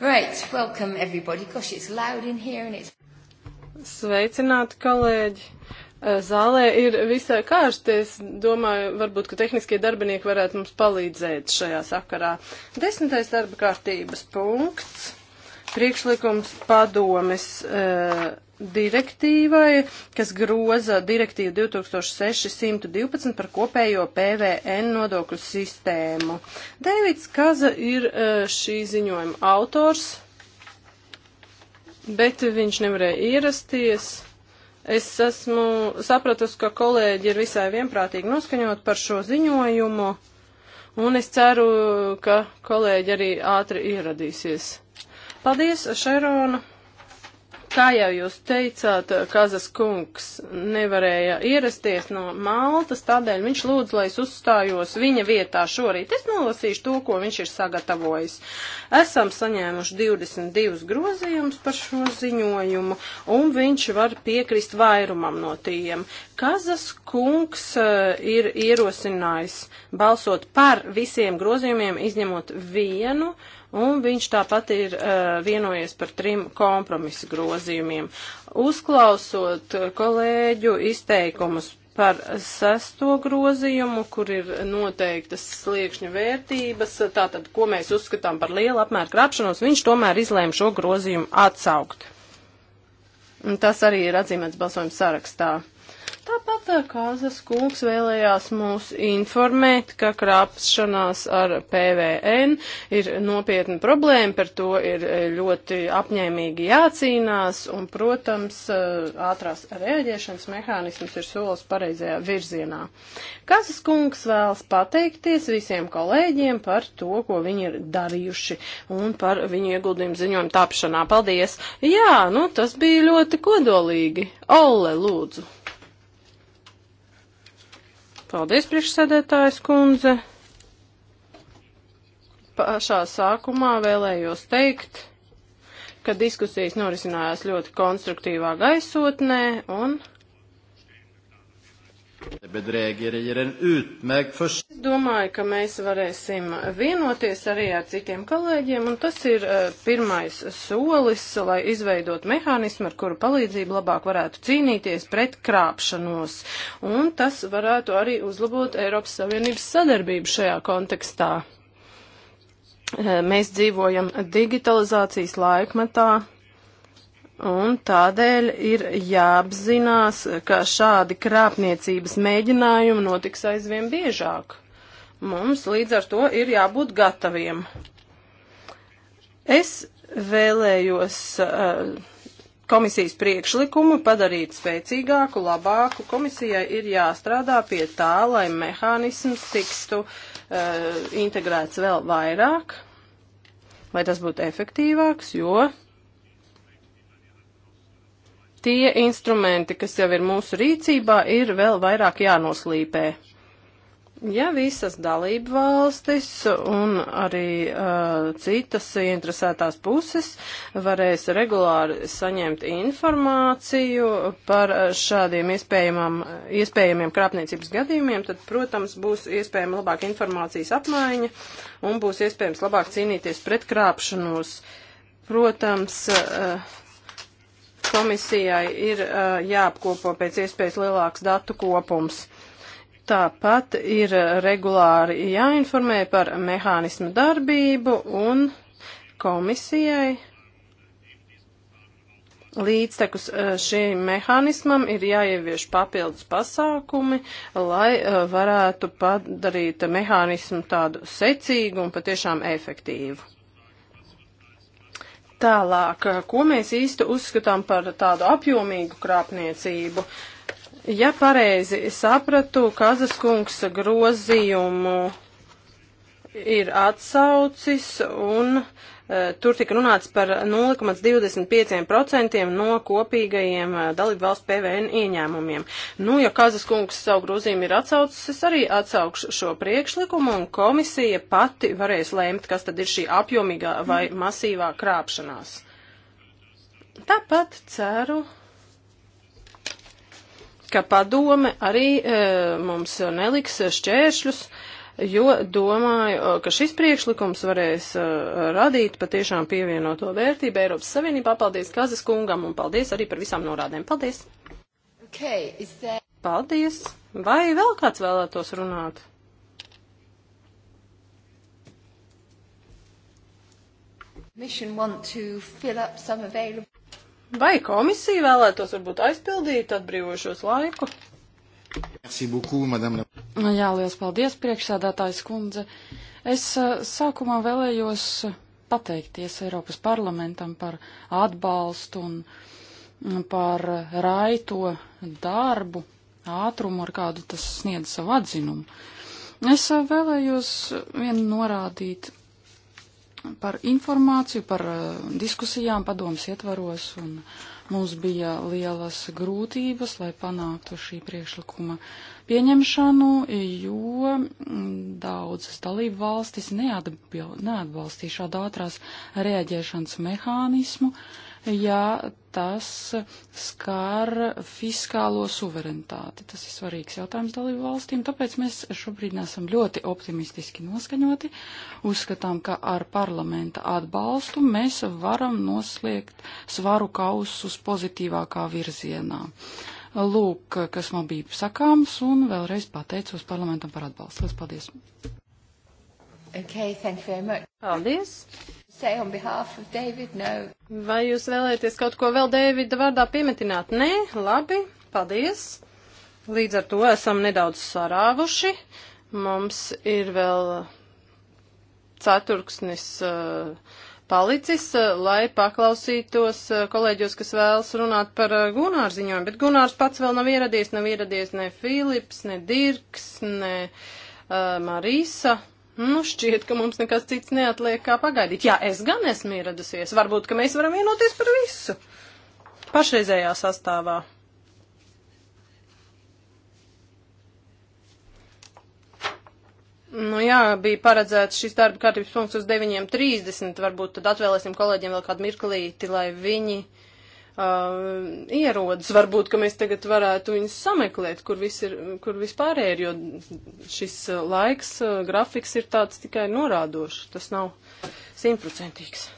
Right, welcome everybody. Gosh, it's loud in here and it's... Sveicināti, kolēģi! Zālē ir visai kārsti. Es domāju, varbūt, ka tehniskie darbinieki varētu mums palīdzēt šajā sakarā. Desmitais darba kārtības punkts priekšlikums padomes. Uh, direktīvai, kas groza direktīvu 2612 par kopējo PVN nodokļu sistēmu. Dēvids Kaza ir e, šī ziņojuma autors, bet viņš nevarēja ierasties. Es esmu sapratusi, ka kolēģi ir visai vienprātīgi noskaņot par šo ziņojumu, un es ceru, ka kolēģi arī ātri ieradīsies. Paldies, Šerona! Kā jau jūs teicāt, Kazas kungs nevarēja ierasties no Maltas, tādēļ viņš lūdz, lai es uzstājos viņa vietā šorīt. Es nolasīšu to, ko viņš ir sagatavojis. Esam saņēmuši 22 grozījumus par šo ziņojumu, un viņš var piekrist vairumam no tiem. Kazas kungs uh, ir ierosinājis balsot par visiem grozījumiem, izņemot vienu. Uh, un viņš tāpat ir uh, vienojies par trim kompromisu grozījumiem. Uzklausot kolēģu izteikumus par sesto grozījumu, kur ir noteiktas sliekšņa vērtības, tātad, ko mēs uzskatām par lielu apmēru krāpšanos, viņš tomēr izlēma šo grozījumu atsaukt. Un tas arī ir atzīmēts balsojuma sarakstā. Tāpat uh, Kāzas kungs vēlējās mūs informēt, ka krāpšanās ar PVN ir nopietna problēma, par to ir uh, ļoti apņēmīgi jācīnās, un, protams, uh, ātrās reaģēšanas mehānisms ir solis pareizajā virzienā. Kāzas kungs vēlas pateikties visiem kolēģiem par to, ko viņi ir darījuši, un par viņu ieguldījumu ziņojumu tapšanā. Paldies! Jā, nu tas bija ļoti kodolīgi. Olle, lūdzu! Paldies, priekšsēdētājs kundze. Pašā sākumā vēlējos teikt, ka diskusijas norisinājās ļoti konstruktīvā gaisotnē un Es domāju, ka mēs varēsim vienoties arī ar citiem kolēģiem, un tas ir eh, pirmais solis, lai izveidot mehānismu, ar kuru palīdzību labāk varētu cīnīties pret krāpšanos, un tas varētu arī uzlabot Eiropas Savienības sadarbību šajā kontekstā. Eh, mēs dzīvojam digitalizācijas laikmetā Un tādēļ ir jāapzinās, ka šādi krāpniecības mēģinājumi notiks aizvien biežāk. Mums līdz ar to ir jābūt gataviem. Es vēlējos uh, komisijas priekšlikumu padarīt spēcīgāku, labāku. Komisijai ir jāstrādā pie tā, lai mehānisms tikstu uh, eh, integrēts vēl vairāk, lai tas būtu efektīvāks, jo tie instrumenti, kas jau ir mūsu rīcībā, ir vēl vairāk jānoslīpē. Ja visas dalību valstis un arī uh, citas interesētās puses varēs regulāri saņemt informāciju par uh, šādiem iespējamiem krāpniecības gadījumiem, tad, protams, būs iespējama labāka informācijas apmaiņa un būs iespējams labāk cīnīties pret krāpšanos. Protams, uh, komisijai ir uh, jāapkopo pēc iespējas lielāks datu kopums. Tāpat ir regulāri jāinformē par mehānismu darbību un komisijai līdztekus šim mehānismam ir jāievieš papildus pasākumi, lai varētu padarīt mehānismu tādu secīgu un patiešām efektīvu. Tālāk, ko mēs īsti uzskatām par tādu apjomīgu krāpniecību? Ja pareizi sapratu, Kazaskungs grozījumu ir atsaucis un uh, Eh, tur tika runāts par 0,25% no kopīgajiem eh, dalību valsts PVN ieņēmumiem. Nu, ja Kazas kungs savu grozījumu ir atsaucis, es arī atsaukšu šo priekšlikumu un komisija pati varēs lēmt, kas tad ir šī apjomīgā vai masīvā krāpšanās. Tāpat ceru, ka padome arī e, mums neliks šķēršļus. E, jo domāju, ka šis priekšlikums varēs radīt patiešām pievienoto vērtību Eiropas Savienībā. Paldies Kazas kungam un paldies arī par visām norādēm. Paldies! Okay, there... Paldies! Vai vēl kāds vēlētos runāt? Vai komisija vēlētos varbūt aizpildīt atbrīvošos laiku? Nu jā, liels paldies, priekšsēdētājs kundze. Es sākumā vēlējos pateikties Eiropas parlamentam par atbalstu un par raito darbu, ātrumu, ar kādu tas sniedz savu atzinumu. Es vēlējos vien norādīt par informāciju, par diskusijām padomas ietvaros un uh, Mums bija lielas grūtības, lai panāktu šī priekšlikuma pieņemšanu, jo mm, daudzas dalību valstis neatbalstīja šādu ātrās reaģēšanas mehānismu. Uh, ja tas skār fiskālo suverenitāti. Tas ir svarīgs jautājums dalību valstīm, tāpēc mēs šobrīd nesam ļoti optimistiski noskaņoti. Uzskatām, ka ar parlamenta atbalstu mēs varam noslēgt svaru kausus pozitīvākā virzienā. Lūk, kas man bija sakāms, un vēlreiz pateicos parlamentam par atbalstu. Lielas paldies! Okay, thank you very much. Paldies! say on behalf of David? No. Vai jūs vēlēties kaut ko vēl Davida vārdā piemetināt? Nē, labi, paldies. Līdz ar to esam nedaudz sarāvuši. Mums ir vēl ceturksnis uh, palicis, uh, lai paklausītos uh, kolēģos, kas vēlas runāt par Gunāru ziņojumu, bet Gunārs pats vēl nav ieradies, nav ieradies ne Filips, ne Dirks, ne uh, Marīsa. Uh, Nu, šķiet, ka mums nekas cits neatliek kā pagaidīt. Jā, es gan esmu ieradusies. Varbūt, ka mēs varam vienoties par visu. Pašreizējā sastāvā. Nu jā, bija paredzēts šis darba kārtības punkts uz 9.30. Varbūt tad atvēlēsim kolēģiem vēl kādu mirklīti, lai viņi uh, uh, ierodas. Varbūt, ka mēs tagad varētu viņus sameklēt, kur, vis ir, kur vispārēji ir, jo šis uh, laiks, uh, grafiks ir tāds tikai norādošs. Tas nav simtprocentīgs.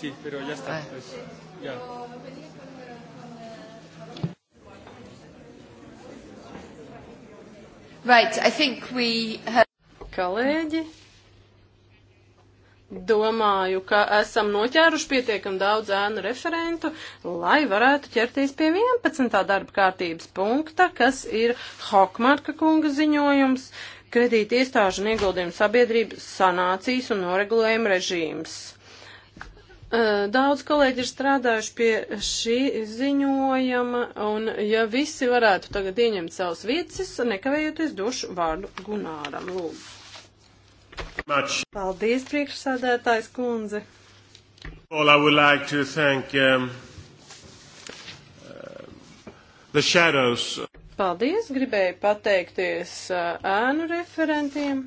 Sí, pero ya está. Ah. Pues, ya. Right, I think we have... Kolēģi, domāju, ka esam noķēruši pietiekam daudz ēnu referentu, lai varētu ķerties pie 11. darba kārtības punkta, kas ir Hokmarka kunga ziņojums, kredīti iestāžu un ieguldījumu sabiedrību sanācijas un noregulējuma režīms. Daudz kolēģi ir strādājuši pie šī ziņojuma, un ja visi varētu tagad ieņemt savas vietas, nekavējoties došu vārdu Gunāram Lūdzu. Much. Paldies, priekšsādētājs kundze. All I would like to thank um, uh, the shadows. Paldies, gribēju pateikties uh, ēnu referentiem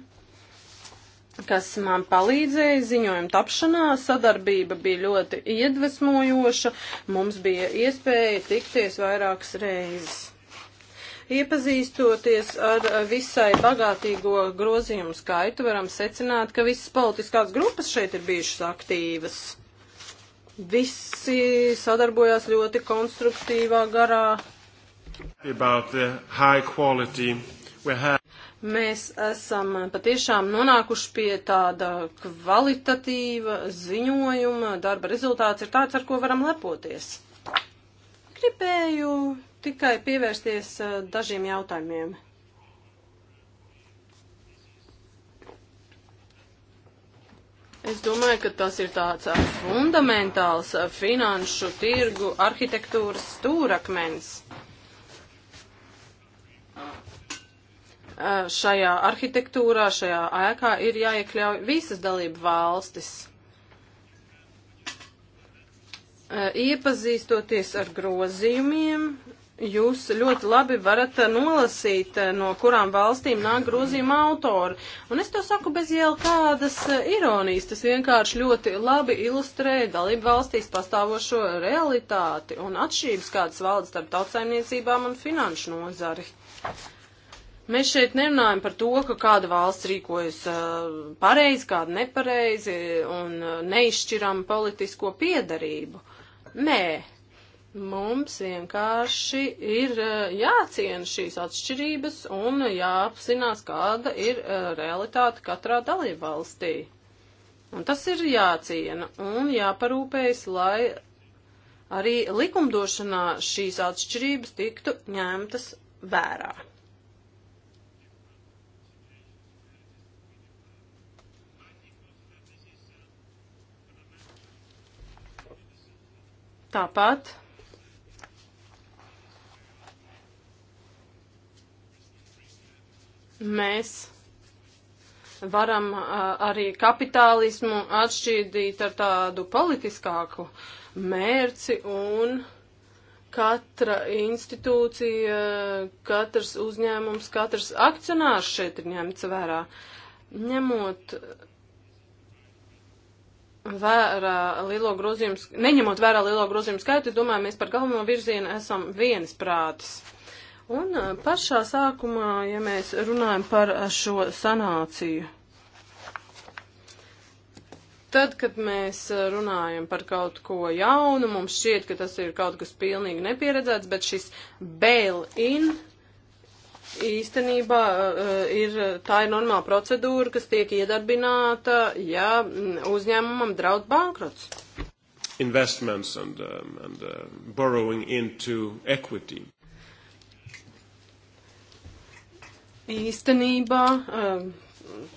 kas man palīdzēja ziņojuma tapšanā. Sadarbība bija ļoti iedvesmojoša. Mums bija iespēja tikties vairākas reizes. Iepazīstoties ar visai bagātīgo grozījumu skaitu, varam secināt, ka visas politiskās grupas šeit ir bijušas aktīvas. Visi sadarbojās ļoti konstruktīvā garā. About the high quality we have. Mēs esam patiešām nonākuši pie tāda kvalitatīva ziņojuma. Darba rezultāts ir tāds, ar ko varam lepoties. Gribēju tikai pievērsties eh, dažiem jautājumiem. Es domāju, ka tas ir tāds eh, fundamentāls eh, finanšu tirgu arhitektūras stūrakmens. Eh, šajā arhitektūrā, šajā ēkā ir jāiekļauj visas dalību valstis. Eh, iepazīstoties ar grozījumiem, jūs ļoti labi varat nolasīt, eh, no kurām valstīm nāk grozījuma autori. Un es to saku bez jau kādas ironijas. Tas vienkārši ļoti labi ilustrē dalību valstīs pastāvošo realitāti un atšķirības, kādas valda starp tautsaimniecībām un finanšu nozari. Mēs šeit nerunājam par to, ka kāda valsts rīkojas uh, pareizi, kāda nepareizi un uh, neizšķiram politisko piedarību. Nē, Mums vienkārši ir uh, jāciena šīs atšķirības un jāapzinās, kāda ir realitāte katrā dalībvalstī. Un tas ir jāciena un jāparūpējas, lai arī likumdošanā šīs atšķirības tiktu ņemtas vērā. Tāpat mēs varam uh, arī kapitālismu atšķīdīt ar tādu politiskāku mērci un katra institūcija, katrs uzņēmums, katrs akcionārs šeit ir ņemts vērā. Ņemot vērā lielo grozījumu, neņemot vērā lielo grozījumu skaitu, domāju, mēs par galveno virzienu esam vienas prātas. Un uh, pašā sākumā, ja mēs runājam par uh, šo sanāciju, tad, kad mēs uh, runājam par kaut ko jaunu, mums šķiet, ka tas ir kaut kas pilnīgi nepieredzēts, bet šis bail-in īstenībā eh, ir, tā ir normāla procedūra, kas tiek iedarbināta, ja mm, uzņēmumam draud bankrots. Investments and, um, and uh, borrowing into equity. Īstenībā um,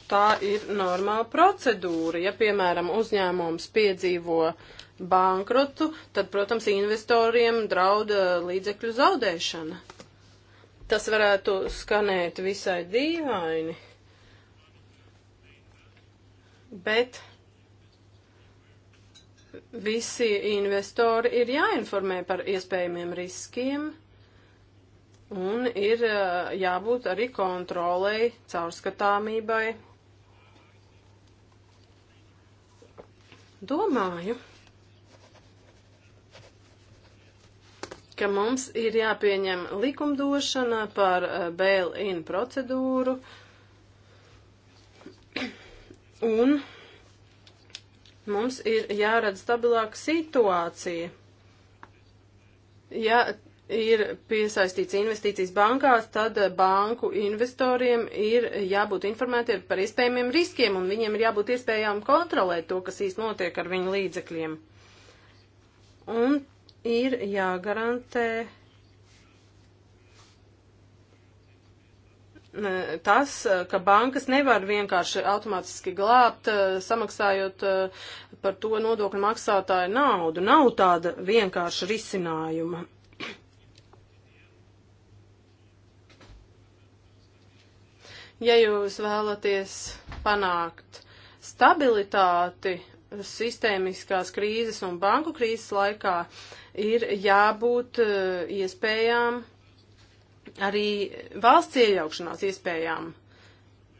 tā ir normāla procedūra. Ja, piemēram, uzņēmums piedzīvo bankrotu, tad, protams, investoriem draud uh, līdzekļu zaudēšana. Tas varētu skanēt visai dīvaini, bet visi investori ir jāinformē par iespējamiem riskiem un ir jābūt arī kontrolei, caurskatāmībai. Domāju. ka mums ir jāpieņem likumdošana par eh, bail-in procedūru un mums ir jāredz stabilāka situācija. Ja ir piesaistīts investīcijas bankās, tad eh, banku investoriem ir jābūt informētiem par iespējamiem riskiem, un viņiem ir jābūt iespējām kontrolēt to, kas īsti notiek ar viņu līdzekļiem. Un ir jāgarantē e, tas, ka bankas nevar vienkārši automātiski glābt, e, samaksājot e, par to nodokļu maksātāju naudu. Nav tāda vienkārša risinājuma. Ja jūs vēlaties panākt stabilitāti sistēmiskās krīzes un banku krīzes laikā ir jābūt eh, iespējām arī valsts iejaukšanās iespējām.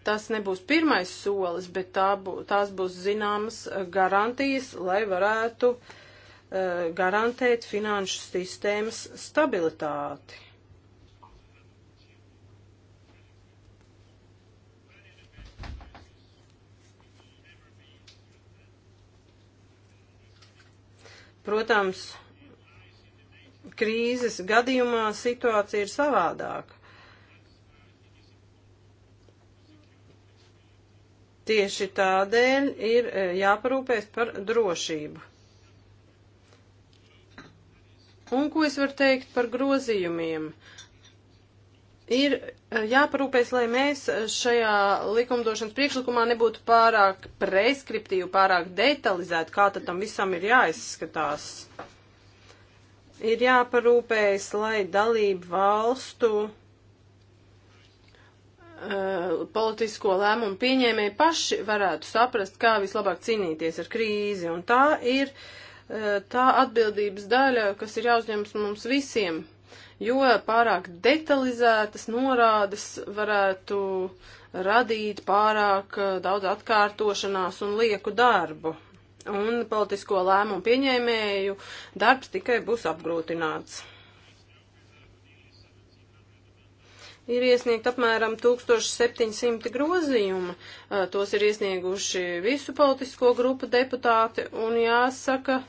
Tas nebūs pirmais solis, bet tā bū, tās būs zināmas eh, garantijas, lai varētu uh, garantēt finanšu sistēmas stabilitāti. Protams, krīzes gadījumā situācija ir savādāka. Tieši tādēļ ir e, jāparūpēs par drošību. Un ko es varu teikt par grozījumiem? Ir jāparūpēs, lai mēs šajā likumdošanas priekšlikumā nebūtu pārāk preskriptīvi, pārāk detalizēti, kā tad tam visam ir jāizskatās. Ir jāparūpēs, lai dalību valstu uh, politisko lēmumu pieņēmēji paši varētu saprast, kā vislabāk cīnīties ar krīzi. Un tā ir uh, tā atbildības daļa, kas ir jāuzņems mums visiem jo pārāk detalizētas norādes varētu radīt pārāk eh, daudz atkārtošanās un lieku darbu. Un politisko lēmumu pieņēmēju darbs tikai būs apgrūtināts. ir iesniegt apmēram 1700 grozījumu. Eh, tos ir iesnieguši visu politisko grupu deputāti, un jāsaka,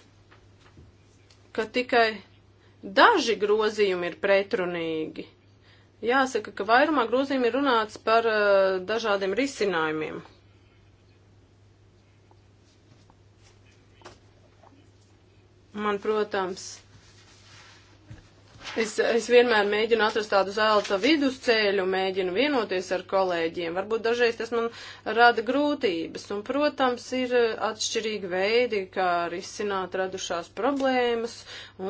ka tikai Daži grozījumi ir pretrunīgi. Jāsaka, ka vairumā grozījumi ir runāts par uh, dažādiem risinājumiem. Man, protams, Es, es vienmēr mēģinu atrast tādu zelta vidusceļu, mēģinu vienoties ar kolēģiem. Varbūt dažreiz tas man rada grūtības. Un, protams, ir atšķirīgi veidi, kā risināt radušās problēmas,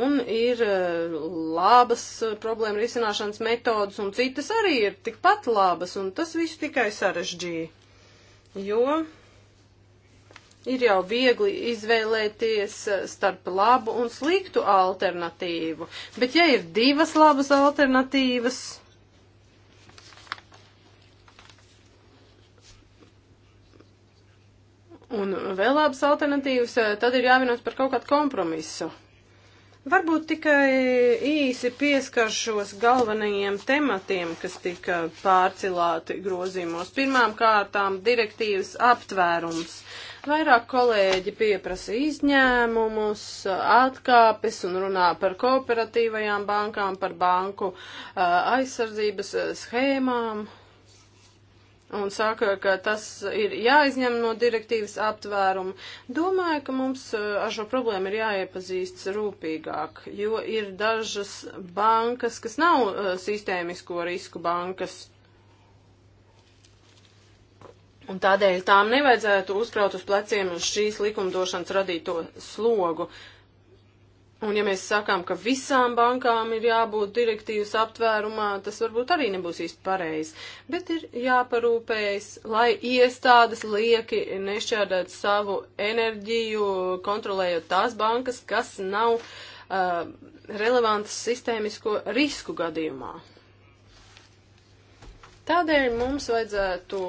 un ir eh, labas problēma risināšanas metodas, un citas arī ir tikpat labas, un tas viss tikai sarežģīja. Jo ir jau viegli izvēlēties eh, starp labu un sliktu alternatīvu. Bet ja ir divas labas alternatīvas, un vēl labas alternatīvas, eh, tad ir jāvienojas par kaut kādu kompromisu. Varbūt tikai īsi pieskaršos galvenajiem tematiem, kas tika pārcilāti grozījumos. Pirmām kārtām direktīvas aptvērums. Uh, Vairāk kolēģi pieprasa izņēmumus, atkāpes un runā par kooperatīvajām bankām, par banku aizsardzības schēmām. Un saka, ka tas ir jāizņem no direktīvas aptvērumu. Domāju, ka mums ar šo problēmu ir jāiepazīstas rūpīgāk, jo ir dažas bankas, kas nav sistēmisko risku bankas. Un tādēļ tām nevajadzētu uzkraut uz pleciem uz šīs likumdošanas radīto slogu. Un ja mēs sakām, ka visām bankām ir jābūt direktīvas aptvērumā, tas varbūt arī nebūs īsti pareizi. Bet ir jāparūpējas, lai iestādes lieki nešķērdēt savu enerģiju, kontrolējot tās bankas, kas nav uh, relevantas sistēmisko risku gadījumā. Tādēļ mums vajadzētu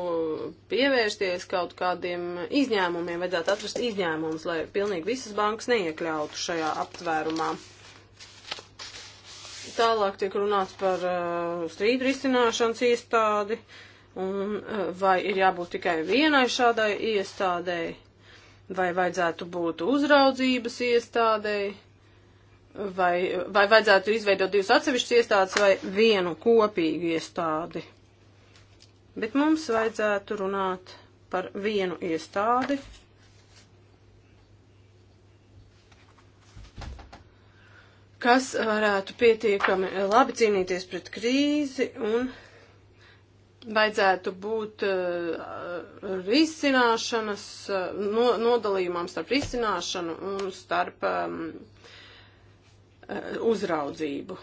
pievērsties kaut kādiem izņēmumiem, vajadzētu atrast izņēmumus, lai pilnīgi visas bankas neiekļautu šajā aptvērumā. Tālāk tiek runāts par uh, strīdu risināšanas iestādi, un uh, vai ir jābūt tikai vienai šādai iestādēji, vai vajadzētu būt uzraudzības iestādēji, vai, vai vajadzētu izveidot divas atsevišķas iestādes vai vienu kopīgu iestādi. Bet mums vajadzētu runāt par vienu iestādi. kas varētu pietiekami labi cīnīties pret krīzi un vajadzētu būt uh, risināšanas, uh, no, nodalījumam starp risināšanu un starp um, uzraudzību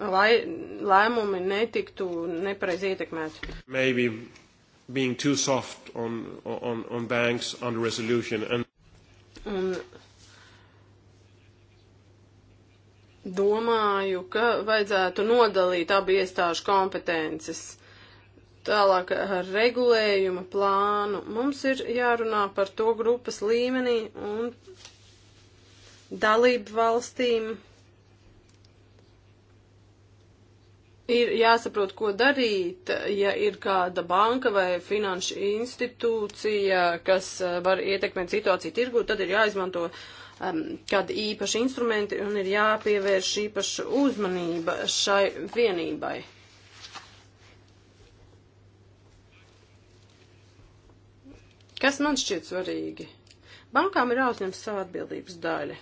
lai lēmumi netiktu nepareizi ietekmēti. Maybe being too soft on, on, on banks, on the resolution. And... Un domāju, ka vajadzētu nodalīt abi iestāžu kompetences. Tālāk ar regulējuma plānu mums ir jārunā par to grupas līmenī un dalību valstīm ir jāsaprot, ko darīt, ja ir kāda banka vai finanšu institūcija, kas eh, var ietekmēt situāciju tirgu, tad ir jāizmanto um, kādi īpaši instrumenti un ir jāpievērš īpaša uzmanība šai vienībai. Kas man šķiet svarīgi? Bankām ir jāuzņem savu atbildības daļu.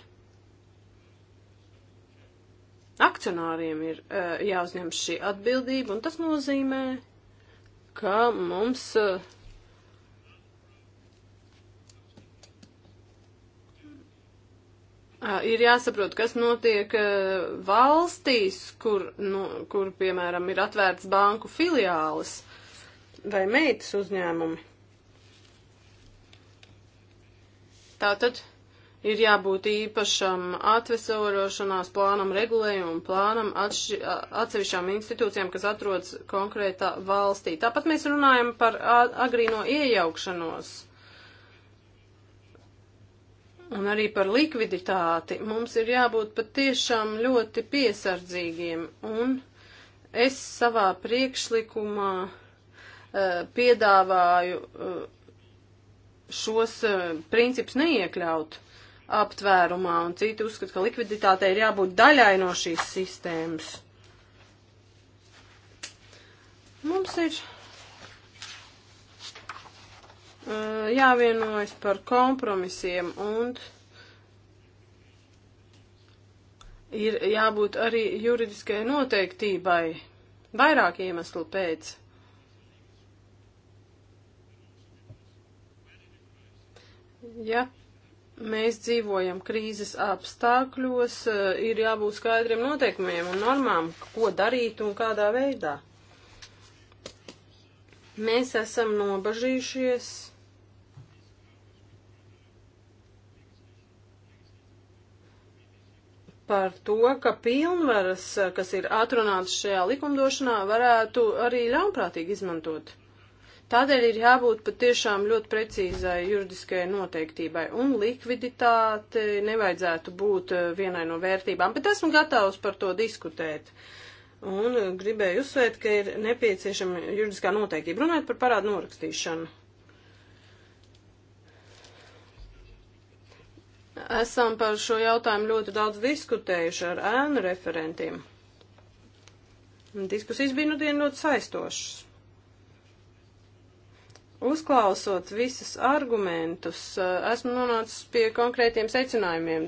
Akcionāriem ir uh, jāuzņem šī atbildība, un tas nozīmē, ka mums. Uh, Ir jāsaprot, kas notiek eh, valstīs, kur, nu, kur, piemēram, ir atvērts banku filiālis vai meitas uzņēmumi. Tātad ir jābūt īpašam atvesorošanās plānam, regulējumu plānam atši, atsevišķām institūcijām, kas atrodas konkrētā valstī. Tāpat mēs runājam par agrīno iejaukšanos un arī par likviditāti. Mums ir jābūt patiešām ļoti piesardzīgiem, un es savā priekšlikumā uh, piedāvāju uh, šos uh, principus neiekļaut aptvērumā, un citi uzskata, ka likviditātei ir jābūt daļai no šīs sistēmas. Mums ir uh, jāvienojas par kompromisiem, un ir jābūt arī juridiskai noteiktībai vairāk iemeslu pēc. Ja Mēs dzīvojam krīzes apstākļos, eh, ir jābūt skaidriem noteikumiem un normām, ko darīt un kādā veidā. Mēs esam nobažījušies. par to, ka pilnvaras, eh, kas ir atrunātas šajā likumdošanā, varētu arī ļaunprātīgi izmantot. Tādēļ ir jābūt patiešām ļoti precīzai juridiskajai noteiktībai, un likviditāte nevajadzētu būt eh, vienai no vērtībām, bet esmu gatavs par to diskutēt. Un gribēju uzsvērt, ka ir nepieciešama juridiskā noteiktība. Runājot par parādu norakstīšanu. Esam par šo jautājumu ļoti daudz diskutējuši ar ēnu referentiem. Diskusijas bija nu dienu ļoti saistošas uzklausot visus argumentus, eh, esmu nonācis pie konkrētiem secinājumiem.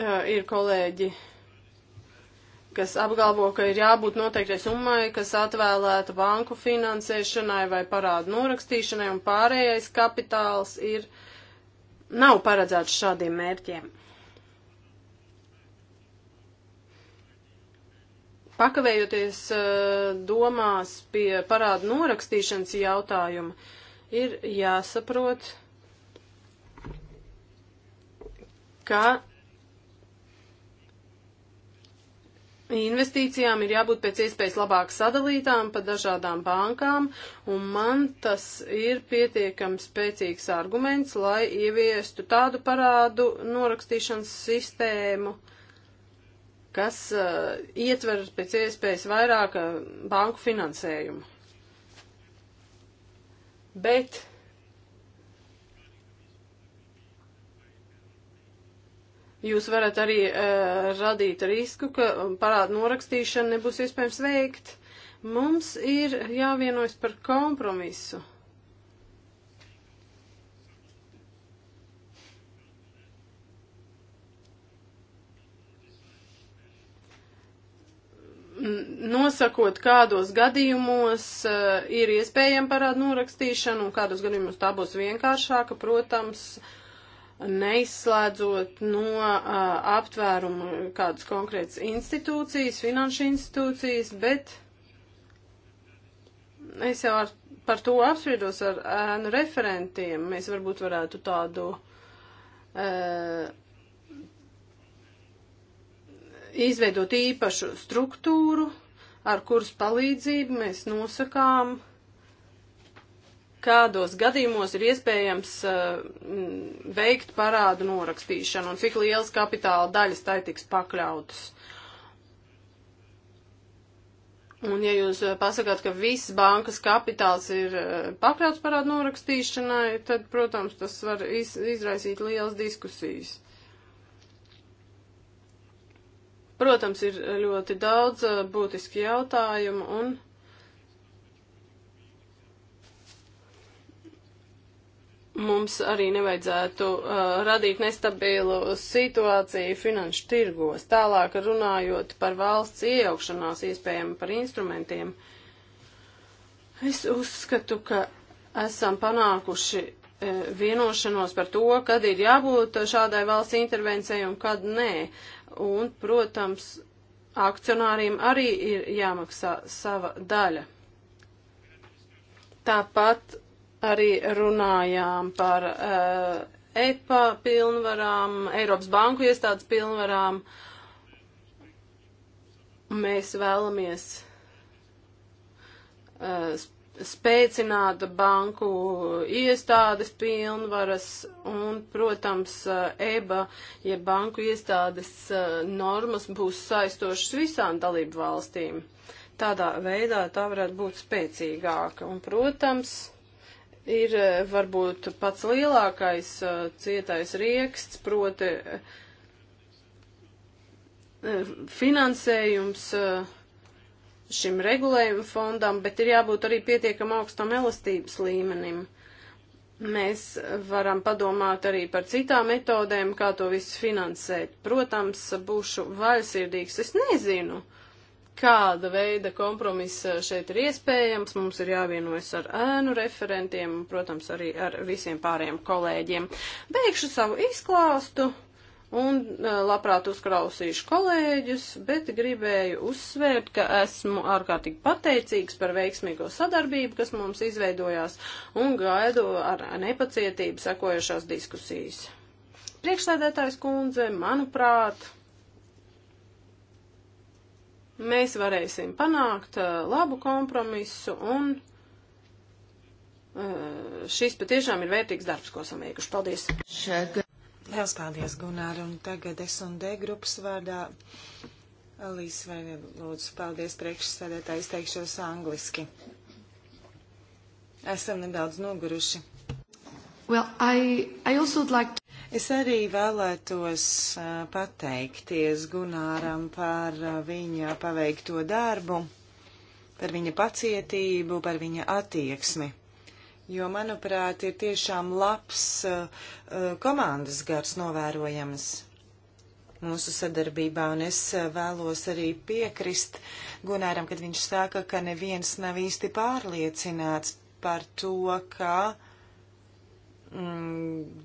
Eh, ir kolēģi, kas apgalvo, ka ir jābūt noteiktai summai, kas atvēlēta banku finansēšanai vai parādu norakstīšanai, un pārējais kapitāls ir, nav paredzēts šādiem mērķiem. pakavējoties eh, domās pie parādu norakstīšanas jautājuma, ir jāsaprot, ka investīcijām ir jābūt pēc iespējas labāk sadalītām pa dažādām bankām, un man tas ir pietiekams spēcīgs arguments, lai ieviestu tādu parādu norakstīšanas sistēmu, uh, kas uh, ietver pēc iespējas vairāk uh, banku finansējumu. Bet jūs varat arī uh, radīt risku, ka parādu norakstīšana nebūs iespējams veikt. Mums ir jāvienojas par kompromisu. nosakot, kādos gadījumos uh, ir iespējama parāda norakstīšana un kādos gadījumos tā būs vienkāršāka, protams, neizslēdzot no uh, aptvērumu kādas konkrētas institūcijas, finanšu institūcijas, bet es jau ar, par to apspriedos ar ēnu referentiem. Mēs varbūt varētu tādu. Uh, izveidot īpašu struktūru, ar kuras palīdzību mēs nosakām, kādos gadījumos ir iespējams uh, veikt parādu norakstīšanu un cik liels kapitāla daļas tai tiks pakļautas. Un ja jūs uh, pasakāt, ka viss bankas kapitāls ir uh, pakļauts parādu norakstīšanai, tad, protams, tas var iz, izraisīt liels diskusijas. Protams, ir ļoti daudz eh, būtiski jautājumu un. Mums arī nevajadzētu uh, radīt nestabilu situāciju finanšu tirgos. Tālāk runājot par valsts iejaukšanās, iespējami par instrumentiem, es uzskatu, ka esam panākuši eh, vienošanos par to, kad ir jābūt šādai valsts intervencijai un kad nē un, protams, akcionāriem arī ir jāmaksā sava daļa. Tāpat arī runājām par uh, EPA pilnvarām, Eiropas banku iestādes pilnvarām. Mēs vēlamies uh, spēcināta banku iestādes pilnvaras un, protams, EBA, ja banku iestādes e, normas būs saistošas visām dalību valstīm. Tādā veidā tā varētu būt spēcīgāka. Un, protams, ir e, varbūt pats lielākais e, cietais rieksts, proti finansējums. Uh, šim regulējuma fondam, bet ir jābūt arī pietiekam augstam elastības līmenim. Mēs varam padomāt arī par citām metodēm, kā to visu finansēt. Protams, būšu vaļsirdīgs. Es nezinu, kāda veida kompromiss šeit ir iespējams. Mums ir jāvienojas ar ēnu referentiem, protams, arī ar visiem pārējiem kolēģiem. Beigšu savu izklāstu un eh, labprāt uzklausīšu kolēģus, bet gribēju uzsvērt, ka esmu ārkārtīgi pateicīgs par veiksmīgo sadarbību, kas mums izveidojās, un gaidu ar nepacietību sekojušās diskusijas. Priekšsēdētājs kundze, manuprāt, mēs varēsim panākt eh, labu kompromisu un eh, šis patiešām ir vērtīgs darbs, ko esam veikuši. Paldies! Šag. Liels paldies, Gunār, un tagad es un D grupas vārdā. Alīs, vai lūdzu, paldies priekšsēdētāji, izteikšos angliski. Esam nedaudz noguruši. Well, I, I also would like to... Es arī vēlētos uh, pateikties Gunāram par uh, viņa paveikto darbu, par viņa pacietību, par viņa attieksmi jo, manuprāt, ir tiešām labs uh, komandas gars novērojams mūsu sadarbībā, un es eh, vēlos arī piekrist Gunāram, kad viņš saka, ka neviens nav īsti pārliecināts par to, ka mm,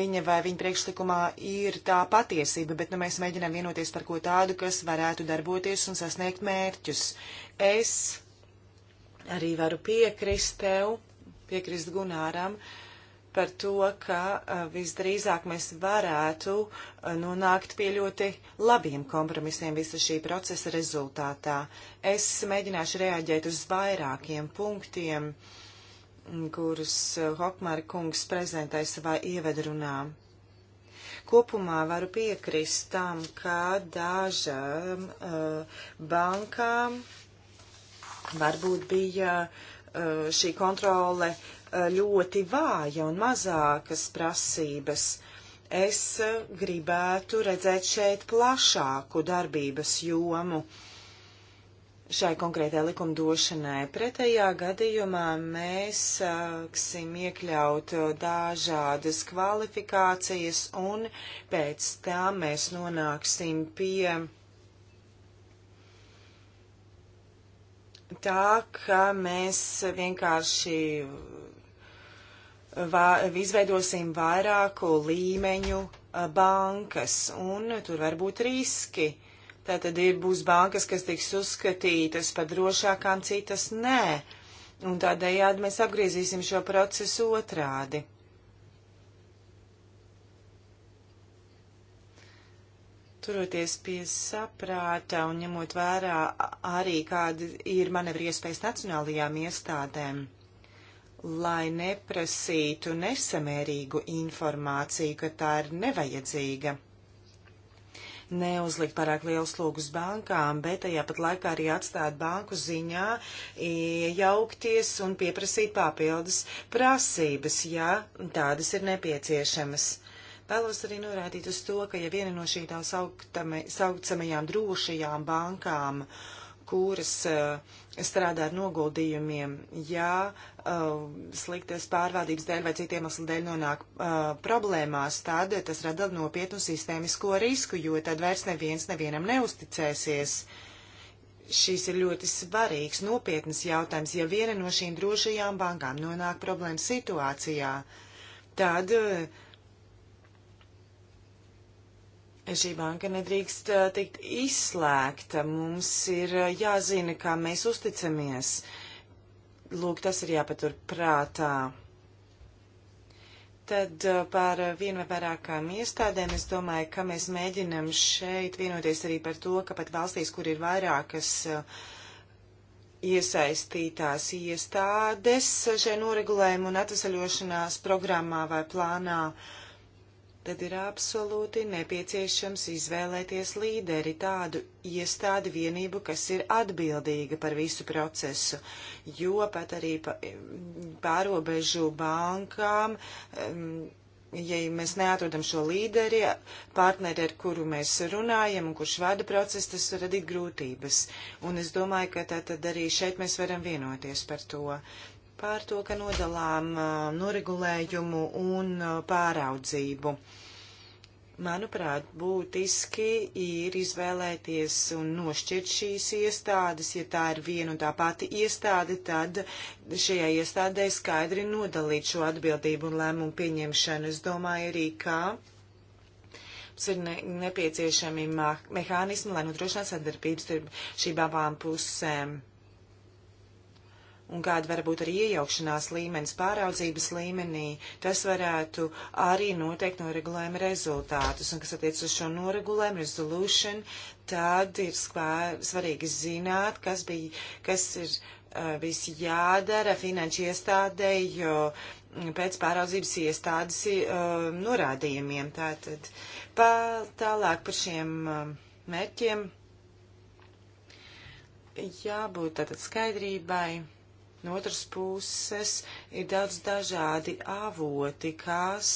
viņa vai viņa priekšlikumā ir tā patiesība, bet nu, mēs mēģinām vienoties par ko tādu, kas varētu darboties un sasniegt mērķus. Es arī varu piekrist tev piekrist Gunāram par to, ka visdrīzāk mēs varētu nonākt pie ļoti labiem kompromisiem visa šī procesa rezultātā. Es mēģināšu reaģēt uz vairākiem punktiem, kurus Hokmāra kungs prezentēja savā ievadrunā. Kopumā varu piekrist tam, ka dažām uh, bankām varbūt bija uh, Eh, šī kontrole eh, ļoti vāja un mazākas prasības. Es eh, gribētu redzēt šeit plašāku darbības jomu šai konkrētai likumdošanai. Pretējā gadījumā mēs sāksim iekļaut dažādas kvalifikācijas un pēc tam mēs nonāksim pie tā, ka mēs vienkārši va, izveidosim vairāku līmeņu bankas, un tur var būt riski. Tātad ir būs bankas, kas tiks uzskatītas par drošākām, citas nē. Un tādējādi mēs apgriezīsim šo procesu otrādi. turoties pie saprāta un ņemot vērā arī, kāda ir manevri iespējas nacionālajām iestādēm, lai neprasītu nesamērīgu informāciju, ka tā ir nevajadzīga. Neuzlikt pārāk liels lūgus bankām, bet tajā pat laikā arī atstāt banku ziņā, iejaukties un pieprasīt papildus prasības, ja tādas ir nepieciešamas Vēlos arī norādīt uz to, ka ja viena no šī tā saucamajām drošajām bankām, kuras uh, strādā ar noguldījumiem, ja uh, sliktas pārvaldības dēļ vai citiem aslu dēļ nonāk uh, problēmās, tad tas rada nopietnu sistēmisko risku, jo tad vairs neviens nevienam neusticēsies. Šis ir ļoti svarīgs, nopietnas jautājums. Ja viena no šīm drošajām bankām nonāk problēmas situācijā, tad uh, Šī banka nedrīkst eh, tikt izslēgta. Mums ir eh, jāzina, kā mēs uzticamies. Lūk, tas ir jāpatur prātā. Tad eh, par vienu vai vairākām iestādēm es domāju, ka mēs mēģinam šeit vienoties arī par to, ka pat valstīs, kur ir vairākas iesaistītās iestādes šajā noregulējuma un atvesaļošanās programmā vai plānā, uh, tad ir absolūti nepieciešams izvēlēties līderi tādu iestādi vienību, kas ir atbildīga par visu procesu, jo pat arī pārobežu bankām. Um, ja mēs neatrodam šo līderi, partneri, ar kuru mēs runājam un kurš vada procesu, tas var radīt grūtības. Un es domāju, ka tā tad arī šeit mēs varam vienoties par to par to, ka nodalām noregulējumu un pāraudzību. Manuprāt, būtiski ir izvēlēties un nošķirt šīs iestādes. Ja tā ir viena un tā pati iestāde, tad šajā iestādē skaidri nodalīt šo atbildību un lēmumu pieņemšanu. Es domāju arī, ka mums ir ne nepieciešami mehānismi, lai nodrošinātu sadarbības starp šīm abām pusēm un kāda var būt arī iejaukšanās līmenis, pāraudzības līmenī, tas varētu arī noteikt noregulējuma rezultātus. Un kas attiec uz šo noregulējumu, resolution, tad ir skvā, svarīgi zināt, kas, bija, kas ir uh, bijis jādara finanšu iestādē, jo mm, pēc pāraudzības iestādes uh, norādījumiem. Tātad pa, tālāk par šiem uh, mērķiem jābūt tātad skaidrībai No otras puses ir daudz dažādi avoti, kas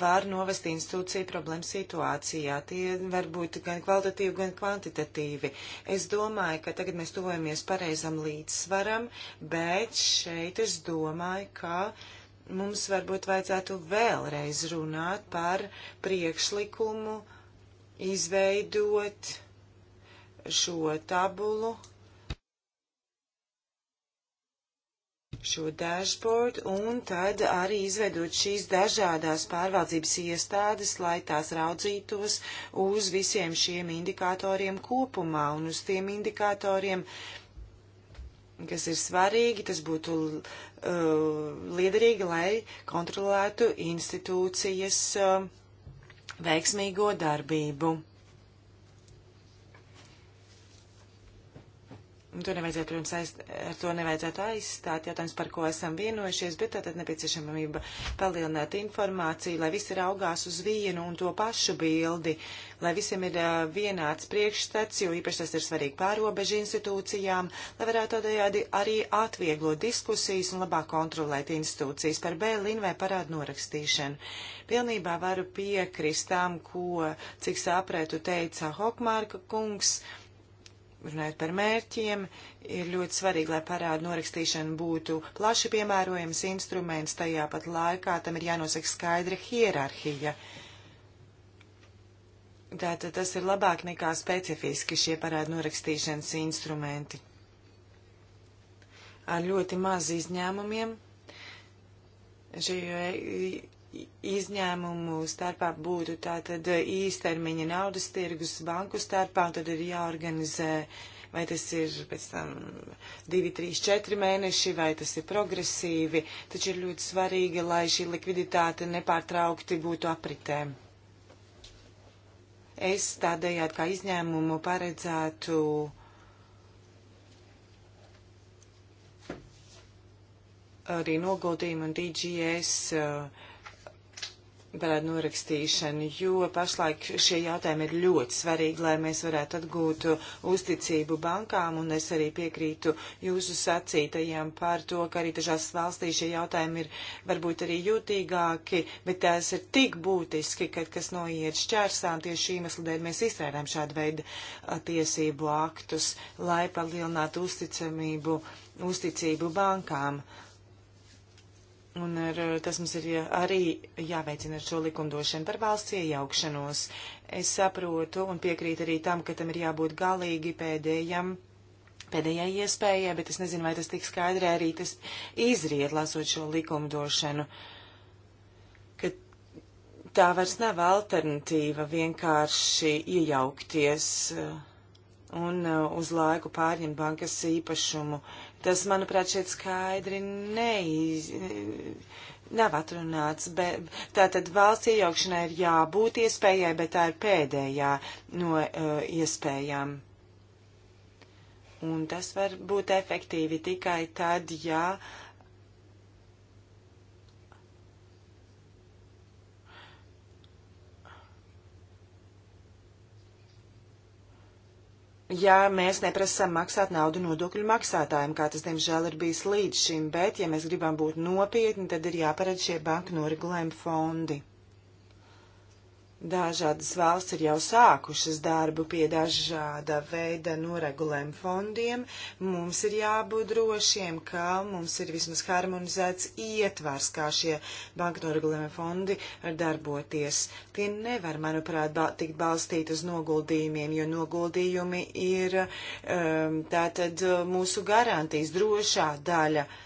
var novest institūciju problēmu situācijā. Tie var būt gan kvalitatīvi, gan kvantitatīvi. Es domāju, ka tagad mēs tuvojamies pareizam līdzsvaram, bet šeit es domāju, ka mums varbūt vajadzētu vēlreiz runāt par priekšlikumu izveidot šo tabulu šo dashboard un tad arī izveidot šīs dažādās pārvaldzības iestādes, lai tās raudzītos uz visiem šiem indikatoriem kopumā un uz tiem indikatoriem, kas ir svarīgi, tas būtu uh, liederīgi, lai kontrolētu institūcijas uh, veiksmīgo darbību. To nevajadzētu, protams, aiz, ar to nevajadzētu aizstāt jautājums, par ko esam vienojušies, bet tātad nepieciešamība palielināt informāciju, lai visi raugās uz vienu un to pašu bildi, lai visiem ir uh, vienāds priekšstats, jo īpaši tas ir svarīgi pārobežu institūcijām, lai varētu tādējādi arī atvieglot diskusijas un labāk kontrolēt institūcijas par bēlīnu vai parādu norakstīšanu. Pilnībā varu piekrist tam, ko, cik saprētu, teica Hokmārka kungs. Uh, runājot par mērķiem, ir ļoti svarīgi, lai parādu norakstīšana būtu plaši piemērojams instruments, tajā pat laikā tam ir jānosaka skaidra hierarhija. Tātad tas ir labāk nekā specifiski šie parādu norakstīšanas instrumenti. Ar ļoti maz izņēmumiem šī izņēmumu starpā būtu tātad īstermiņa naudas tirgus banku starpā, tad ir jāorganizē, vai tas ir pēc tam 2, 3, 4 mēneši, vai tas ir progresīvi, taču ir ļoti svarīgi, lai šī likviditāte nepārtraukti būtu apritē. Es tādējādi kā izņēmumu paredzētu. arī noguldījumu un DGS uh, parādu norakstīšanu, jo pašlaik šie jautājumi ir ļoti svarīgi, lai mēs varētu atgūt uzticību bankām, un es arī piekrītu jūsu sacītajiem par to, ka arī dažās valstīs šie jautājumi ir varbūt arī jūtīgāki, bet tās ir tik būtiski, ka kas noiet šķērsām, tieši iemeslu dēļ mēs izstrādājam šādu veidu tiesību aktus, lai palielinātu uzticamību, uzticību bankām. Uh, Un ar, eh, tas mums ir arī jāveicina ar šo likumdošanu par valsts iejaukšanos. Es saprotu un piekrītu arī tam, ka tam ir jābūt galīgi pēdējam pēdējai iespējai, bet es nezinu, vai tas tik skaidri arī tas izriet, lasot šo likumdošanu, ka tā vairs nav alternatīva vienkārši iejaukties eh, un eh, uz laiku pārņemt bankas īpašumu. Uh, Tas, manuprāt, šeit skaidri neiz, nav atrunāts, bet tātad valsts iejaukšanai ir jābūt iespējai, bet tā ir pēdējā no uh, iespējām. Un tas var būt efektīvi tikai tad, ja uh, ja mēs neprasām maksāt naudu nodokļu maksātājiem, kā tas, diemžēl, ir bijis līdz šim, bet, ja mēs gribam būt nopietni, tad ir jāparedz šie banku noregulējumi fondi. Dažādas valsts ir jau sākušas darbu pie dažāda veida noregulēm fondiem. Mums ir jābūt drošiem, ka mums ir vismaz harmonizēts ietvars, kā šie banka noregulējuma fondi var darboties. Tie nevar, manuprāt, ba tikt balstīt uz noguldījumiem, jo noguldījumi ir um, tātad uh, mūsu garantijas drošā daļa. Uh,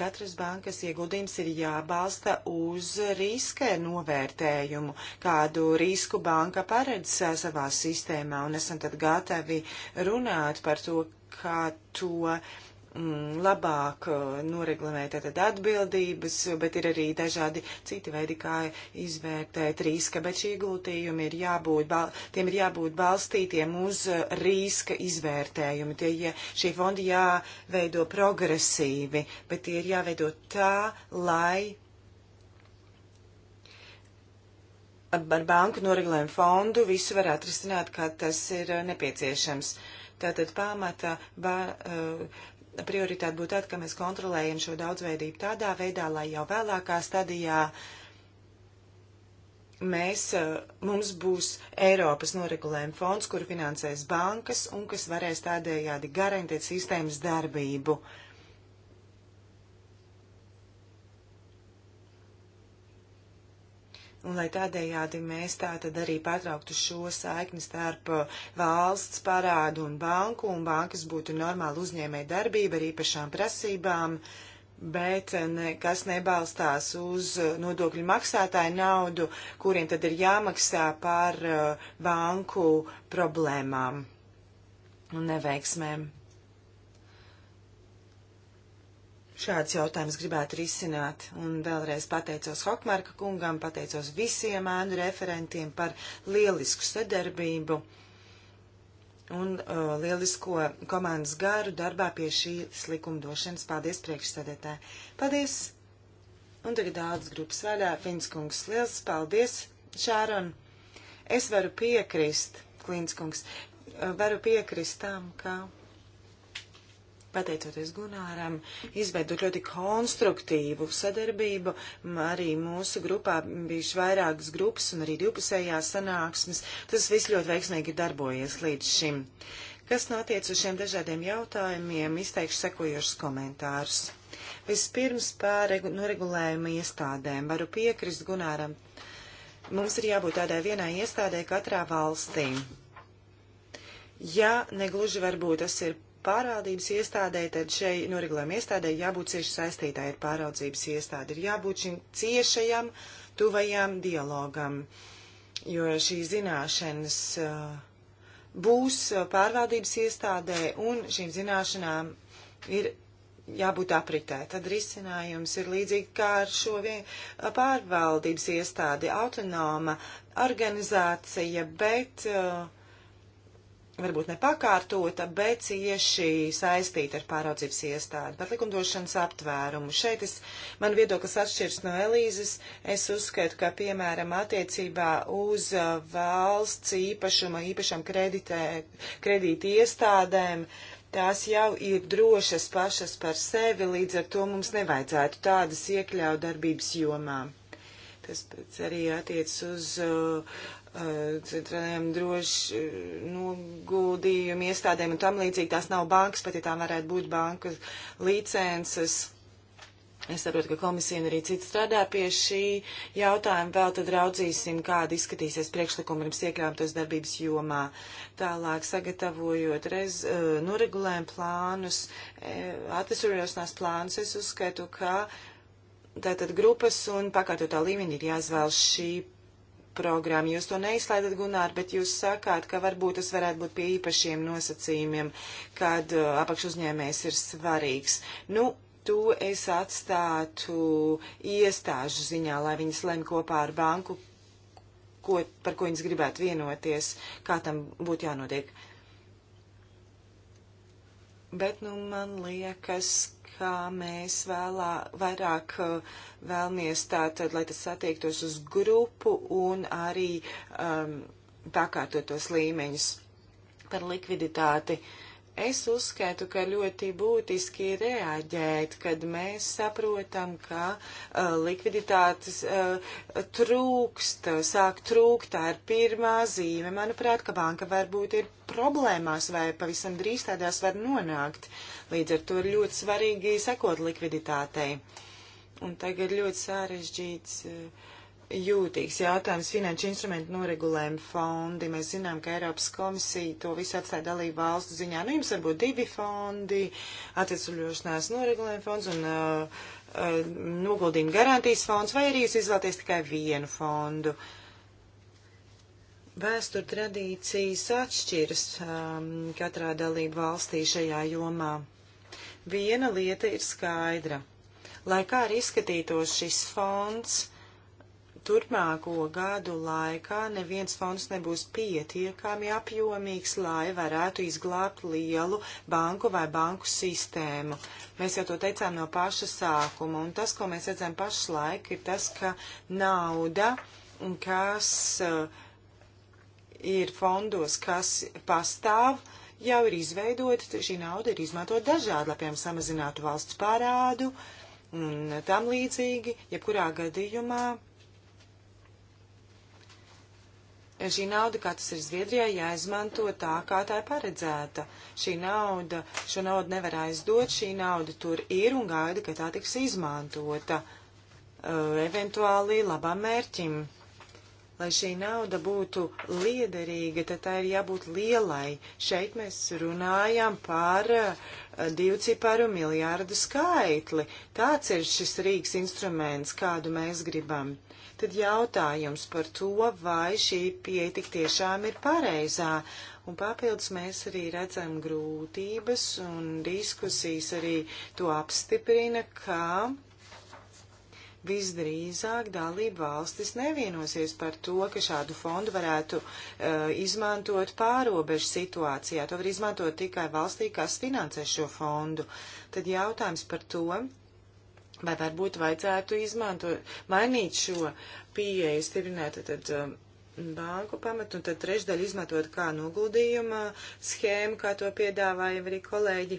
Katras bankas ieguldījums ir jābalsta uz riska novērtējumu, kādu risku banka paredz savā sistēmā, un esam tad gatavi runāt par to, kā to Mm, labāk eh, noreglamēt tātad atbildības, bet ir arī dažādi citi veidi, kā izvērtēt riska, bet šī ieguldījumi ir jābūt, tiem ir jābūt balstītiem uz eh, riska izvērtējumu. Tie, ja, šie fondi jāveido progresīvi, bet tie ir jāveido tā, lai ar banku noregulējumu fondu visu var atrisināt, kā tas ir eh, nepieciešams. Tātad pamata ba, prioritāte būtu tāda, ka mēs kontrolējam šo daudzveidību tādā veidā, lai jau vēlākā stadijā mēs, eh, mums būs Eiropas noregulējuma fonds, kuru finansēs bankas un kas varēs tādējādi garantēt sistēmas darbību. Uh, un lai tādējādi mēs tā tad arī pārtrauktu šo saikni starp uh, valsts parādu un banku, un bankas būtu normāla uzņēmē darbība ar īpašām prasībām, bet uh, nekas nebalstās uz uh, nodokļu maksātāju naudu, kuriem tad ir jāmaksā par banku problēmām un neveiksmēm. šāds jautājums gribētu risināt. Un vēlreiz pateicos Hokmarka kungam, pateicos visiem ēnu referentiem par lielisku sadarbību un uh, lielisko komandas garu darbā pie šīs likumdošanas. Paldies priekšsēdētē. Paldies! Un tagad daudz grupas vaļā. Finskungs, liels paldies, Šāron! Es varu piekrist, Klinskungs, uh, varu piekrist tam, ka. Kā pateicoties Gunāram, izveidot ļoti konstruktīvu sadarbību. Arī mūsu grupā bijuši vairākas grupas un arī divpusējās sanāksmes. Tas viss ļoti veiksmīgi ir darbojies līdz šim. Kas notiec uz šiem dažādiem jautājumiem, izteikšu sekojošus komentārus. Vispirms par noregulējumu iestādēm. Varu piekrist Gunāram. Mums ir jābūt tādai vienai iestādē katrā valstī. Ja negluži varbūt tas ir pārvaldības iestādē, tad šai noregulējuma iestādē jābūt cieši saistītāji ar pārvaldības iestādi. Ir jābūt šim ciešajam, tuvajam dialogam, jo šī zināšanas uh, būs uh, pārvaldības iestādē un šīm zināšanām ir jābūt apritē. Tad risinājums ir līdzīgi kā ar šo vien, uh, pārvaldības iestādi autonoma organizācija, bet uh, varbūt nepakārtota, bet cieši saistīta ar pāraudzības iestādi par likumdošanas aptvērumu. Šeit es, man viedoklis atšķirs no Elīzes. Es uzskatu, ka, piemēram, attiecībā uz uh, valsts īpašuma, īpašam kreditē, kredīti iestādēm, tās jau ir drošas pašas par sevi, līdz ar to mums nevajadzētu tādas iekļaut darbības jomā. Tas pats arī attiec uz uh, Eh, centrālajiem droši eh, noguldījumu iestādēm un tam līdzīgi. Tās nav bankas, pat ja tām varētu būt bankas licences. Es saprotu, ka komisija un arī citi strādā pie šī jautājuma. Vēl tad raudzīsim, kāda izskatīsies priekšlikuma pirms iekļautos darbības jomā. Tālāk sagatavojot rez, uh, noregulējumu plānus, atvesurēšanās plānus, es uzskaitu, ka tātad grupas un pakārtotā līmenī ir jāizvēl šī programmu. Jūs to neizslēdzat, Gunār, bet jūs sakāt, ka varbūt tas varētu būt pie īpašiem nosacījumiem, kad uh, apakšuzņēmējs ir svarīgs. Nu, to es atstātu iestāžu ziņā, lai viņas lem kopā ar banku, ko, par ko viņas gribētu vienoties, kā tam būtu jānotiek. Bet, nu, man liekas, kā mēs vēlā, vairāk uh, vēlmies tātad, lai tas attiektos uz grupu un arī um, pakārtotos līmeņus par likviditāti. Uh, Es uzskatu, ka ļoti būtiski ir reaģēt, kad mēs saprotam, ka uh, likviditātes uh, trūkst, sāk trūkt. Tā ir pirmā zīme, manuprāt, ka banka varbūt ir problēmās vai pavisam drīz tādās var nonākt. Līdz ar to ir ļoti svarīgi sekot likviditātei. Un tagad ļoti sarežģīts. Uh, jūtīgs jautājums. Finanšu instrumentu noregulējumi fondi. Mēs zinām, ka Eiropas komisija to visu atstāja dalību valstu ziņā. Nu, jums varbūt divi fondi, atvesuļošanās noregulējumi fonds un uh, uh, noguldījuma garantijas fonds, vai arī jūs izvēlaties tikai vienu fondu. Vēstur tradīcijas atšķiras um, katrā dalību valstī šajā jomā. Viena lieta ir skaidra. Lai kā arī izskatītos šis fonds, turpmāko gadu laikā neviens fonds nebūs pietiekami apjomīgs, lai varētu izglābt lielu banku vai banku sistēmu. Mēs jau to teicām no paša sākuma, un tas, ko mēs redzam pašlaik, ir tas, ka nauda, kas eh, ir fondos, kas pastāv, jau ir izveidota, šī nauda ir izmantota dažādi, lai, piemēram, samazinātu valsts pārādu un tam līdzīgi, jebkurā gadījumā šī nauda, kā tas ir Zviedrijai, jāizmanto tā, kā tā ir paredzēta. Šī nauda, šo naudu nevar aizdot, šī nauda tur ir un gaida, ka tā tiks izmantota uh, eventuāli labam mērķim. Lai šī nauda būtu liederīga, tad tā ir jābūt lielai. Šeit mēs runājam par uh, divciparu miljārdu skaitli. Tāds ir šis Rīgas instruments, kādu mēs gribam Tad jautājums par to, vai šī pieeja tik tiešām ir pareizā. Un papildus mēs arī redzam grūtības un diskusijas arī to apstiprina, ka visdrīzāk dalība valstis nevienosies par to, ka šādu fondu varētu uh, izmantot pārobežu situācijā. To var izmantot tikai valstī, kas finansē šo fondu. Tad jautājums par to, Vai varbūt vajadzētu izmantot, mainīt šo pieeju, stiprināt tad um, banku pamatu un tad trešdaļu izmantot kā noguldījuma schēmu, kā to piedāvāja arī kolēģi,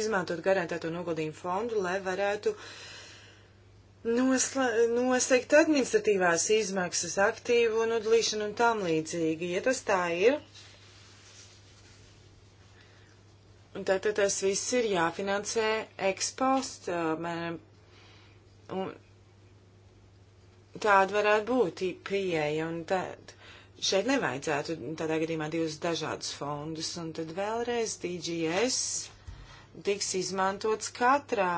izmantot garantēto noguldījumu fondu, lai varētu nosla, noseikt administratīvās izmaksas, aktīvu nodalīšanu un tam līdzīgi. Ja tas tā ir, Un tātad tas viss ir jāfinansē ekspost, man, un tāda varētu būt pieeja, un tad šeit nevajadzētu tādā gadījumā divus dažādus fondus, un tad vēlreiz DGS tiks izmantots katrā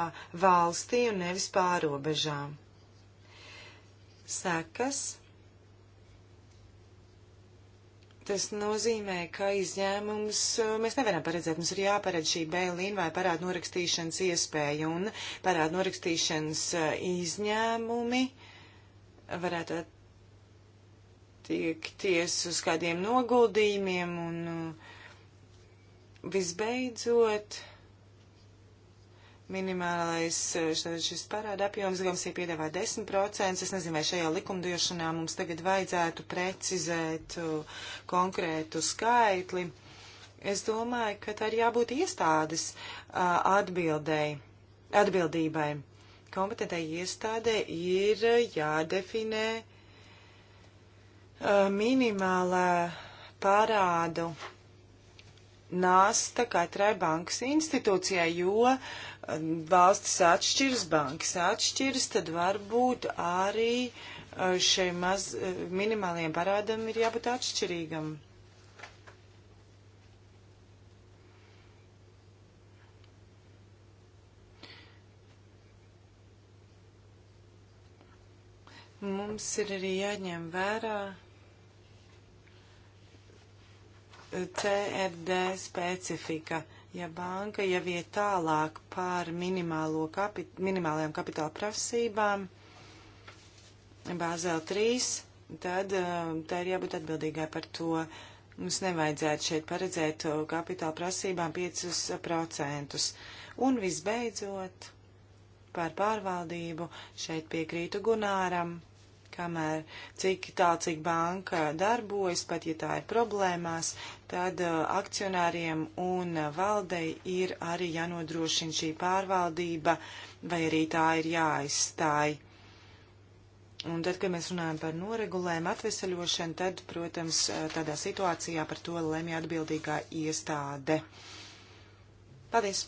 valstī un nevis pārobežām. Sekas Tas nozīmē, ka izņēmums eh, mēs nevaram paredzēt. Mums ir jāparedz šī bēlīna vai parādu norakstīšanas iespēja un parādu norakstīšanas eh, izņēmumi varētu tiekties uz kādiem noguldījumiem un eh, visbeidzot minimālais eh, šis parāda apjoms, komisija piedāvā 10%. Es nezinu, vai šajā likumdošanā mums tagad vajadzētu precizēt eh, konkrētu skaitli. Es domāju, ka tā ir jābūt iestādes eh, atbildēji, atbildībai. Kompetentai iestādē ir jādefinē minimālā parādu nasta katrai bankas institūcijai, jo valstis atšķiras, bankas atšķiras, tad varbūt arī e, šiem maz e, minimāliem parādam ir jābūt atšķirīgam. Mums ir arī jāņem vērā e, CRD specifika. Uh, ja banka jau iet tālāk par kapi, minimālajām kapitāla prasībām, Bāzēl 3, tad eh, tā ir jābūt atbildīgai par to. Mums nevajadzētu šeit paredzēt eh, kapitāla prasībām 5%. Eh, Un visbeidzot, par pārvaldību šeit piekrītu Gunāram, kamēr cik tā, cik banka darbojas, pat ja tā ir problēmās, tad uh, akcionāriem un valdei ir arī jānodrošina šī pārvaldība, vai arī tā ir jāaizstāj. Un tad, kad mēs runājam par noregulēm atveseļošanu, tad, protams, uh, tādā situācijā par to lemj atbildīgā iestāde. Paldies!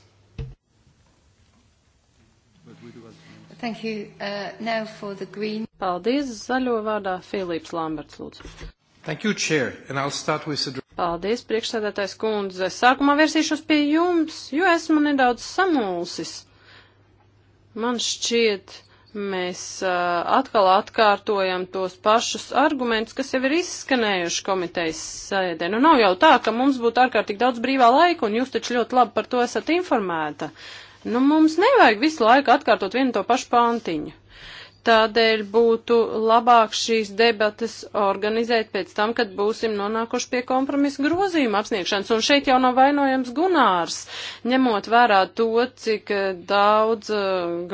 Thank you. Uh, now for the green. Paldies, zaļo vārdā Filips Lamberts, lūdzu. Thank you, Chair, and I'll start with the... Paldies, priekšsēdētājs kundze. Sākumā vērsīšos pie jums, jo esmu nedaudz samulsis. Man šķiet, mēs uh, atkal atkārtojam tos pašus argumentus, kas jau ir izskanējuši komitejas sēdē. Nu, nav jau tā, ka mums būtu ārkārtīgi daudz brīvā laika, un jūs taču ļoti labi par to esat informēta. Nu, mums nevajag visu laiku atkārtot vienu to pašu pāntiņu. Tādēļ būtu labāk šīs debatas organizēt pēc tam, kad būsim nonākuši pie kompromisa grozījuma apsniegšanas. Un šeit jau nav vainojams Gunārs, ņemot vērā to, cik eh, daudz eh,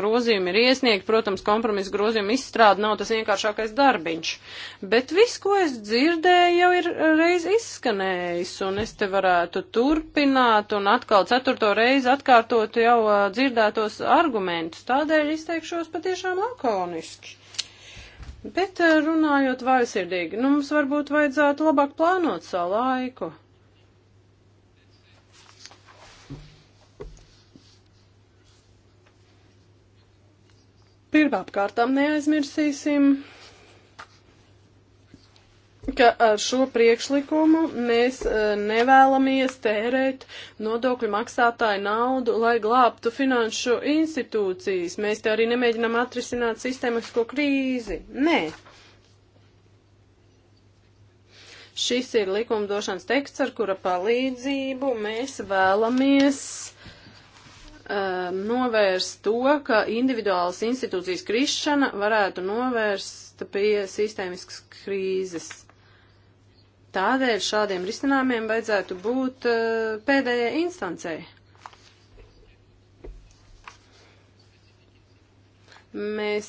grozījumu ir iesniegt. Protams, kompromisa grozījuma izstrāda nav tas vienkāršākais darbiņš. Bet viss, ko es dzirdēju, jau ir eh, reiz izskanējis, un es te varētu turpināt un atkal ceturto reizi atkārtot jau dzirdētos argumentus. Tādēļ izteikšos patiešām lakoni elektroniski. Bet eh, runājot vaisirdīgi, nu mums varbūt vajadzētu labāk plānot savu laiku. Pirmkārtām neaizmirsīsim ka ar šo priekšlikumu mēs e, nevēlamies tērēt nodokļu maksātāju naudu, lai glābtu finanšu institūcijas. Mēs te arī nemēģinām atrisināt sistēmisko krīzi. Nē. Šis ir likumdošanas teksts, ar kura palīdzību mēs vēlamies um, novērst to, ka individuālas institūcijas krišana varētu novērst pie sistēmiskas krīzes. Tādēļ šādiem risinājumiem vajadzētu būt uh, pēdējai instancei. Mēs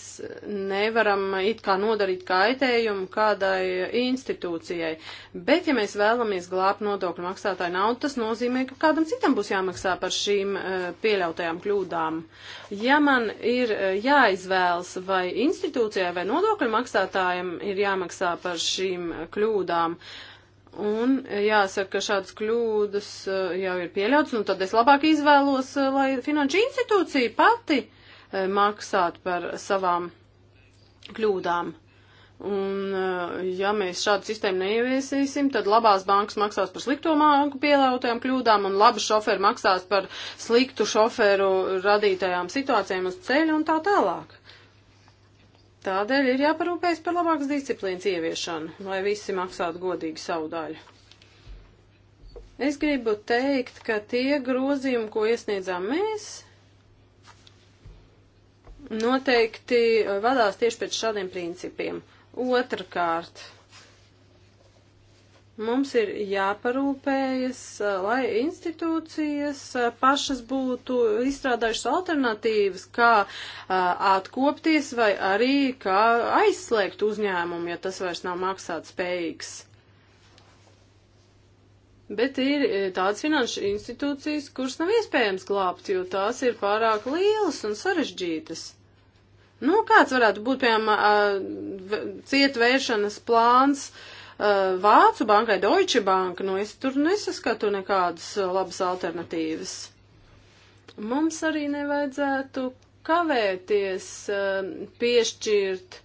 nevaram it kā nodarīt kaitējumu kādai institūcijai, bet ja mēs vēlamies glābt nodokļu maksātāju naudu, tas nozīmē, ka kādam citam būs jāmaksā par šīm uh, pieļautajām kļūdām. Ja man ir uh, jāizvēlas, vai institūcijai vai nodokļu maksātājiem ir jāmaksā par šīm kļūdām, uh, Un jāsaka, ka šādas kļūdas eh, jau ir pieļauts, un tad es labāk izvēlos, eh, lai finanšu institūcija pati eh, maksātu par savām kļūdām. Un, ja mēs šādu sistēmu neieviesīsim, tad labās bankas maksās par slikto māku pielautajām kļūdām, un labi šoferi maksās par sliktu šoferu radītajām situācijām uz ceļa un tā tālāk. Tādēļ ir jāparūpējas par labākas disciplīnas ieviešanu, lai visi maksātu godīgi savu daļu. Es gribu teikt, ka tie grozījumi, ko iesniedzām mēs, noteikti eh, vadās tieši pēc šādiem principiem. Otrakārt. Mums ir jāparūpējas, eh, lai institūcijas eh, pašas būtu izstrādājušas alternatīvas, kā eh, atkopties vai arī kā aizslēgt uzņēmumu, ja tas vairs nav maksāt spējīgs. Bet ir tādas finanšu institūcijas, kuras nav iespējams glābt, jo tās ir pārāk lielas un sarežģītas. Nu, kāds varētu būt, piemēram, cietvēršanas plāns uh, Eh, Vācu bankai Deutsche Bank, nu es tur nesaskatu nekādas eh, labas alternatīvas. Mums arī nevajadzētu kavēties eh, piešķirt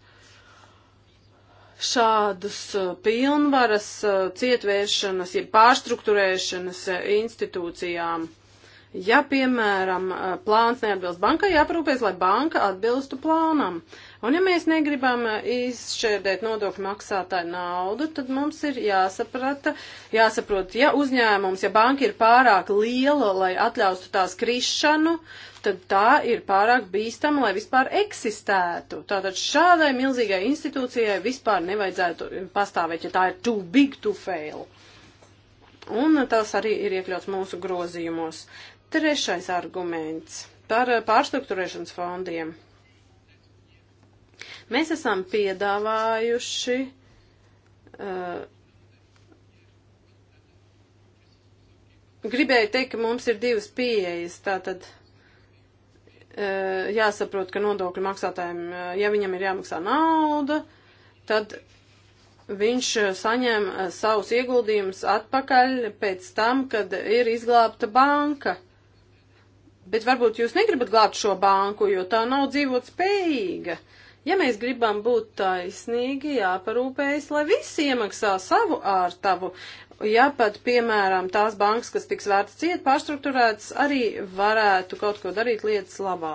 šādus pilnvaras cietvēršanas, ja pārstruktūrēšanas institūcijām. Ja, piemēram, plāns neatbilst bankai, jāparūpēs, lai banka atbilstu plānam. Un ja mēs negribam eh, izšķērdēt nodokļu maksātāju naudu, tad mums ir jāsaprata, jāsaprot, ja uzņēmums, ja banka ir pārāk liela, lai atļaustu tās krišanu, tad tā ir pārāk bīstama, lai vispār eksistētu. Tātad šādai milzīgai institūcijai vispār nevajadzētu pastāvēt, ja tā ir too big to fail. Un tas arī ir iekļauts mūsu grozījumos. Trešais arguments par eh, pārstruktūrēšanas fondiem. Mēs esam piedāvājuši uh, gribēju teikt, ka mums ir divas pieejas. Tātad uh, jāsaprot, ka nodokļu maksātājiem, uh, ja viņam ir jāmaksā nauda, tad viņš uh, saņem savus ieguldījumus atpakaļ pēc tam, kad ir izglābta banka. Bet varbūt jūs negribat glābt šo banku, jo tā nav dzīvot spējīga. Uh, Ja mēs gribam būt taisnīgi, jāparūpējas, lai visi iemaksā savu ārtavu. Ja pat, piemēram, tās bankas, kas tiks vērts ciet, pārstruktūrētas, arī varētu kaut ko darīt lietas labā.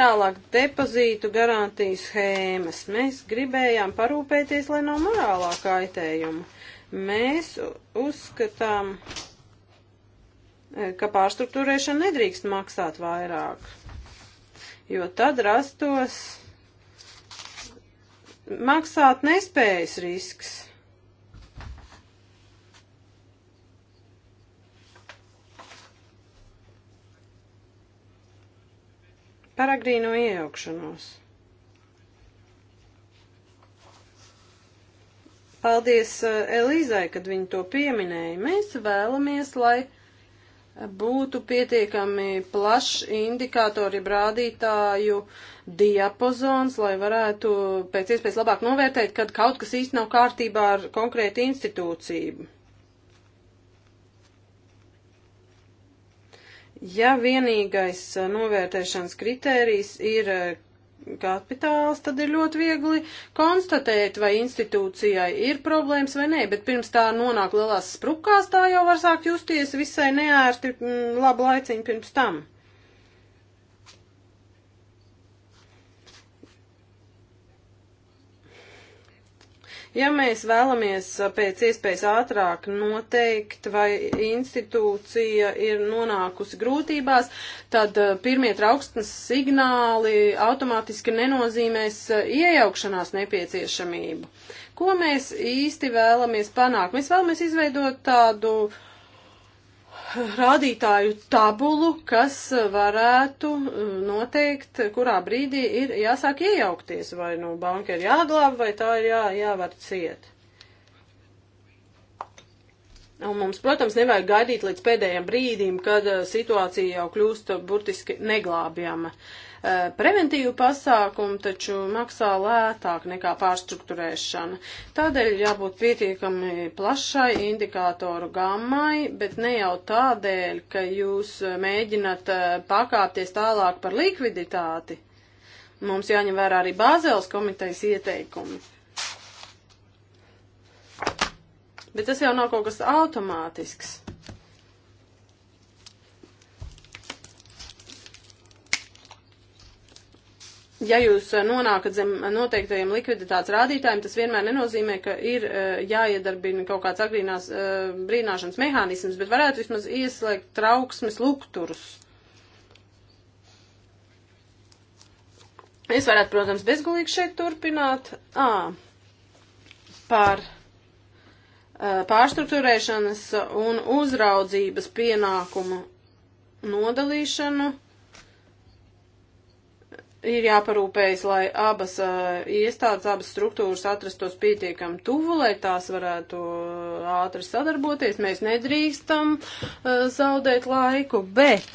Tālāk depozītu garantiju schēmas. Mēs gribējām parūpēties, lai nav morālā kaitējuma. Mēs uzskatām, eh, ka pārstruktūrēšana nedrīkst maksāt vairāk jo tad rastos maksāt nespējas risks. Par agrīno iejaukšanos. Paldies eh, Elīzai, kad viņa to pieminēja. Mēs vēlamies, lai būtu pietiekami plašs indikātori rādītāju diapazons, lai varētu pēc iespējas labāk novērtēt, kad kaut kas īsti nav kārtībā ar konkrētu institūciju. Ja vienīgais novērtēšanas kritērijs ir kapitāls, tad ir ļoti viegli konstatēt, vai institūcijai ir problēmas vai nē, bet pirms tā nonāk lielās sprukās, tā jau var sākt justies visai neērti mm, labu laiciņu pirms tam. Ja mēs vēlamies pēc iespējas ātrāk noteikt, vai institūcija ir nonākusi grūtībās, tad pirmie trauksmes signāli automātiski nenozīmēs iejaukšanās nepieciešamību. Ko mēs īsti vēlamies panākt? Mēs vēlamies izveidot tādu uh, rādītāju tabulu, kas varētu uh, noteikt, kurā brīdī ir jāsāk iejaukties, vai nu banka ir jāglāb, vai tā ir jā, jāvar ciet. Un mums, protams, nevajag gaidīt līdz pēdējiem brīdīm, kad uh, situācija jau kļūst burtiski neglābjama. Uh, Eh, preventīvu pasākumu, taču maksā lētāk nekā pārstruktūrēšana. Tādēļ jābūt pietiekami plašai indikātoru gammai, bet ne jau tādēļ, ka jūs mēģinat eh, pakāpties tālāk par likviditāti. Mums jāņem vērā arī Bāzēlas komitejas ieteikumi. Bet tas jau nav kaut kas automātisks. ja jūs eh, nonākat zem noteiktajiem likviditātes rādītājiem, tas vienmēr nenozīmē, ka ir eh, jāiedarbina kaut kāds agrīnās eh, brīnāšanas mehānisms, bet varētu vismaz ieslēgt trauksmes lukturus. Es varētu, protams, bezgalīgi šeit turpināt. À, par pārstruktūrēšanas un uzraudzības pienākumu nodalīšanu ir jāparūpējas, lai abas uh, iestādes, abas struktūras atrastos pietiekam tuvu, lai tās varētu uh, ātri sadarboties. Mēs nedrīkstam uh, zaudēt laiku, bet,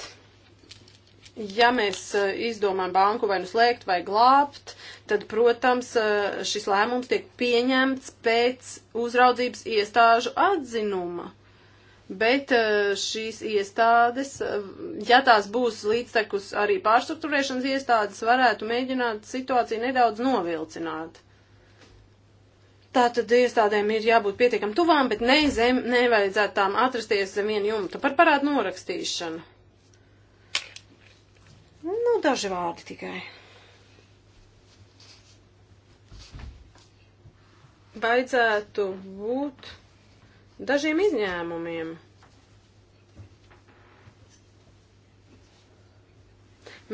ja mēs uh, izdomājam banku vai nu slēgt vai glābt, tad, protams, uh, šis lēmums tiek pieņemts pēc uzraudzības iestāžu atzinuma. Bet eh, šīs iestādes, eh, ja tās būs līdztekus arī pārstruktūrēšanas iestādes, varētu mēģināt situāciju nedaudz novilcināt. Tātad iestādēm ir jābūt pietiekam tuvām, bet ne zem, nevajadzētu tām atrasties zem viena jumta par parādu norakstīšanu. Nu, daži vārdi tikai. Vajadzētu būt dažiem izņēmumiem.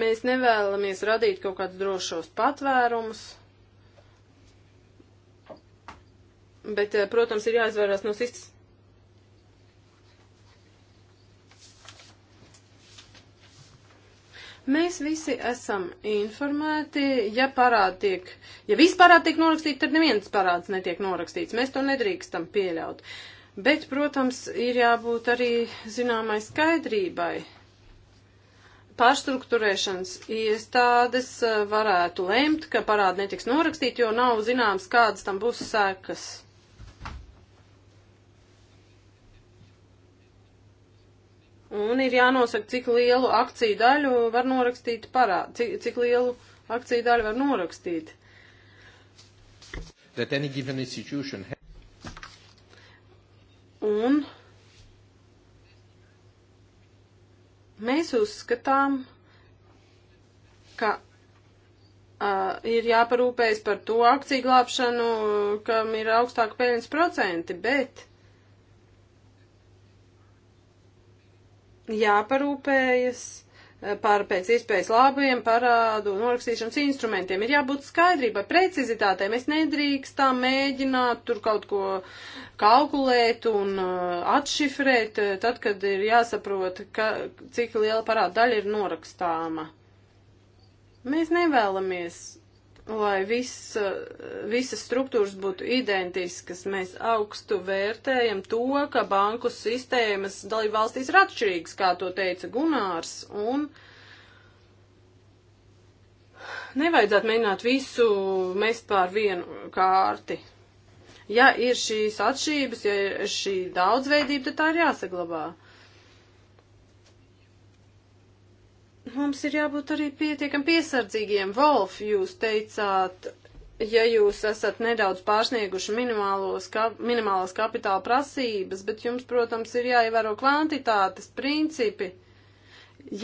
Mēs nevēlamies radīt kaut kādus drošos patvērumus, bet, eh, protams, ir jāizvairās no sistēmas. Mēs visi esam informēti, ja parādi tiek, ja viss parādi tiek norakstīts, tad neviens parāds netiek norakstīts. Mēs to nedrīkstam pieļaut. Uh, Bet, protams, ir jābūt arī zināmai skaidrībai pārstruktūrēšanas iestādes eh, varētu lemt, ka parādi netiks norakstīti, jo nav zināms, kādas tam būs sekas. Un ir jānosaka, cik lielu akciju daļu var norakstīt parādi, cik, cik lielu akciju daļu var norakstīt. That any given institution has Un mēs uzskatām, ka uh, ir jāparūpējas par to akciju glābšanu, kam ir augstāka peļņas procenti, bet jāparūpējas par pēc iespējas labiem parādu norakstīšanas instrumentiem. Ir jābūt skaidrībai, precizitātei. Mēs nedrīkstam mēģināt tur kaut ko kalkulēt un uh, atšifrēt, uh, tad, kad ir jāsaprot, ka, cik liela parāda daļa ir norakstāma. Mēs nevēlamies lai viss, eh, visas struktūras būtu identiskas. Mēs augstu vērtējam to, ka banku sistēmas dalībvalstīs ir atšķirīgas, kā to teica Gunārs, un nevajadzētu mēģināt visu mest pār vienu kārti. Ja ir šīs atšķirības, ja ir šī daudzveidība, tad tā ir jāsaglabā. mums ir jābūt arī pietiekam piesardzīgiem. Volf, jūs teicāt, ja jūs esat nedaudz pārsnieguši ka, minimālos kapitāla prasības, bet jums, protams, ir jāievēro kvantitātes principi.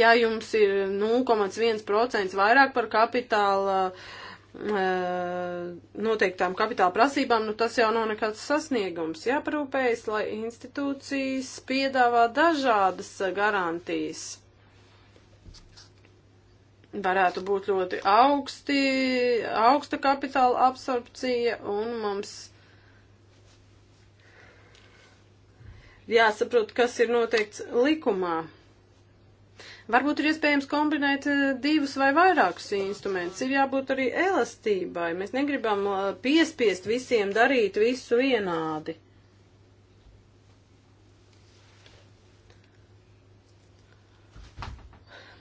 Ja jums ir 0,1% vairāk par kapitāla eh, noteiktām kapitāla prasībām, nu tas jau nav nekāds sasniegums. Jāparūpējas, lai institūcijas piedāvā dažādas garantijas varētu būt ļoti augsti, augsta kapitāla absorpcija un mums jāsaprot, kas ir noteikts likumā. Varbūt ir iespējams kombinēt eh, divus vai vairākus instrumentus. Ir jābūt arī elastībai. Mēs negribam eh, piespiest visiem darīt visu vienādi.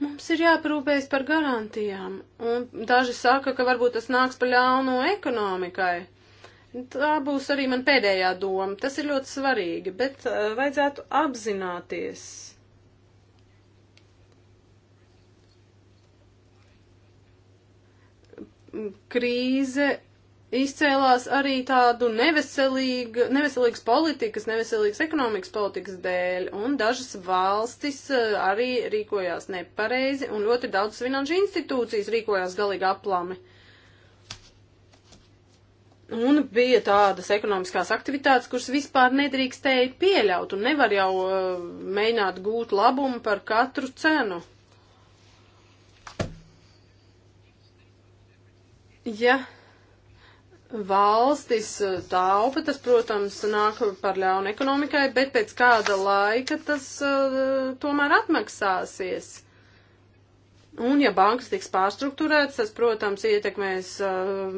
Mums ir jāparūpējas par garantijām, un daži saka, ka varbūt tas nāks par ļaunu ekonomikai. Tā būs arī man pēdējā doma. Tas ir ļoti svarīgi, bet uh, vajadzētu apzināties. Krīze izcēlās arī tādu neveselīgu, neveselīgas politikas, neveselīgas ekonomikas politikas dēļ, un dažas valstis eh, arī rīkojās nepareizi, un ļoti daudz finanšu institūcijas rīkojās galīgi aplami. Un bija tādas ekonomiskās aktivitātes, kuras vispār nedrīkstēja pieļaut, un nevar jau uh, mēģināt gūt labumu par katru cenu. Ja valstis eh, taupa, tas, protams, nāk par ļaunu ekonomikai, bet pēc kāda laika tas uh, tomēr atmaksāsies. Un, ja bankas tiks pārstruktūrētas, tas, protams, ietekmēs uh,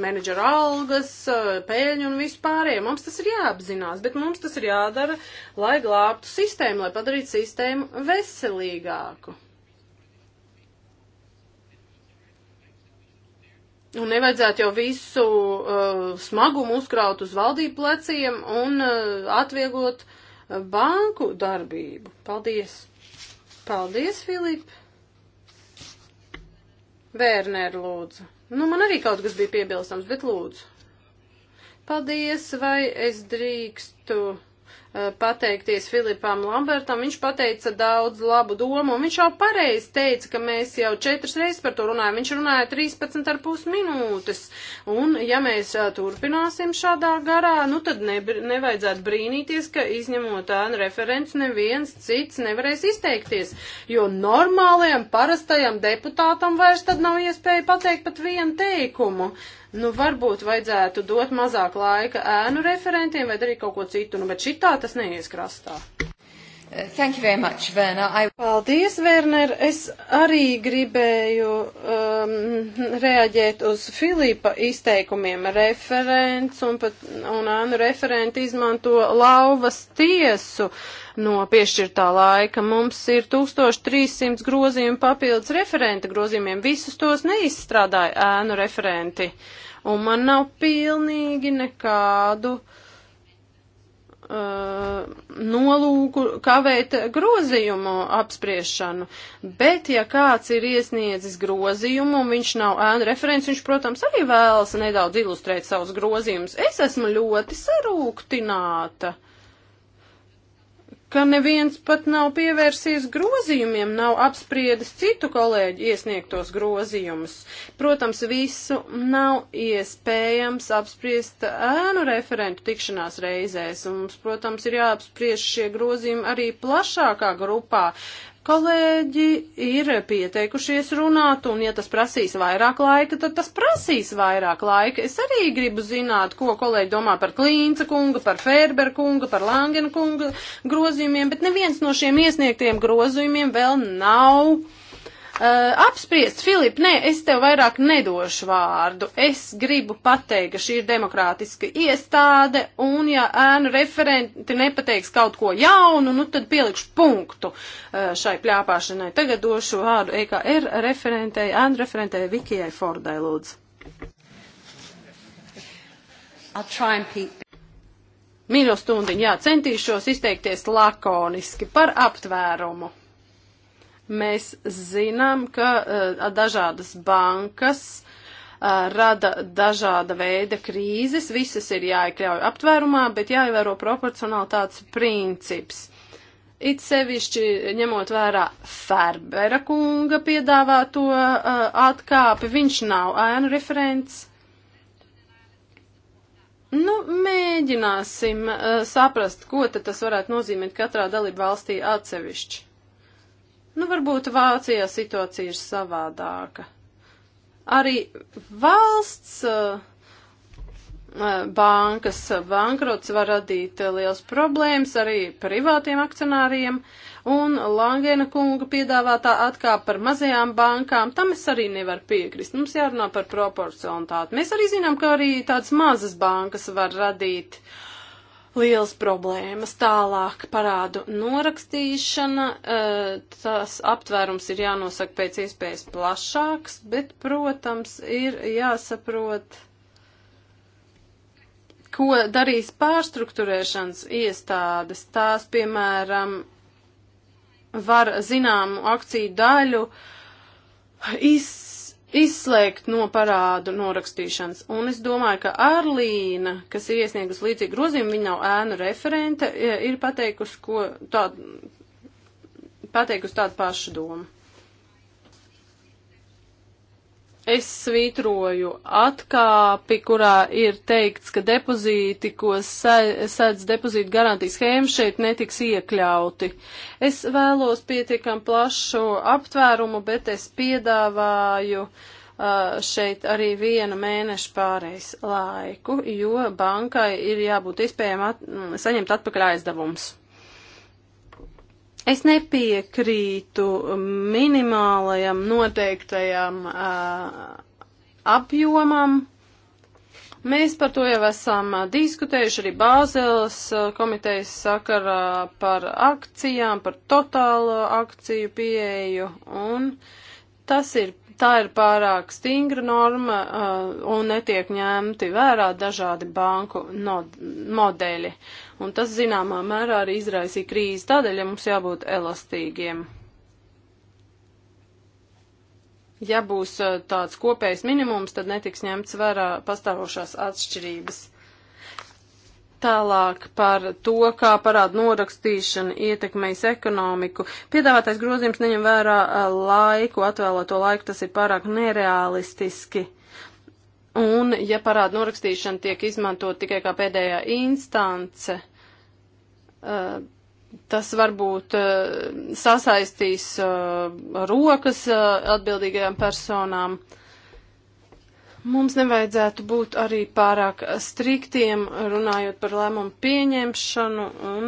menedžera algas, uh, pēļņu un visu pārējo. Mums tas ir jāapzinās, bet mums tas ir jādara, lai glābtu sistēmu, lai padarītu sistēmu veselīgāku. Un nevajadzētu jau visu uh, smagumu uzkraut uz valdību pleciem un uh, atvieglot uh, banku darbību. Paldies! Paldies, Filip! Vērner, lūdzu. Nu, man arī kaut kas bija piebilstams, bet lūdzu. Paldies, vai es drīkstu Eh, pateikties Filipam Lambertam. Viņš pateica daudz labu domu, un viņš jau pareizi teica, ka mēs jau četras reizes par to runājam. Viņš runāja 13,5 minūtes, un ja mēs eh, turpināsim šādā garā, nu tad ne, nevajadzētu brīnīties, ka izņemot ēnu referents neviens cits nevarēs izteikties, jo normālajam parastajam deputātam vairs tad nav iespēja pateikt pat vienu teikumu. Uh, Nu, varbūt vajadzētu dot mazāk laika ēnu referentiem vai darīt kaut ko citu, nu, bet šitā tas neies krastā. Thank you very much, Verna. I... Paldies, Werner. Es arī gribēju um, reaģēt uz Filipa izteikumiem. Referents un, pat, un Ānu referenti izmanto lauvas tiesu no piešķirtā laika. Mums ir 1300 grozījumu papildus referenta grozījumiem. Visus tos neizstrādāja Ānu referenti. Un man nav pilnīgi nekādu. Uh, uh, nolūku kavēt grozījumu apspriešanu, bet ja kāds ir iesniedzis grozījumu un viņš nav ēnu referents, viņš, protams, arī vēlas nedaudz ilustrēt savus grozījumus. Es esmu ļoti sarūktināta. Uh, ka neviens pat nav pievērsies grozījumiem, nav apspriedis citu kolēģu iesniegtos grozījumus. Protams, visu nav iespējams apspriest ēnu referentu tikšanās reizēs, un mums, protams, ir jāapspriež šie grozījumi arī plašākā grupā. Uh, kolēģi ir pieteikušies runāt, un ja tas prasīs vairāk laika, tad tas prasīs vairāk laika. Es arī gribu zināt, ko kolēģi domā par Klīnca kunga, par Ferber kunga, par Langena kunga grozījumiem, bet neviens no šiem iesniegtiem grozījumiem vēl nav Eh, apspriest, Filip, nē, es tev vairāk nedošu vārdu. Es gribu pateikt, ka šī ir demokrātiska iestāde, un ja ēnu referenti nepateiks kaut ko jaunu, nu tad pielikšu punktu uh, šai pļāpāšanai. Tagad došu vārdu EKR referentei, ēnu referentei Vikijai Fordai, lūdzu. Mīļo stundiņu, jā, centīšos izteikties lakoniski par aptvērumu Mēs zinām, ka uh, dažādas bankas uh, rada dažāda veida krīzes, visas ir jāiekļauj aptvērumā, bet jāievēro proporcionalitātes princips. It sevišķi ņemot vērā Ferbera kunga piedāvāto uh, atkāpi, viņš nav ēnu referents. Nu, mēģināsim uh, saprast, ko tad tas varētu nozīmēt katrā dalību valstī atsevišķi. Nu, varbūt Vācijā situācija ir savādāka. Arī valsts uh, uh, bankas bankrots var radīt uh, liels problēmas arī privātiem akcionāriem, un Langēna kunga piedāvātā atkāpa par mazajām bankām, tam es arī nevaru piekrist. Mums jārunā par proporcionalitāti. Mēs arī zinām, ka arī tādas mazas bankas var radīt uh, liels problēmas. Tālāk parādu norakstīšana, eh, tās aptvērums ir jānosaka pēc iespējas plašāks, bet, protams, ir jāsaprot, ko darīs pārstruktūrēšanas iestādes. Tās, piemēram, var zināmu akciju daļu izsākt izslēgt no parādu norakstīšanas. Un es domāju, ka Arlīna, kas ir iesniegusi līdzīgu grozījumu, viņa nav ēnu referente, e, ir pateikusi, ko tādu, pateikusi tādu pašu domu. Es svītroju atkāpi, kurā ir teikts, ka depozīti, ko sēdz depozīta garantijas schēma, šeit netiks iekļauti. Es vēlos pietiekam plašu aptvērumu, bet es piedāvāju uh, šeit arī vienu mēnešu pārejas laiku, jo bankai ir jābūt iespējama at mm, saņemt atpakaļ aizdevums. Es nepiekrītu minimālajam noteiktajam uh, apjomam. Mēs par to jau esam diskutējuši arī Bāzeles komitejas sakarā par akcijām, par totālo akciju pieeju, un tas ir, tā ir pārāk stingra norma, uh, un netiek ņemti vērā dažādi banku no, modeļi. Uh, un tas zināmā mērā arī izraisīja krīzi, tādēļ ja mums jābūt elastīgiem. Ja būs eh, tāds kopējs minimums, tad netiks ņemts vērā pastāvošās atšķirības. Tālāk par to, kā parāda norakstīšana ietekmējas ekonomiku. Piedāvātais grozījums neņem vērā eh, laiku, atvēlēto laiku, tas ir pārāk nereālistiski. Uh, Un, ja parāda norakstīšana tiek izmantot tikai kā pēdējā instance, eh, tas varbūt eh, sasaistīs eh, rokas atbildīgajām personām. Mums nevajadzētu būt arī pārāk striktiem runājot par lēmumu pieņemšanu un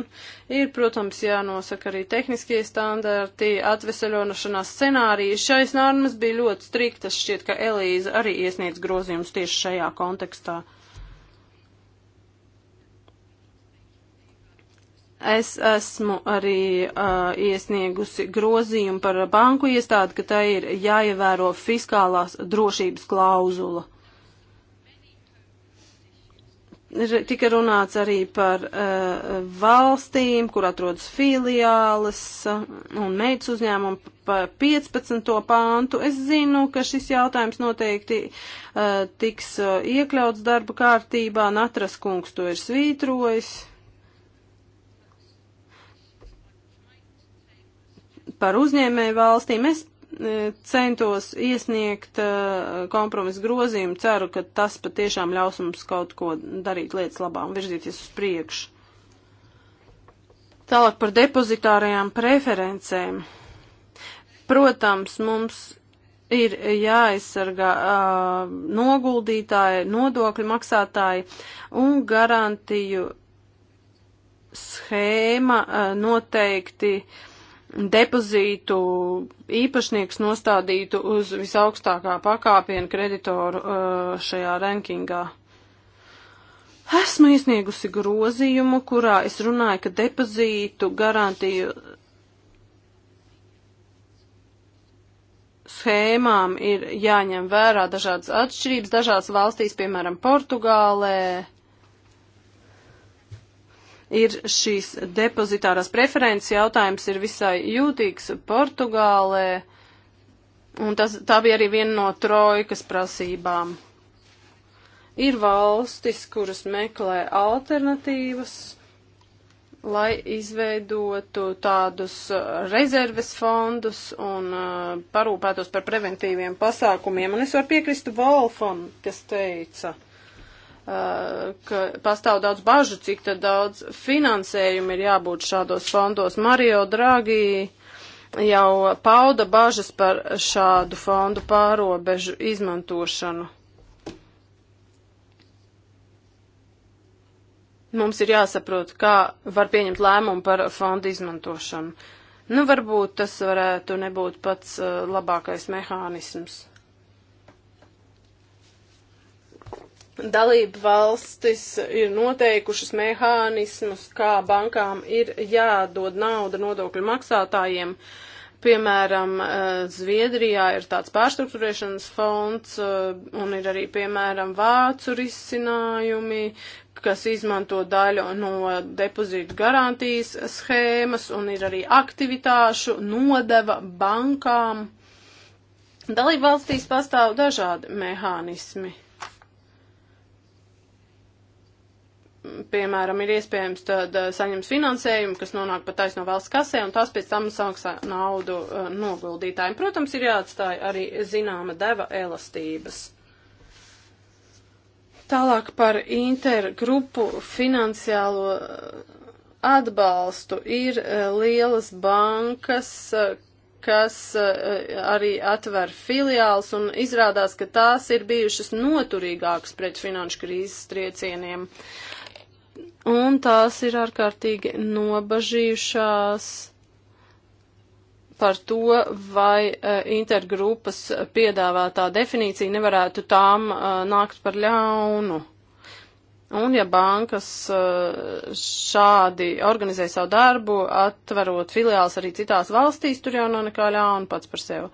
ir, protams, jānosaka arī tehniskie standarti, atveseļošanās scenāriji. Šais normas bija ļoti striktas, šķiet, ka Elīza arī iesniedz grozījums tieši šajā kontekstā. Es esmu arī uh, iesniegusi grozījumu par banku iestādi, ka tai ir jāievēro fiskālās drošības klauzula. Tika runāts arī par uh, valstīm, kur atrodas filiāles uh, un meitas uzņēmumu par 15. pāntu. Es zinu, ka šis jautājums noteikti uh, tiks uh, iekļauts darba kārtībā. Natras kungs to ir svītrojis. par uzņēmēju valstīm. Es e, centos iesniegt e, kompromisu grozījumu, ceru, ka tas patiešām ļaus mums kaut ko darīt lietas labā un virzīties uz priekšu. Tālāk par depozitārajām preferencēm. Protams, mums ir jāaizsargā uh, noguldītāji, nodokļu maksātāji un garantiju schēma uh, noteikti uh, depozītu īpašnieks nostādītu uz visaugstākā pakāpiena kreditoru uh, šajā rankingā. Esmu iesniegusi grozījumu, kurā es runāju, ka depozītu garantiju schēmām ir jāņem vērā dažādas atšķirības. Dažās valstīs, piemēram, Portugālē, ir šīs depozitārās preferences jautājums ir visai jūtīgs Portugālē, un tas, tā bija arī viena no trojkas prasībām. Ir valstis, kuras meklē alternatīvas, lai izveidotu tādus rezerves fondus un uh, parūpētos par preventīviem pasākumiem. Un es varu piekrist Volfam, kas teica, ka Uh, ka pastāv daudz bažu, cik tad daudz finansējumu ir jābūt šādos fondos. Mario Draghi jau pauda bažas par šādu fondu pārobežu izmantošanu. Mums ir jāsaprot, kā var pieņemt lēmumu par fondu izmantošanu. Nu, varbūt tas varētu nebūt pats uh, labākais mehānisms. dalību valstis ir noteikušas mehānismus, kā bankām ir jādod nauda nodokļu maksātājiem. Piemēram, eh, Zviedrijā ir tāds pārstruktūrēšanas fonds eh, un ir arī, piemēram, vācu risinājumi, kas izmanto daļu no depozītu garantijas schēmas un ir arī aktivitāšu nodeva bankām. Dalībvalstīs pastāv dažādi mehānismi. piemēram, ir iespējams tad eh, saņems finansējumu, kas nonāk pat aiz no valsts kasē, un tās pēc tam samaksā naudu uh, noguldītājiem. Protams, ir jāatstāja arī zināma deva elastības. Tālāk par intergrupu finansiālo eh, atbalstu ir uh, lielas bankas, uh, kas arī atver filiāls un izrādās, ka tās ir bijušas noturīgākas pret finanšu krīzes triecieniem. Uh, un tās ir ārkārtīgi nobažījušās par to, vai e, intergrupas piedāvātā definīcija nevarētu tām e, nākt par ļaunu. Un ja bankas e, šādi organizē savu darbu, atverot filiāls arī citās valstīs, tur jau nav nekā ļauna pats par sevi.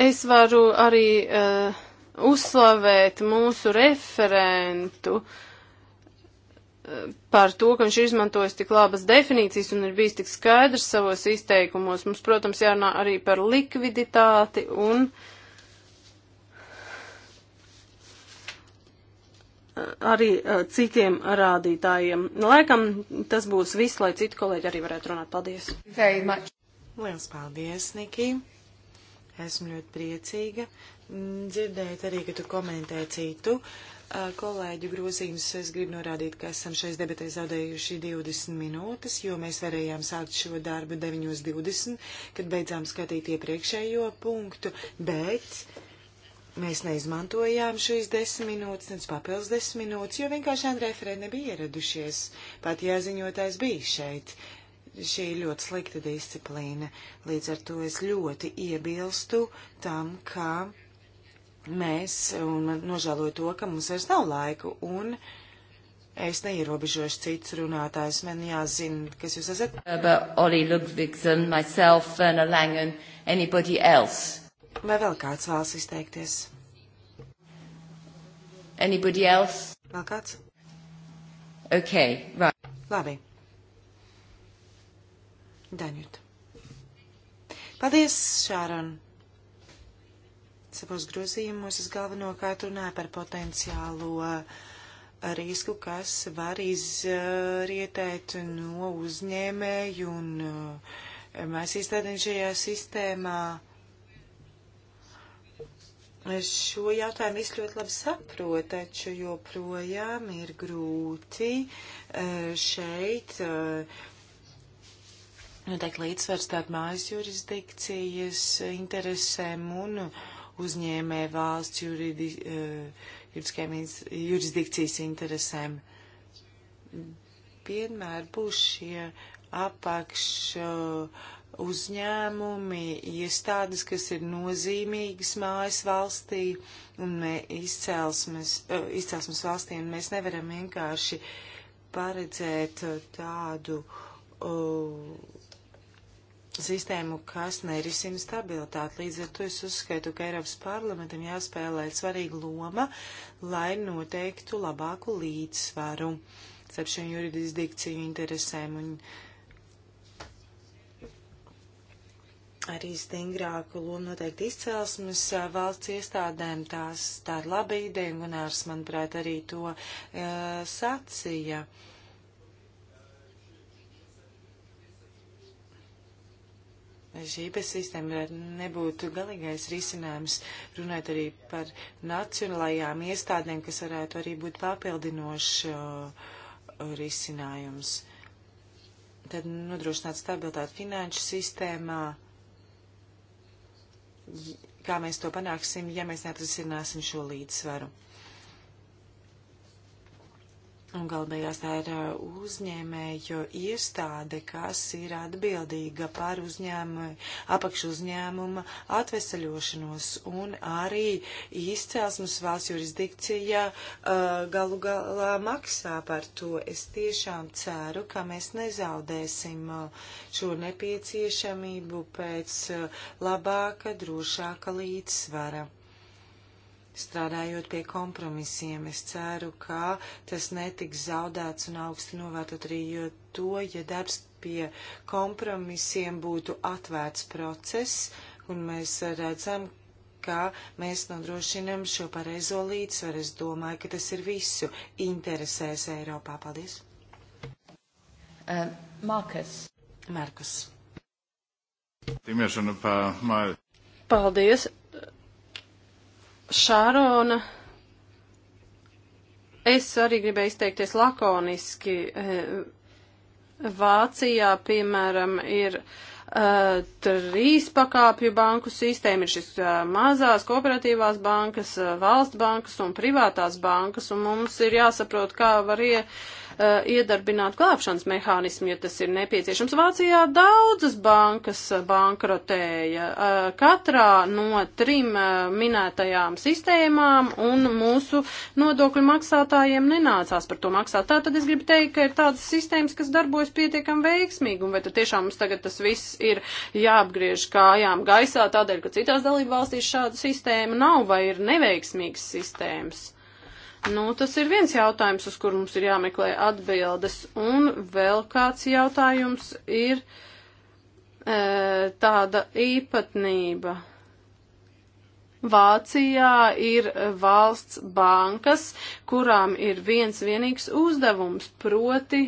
Es varu arī uh, uzslavēt mūsu referentu eh, par to, ka viņš ir izmantojis tik labas definīcijas un ir bijis tik skaidrs savos izteikumos. Mums, protams, jārunā arī par likviditāti un eh, arī eh, citiem rādītājiem. Laikam tas būs viss, lai citi kolēģi arī varētu runāt. Paldies! Liels paldies, Niki! Esmu ļoti priecīga Mm, Dzirdēju arī, ka tu komentē citu uh, kolēģu grozījumus. Es gribu norādīt, ka esam šais debatē zaudējuši 20 minūtes, jo mēs varējām sākt šo darbu 9.20, kad beidzām skatīt iepriekšējo punktu, bet mēs neizmantojām šīs 10 minūtes, nec papildus 10 minūtes, jo vienkārši referenti nebija ieradušies, pat jāziņotājs bija šeit. Šī ir ļoti slikta disciplīna, līdz ar to es ļoti iebilstu tam, ka mēs, un nožēloju to, ka mums vairs nav laiku, un es neierobežošu citus runātājus. Man jāzina, kas jūs esat. Oli Ludvigsen, myself, Werner Langen, anybody else? Vai vēl kāds vēlas izteikties? Anybody else? Vēl kāds? Ok, right. Labi. Danjut. Paldies, Šāron. Savos grozījumos es galvenokārt runāju par potenciālo risku, kas var izrietēt no uzņēmēju un eh, mēs izstrādājam šajā sistēmā. Es šo jautājumu es ļoti labi saprotu, taču joprojām ir grūti eh, šeit eh, noteikt līdzsvars starp mājas jurisdikcijas interesēm un uh, uzņēmē valsts juridi, e, jurisdikcijas interesēm. Vienmēr būs šie apakš uzņēmumi, iestādes, kas ir nozīmīgas mājas valstī un izcelsmes, e, izcelsmes valstī, un mēs nevaram vienkārši paredzēt tādu uh, sistēmu, kas nerisina stabilitāti. Līdz ar to es uzskaitu, ka Eiropas parlamentam jāspēlē svarīga loma, lai noteiktu labāku līdzsvaru starp šiem juridisdikciju interesēm un arī stingrāku lomu noteikti izcelsmes valsts iestādēm. Tās, tā ir laba ideja, un Gunārs, manuprāt, arī to uh, sacīja. Uh, šī IPS sistēma varētu nebūt galīgais risinājums, runājot arī par nacionālajām iestādēm, kas varētu arī būt papildinošs uh, risinājums. Tad nodrošināt stabilitāti finanšu sistēmā. Kā mēs to panāksim, ja mēs neatrisināsim šo līdzsvaru? Un gal beigās tā ir uzņēmēju iestāde, kas ir atbildīga par uzņēmu, apakšu uzņēmuma atvesaļošanos un arī izcelsmes valsts jurisdikcija galu galā maksā par to. Es tiešām ceru, ka mēs nezaudēsim šo nepieciešamību pēc labāka, drošāka līdzsvara strādājot pie kompromisiem. Es ceru, ka tas netiks zaudēts un augstu novērtot arī, jo to, ja darbs pie kompromisiem būtu atvērts process, un mēs redzam, ka mēs nodrošinam šo pareizo līdzsvaru. Es domāju, ka tas ir visu interesēs Eiropā. Paldies! Uh, Markus. Markus. Paldies! Šārona. Es arī gribēju izteikties lakoniski. Eh, Vācijā, piemēram, ir uh, trīs pakāpju banku sistēma, ir šis uh, mazās kooperatīvās bankas, uh, valsts bankas un privātās bankas, un mums ir jāsaprot, kā var ie, uh, uh, iedarbināt glābšanas mehānismu, ja tas ir nepieciešams. Vācijā daudzas bankas uh, bankrotēja uh, katrā no trim uh, minētajām sistēmām, un mūsu nodokļu maksātājiem nenācās par to maksāt. Tātad es gribu teikt, ka ir tādas sistēmas, kas darbojas pietiekam veiksmīgi, un vai tad tiešām mums tagad tas viss ir jāapgriež kājām gaisā tādēļ, ka citās dalību valstīs šāda sistēma nav vai ir neveiksmīgas sistēmas. Nu, tas ir viens jautājums, uz kur mums ir jāmeklē atbildes. Un vēl kāds jautājums ir e, tāda īpatnība. Vācijā ir valsts bankas, kurām ir viens vienīgs uzdevums, proti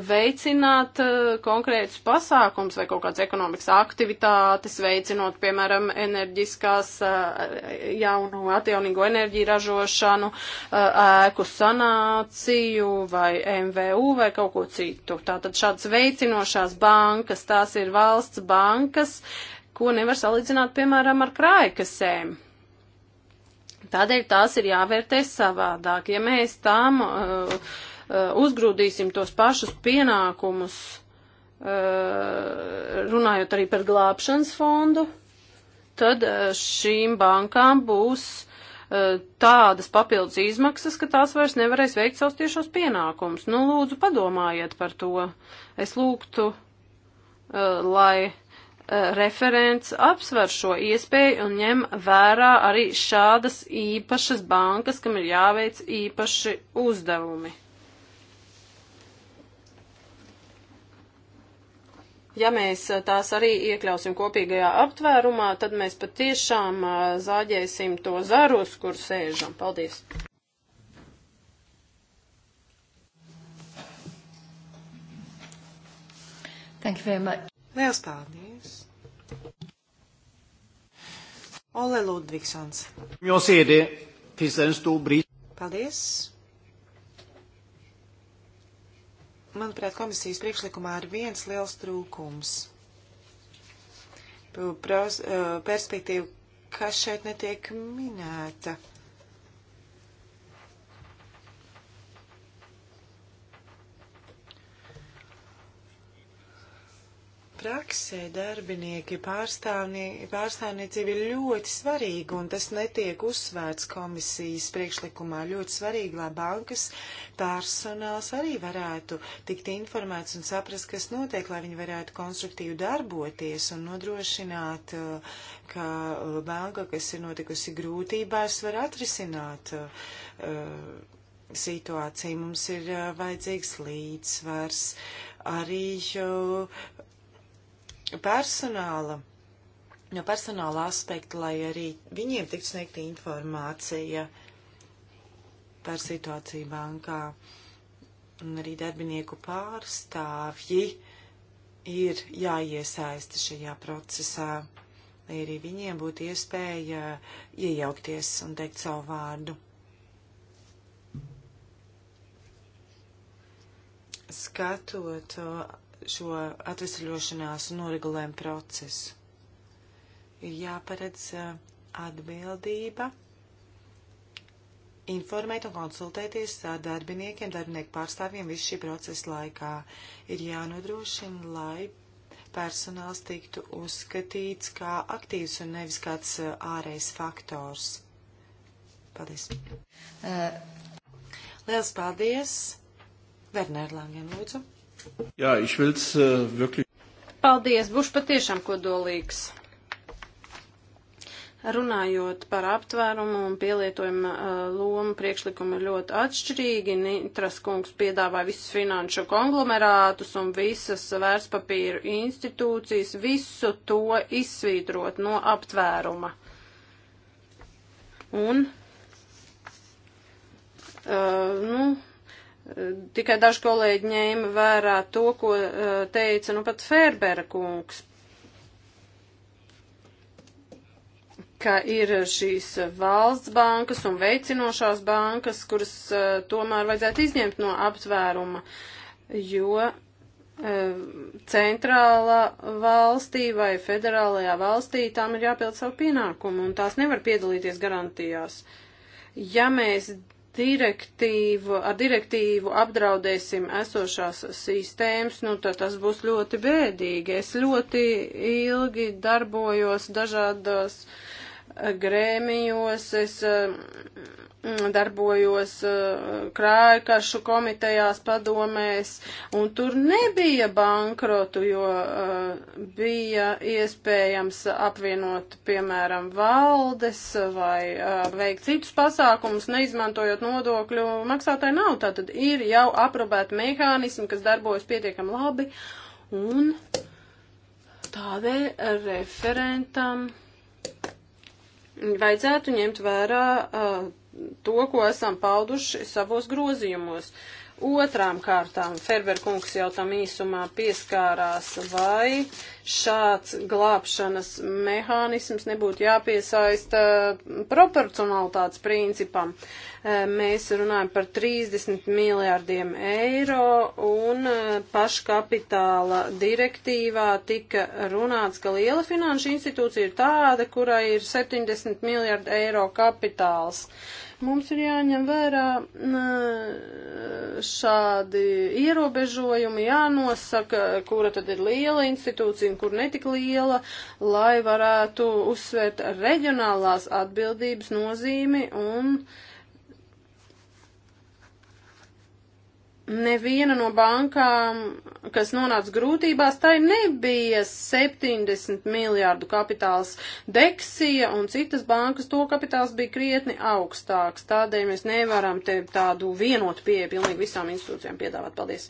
veicināt eh, konkrētus pasākums vai kaut kādas ekonomikas aktivitātes, veicinot, piemēram, enerģiskās eh, jaunu atjaunīgo enerģiju ražošanu, eh, ēku sanāciju vai MVU vai kaut ko citu. Tātad šādas veicinošās bankas, tās ir valsts bankas, ko nevar salīdzināt, piemēram, ar krājkasēm. Tādēļ tās ir jāvērtē savādāk. Ja mēs tām uh, Eh, uzgrūdīsim tos pašus pienākumus, eh, runājot arī par glābšanas fondu, tad eh, šīm bankām būs tādas papildus izmaksas, ka tās vairs nevarēs veikt savus tiešos pienākumus. Nu, lūdzu, padomājiet par to. Es lūgtu, lai referents apsver šo iespēju un ņem vērā arī šādas īpašas bankas, kam ir jāveic īpaši uzdevumi. Ja mēs eh, tās arī iekļausim kopīgajā aptvērumā, tad mēs patiešām eh, zāģēsim to zarus, kur sēžam. Paldies! Thank you very much. Liels paldies! Ole Ludvigsons. Paldies! Manuprāt, komisijas priekšlikumā ir viens liels trūkums. Pros, eh, perspektīva, kas šeit netiek minēta. praksē darbinieki pārstāvniecība ir ļoti svarīga, un tas netiek uzsvērts komisijas priekšlikumā. Ļoti svarīgi, lai bankas personāls arī varētu tikt informēts un saprast, kas notiek, lai viņi varētu konstruktīvi darboties un nodrošināt, eh, ka eh, banka, kas ir notikusi grūtībās, var atrisināt eh, situāciju. Mums ir vajadzīgs līdzsvars arī personāla, no personāla aspekta, lai arī viņiem tiktu sniegta informācija par situāciju bankā. Un arī darbinieku pārstāvji ir jāiesaista šajā procesā, lai arī viņiem būtu iespēja iejaukties un teikt savu vārdu. Skatot šo atvesļošanās un noregulējumu procesu. Ir jāparedz eh, atbildība informēt un konsultēties ar darbiniekiem, darbinieku pārstāvjiem visu šī procesa laikā. Ir jānodrošina, lai personāls tiktu uzskatīts kā aktīvs un nevis kāds eh, ārējs faktors. Paldies. Uh. Liels paldies. Werner Langen, lūdzu. Jā, ich will's uh, wirklich. Paldies, būšu patiešām kodolīgs. Runājot par aptvērumu un pielietojumu lomu, priekšlikumi ir ļoti atšķirīgi. Nitras kungs piedāvā visus finanšu konglomerātus un visas vērtspapīru institūcijas, visu to izsvītrot no aptvēruma. Un, uh, nu, Tikai daži kolēģi ņēma vērā to, ko e, teica nu pat Ferbera kungs, ka ir šīs valsts bankas un veicinošās bankas, kuras uh, tomēr vajadzētu izņemt no aptvēruma, jo uh, centrālā valstī vai federālajā valstī tām ir jāpild savu pienākumu un tās nevar piedalīties garantijās. Ja mēs direktīvu, ar direktīvu apdraudēsim esošās sistēmas, nu tad tas būs ļoti bēdīgi. Es ļoti ilgi darbojos dažādos eh, grēmijos, es eh, darbojos uh, krājkašu komitejās padomēs, un tur nebija bankrotu, jo uh, bija iespējams apvienot, piemēram, valdes vai uh, veikt citus pasākumus, neizmantojot nodokļu maksātāju nav. Tātad ir jau aprobēta mehānismi, kas darbojas pietiekam labi, un tādēļ referentam vajadzētu ņemt vērā uh, to, ko esam pauduši savos grozījumos. Otrām kārtām Ferberkungs jau tam īsumā pieskārās, vai šāds glābšanas mehānisms nebūtu jāpiesaista proporcionalitātes principam. E, mēs runājam par 30 miljārdiem eiro un e, paškapitāla direktīvā tika runāts, ka liela finanšu institūcija ir tāda, kurai ir 70 miljārdi eiro kapitāls. Uh, Mums ir jāņem vērā šādi ierobežojumi, jānosaka, kura tad ir liela institūcija un kur netik liela, lai varētu uzsvērt reģionālās atbildības nozīmi un uh, neviena no bankām, kas nonāca grūtībās, tai nebija 70 miljārdu kapitāls deksija, un citas bankas to kapitāls bija krietni augstāks. Tādēļ mēs nevaram te tādu vienotu pieeju pilnīgi visām institūcijām piedāvāt. Paldies!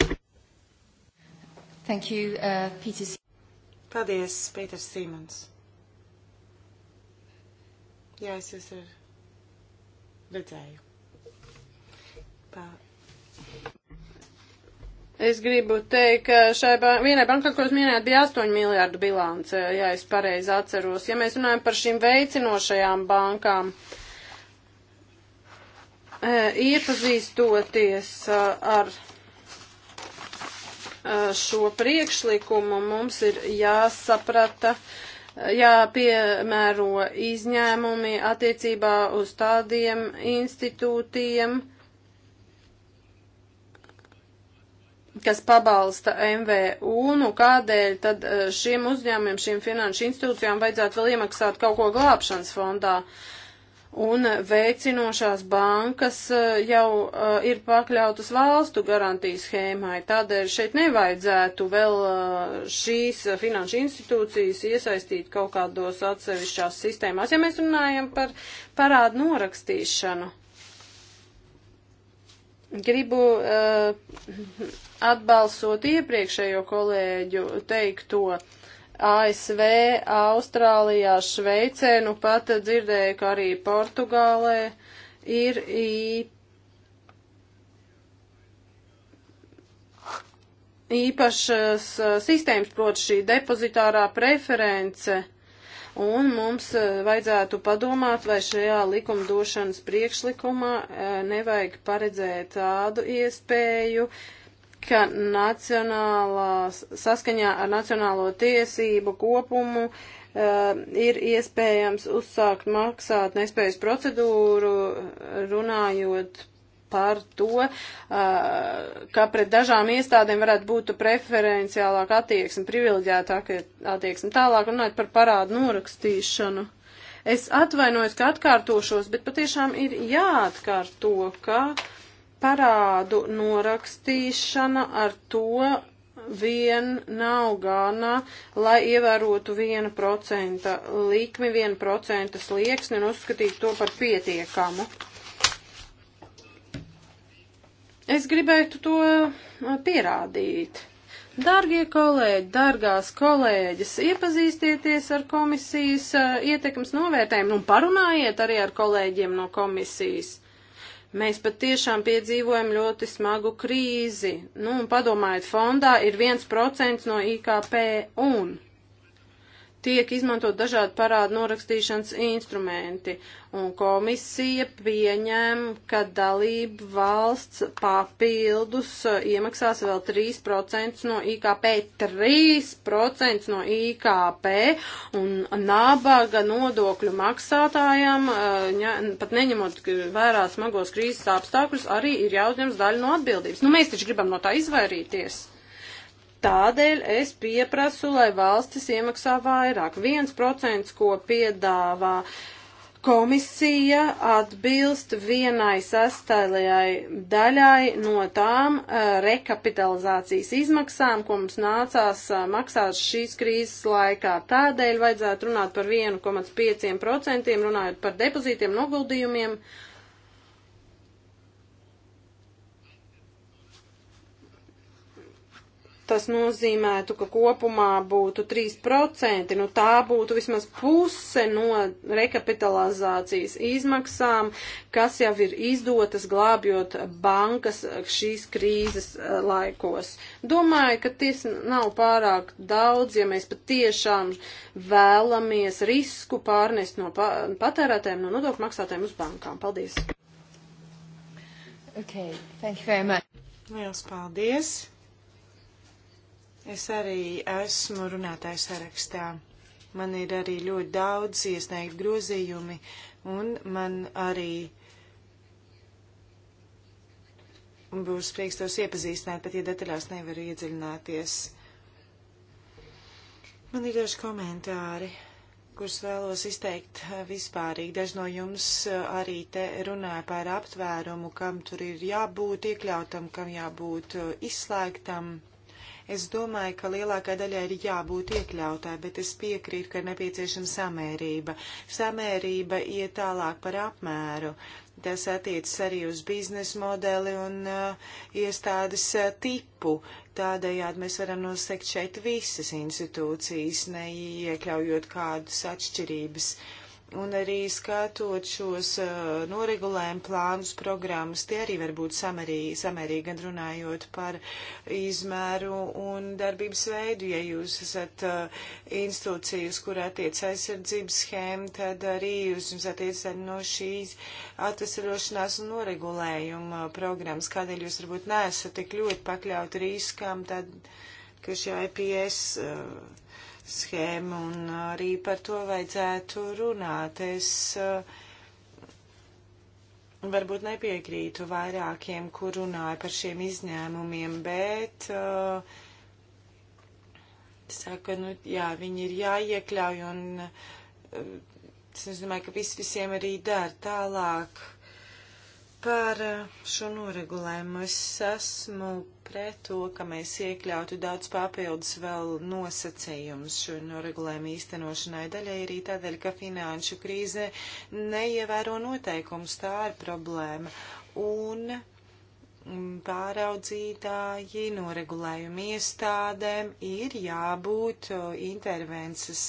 Thank you, uh, Peter. Paldies, Pēters Simons. Jā, es jūs ar... redzēju. Paldies. Es gribu teikt, ka šai ba vienai bankai, ko jūs minējāt, bija 8 miljārdu bilance, ja es pareizi atceros. Ja mēs runājam par šīm veicinošajām bankām, e, iepazīstoties ar šo priekšlikumu, mums ir jāsaprata, jāpiemēro izņēmumi attiecībā uz tādiem institūtiem, kas pabalsta MVU, nu kādēļ tad e, šiem uzņēmumiem, šiem finanšu institūcijām vajadzētu vēl iemaksāt kaut ko glābšanas fondā? Un veicinošās bankas e, jau e, ir pakļautas valstu garantijas schēmai, tādēļ šeit nevajadzētu vēl šīs finanšu institūcijas iesaistīt kaut kādos atsevišķās sistēmās, ja mēs runājam par parādu norakstīšanu. Gribu uh, eh, atbalstot iepriekšējo kolēģu teikto. ASV, Austrālijā, Šveicē, nu pat dzirdēju, ka arī Portugālē ir īpašas eh, sistēmas, proti šī depozitārā preference. Uh, un mums eh, vajadzētu padomāt, vai šajā likumdošanas priekšlikumā eh, nevajag paredzēt tādu iespēju, ka nacionālās, saskaņā ar nacionālo tiesību kopumu uh, ir iespējams uzsākt maksāt nespējas procedūru, runājot par to, uh, ka pret dažām iestādēm varētu būt preferenciālāk attieksme, privileģētāk attieksme. Tālāk runājot par parādu norakstīšanu. Es atvainojos, ka atkārtošos, bet patiešām ir jāatkārto, ka parādu norakstīšana ar to vien nav gana, lai ievērotu 1% likmi, 1% slieksni un uzskatītu to par pietiekamu. Es gribētu to pierādīt. Dārgie kolēģi, dārgās kolēģis, iepazīstieties ar komisijas ietekmes novērtējumu un parunājiet arī ar kolēģiem no komisijas. Mēs patiešām piedzīvojam ļoti smagu krīzi. Nu, un padomājiet, fondā ir 1% no IKP un tiek izmantot dažādi parādu norakstīšanas instrumenti, un komisija pieņem, ka dalība valsts papildus uh, iemaksās vēl 3% no IKP, 3% no IKP, un nabaga nodokļu maksātājam, ne, uh, pat neņemot vērā smagos krīzes apstākļus, arī ir jāuzņems daļa no atbildības. Nu, mēs taču gribam no tā izvairīties. Tādēļ es pieprasu, lai valstis iemaksā vairāk. 1%, ko piedāvā komisija, atbilst vienai sastāvajai daļai no tām eh, rekapitalizācijas izmaksām, ko mums nācās eh, maksāt šīs krīzes laikā. Tādēļ vajadzētu runāt par 1,5%, runājot par depozītiem, noguldījumiem. No tas nozīmētu, ka kopumā būtu 3%, nu tā būtu vismaz puse no rekapitalizācijas izmaksām, kas jau ir izdotas glābjot bankas šīs krīzes eh, laikos. Domāju, ka tas nav pārāk daudz, ja mēs patiešām vēlamies risku pārnest no patērētēm, no nodokļu maksātēm uz bankām. Paldies! Okay, thank you very much. Liels paldies! Es arī esmu runātāju sarakstā. Man ir arī ļoti daudz iesniegt grozījumi, un man arī būs prieks tos iepazīstināt, bet, ja detaļās nevaru iedziļināties. Man ir daži komentāri, kurus vēlos izteikt vispārīgi. Daži no jums arī te runāja par aptvērumu, kam tur ir jābūt iekļautam, kam jābūt izslēgtam. Es domāju, ka lielākai daļai ir jābūt iekļautai, bet es piekrītu, ka ir nepieciešama samērība. Samērība iet tālāk par apmēru. Tas attiecas arī uz biznesa modeli un uh, iestādes uh, tipu. Tādējādi mēs varam nosekt šeit visas institūcijas, neiekļaujot kādus atšķirības. Uh, un arī skatot šos uh, noregulējumu plānus, programmas, tie arī var būt samērīgi, samērīgi gan runājot par izmēru un darbības veidu. Ja jūs esat uh, institūcijas, kur attiec aizsardzības schēma, tad arī jūs jums attiec no šīs atvesarošanās un noregulējuma programmas, kādēļ jūs varbūt neesat tik ļoti pakļauti riskam, tad, ka šī IPS. Uh, schēmu, un arī par to vajadzētu runāt. Es uh, varbūt nepiekrītu vairākiem, kur runāja par šiem izņēmumiem, bet uh, saka, nu jā, viņi ir jāiekļauj, un uh, es domāju, ka viss visiem arī dara tālāk. Par šo noregulējumu es esmu pret to, ka mēs iekļautu daudz papildus vēl nosacījumus šo noregulējumu īstenošanai. Daļai arī tādēļ, ka finanšu krīze neievēro noteikumus, tā ir problēma. Un pāraudzītāji, noregulējumi iestādēm ir jābūt intervences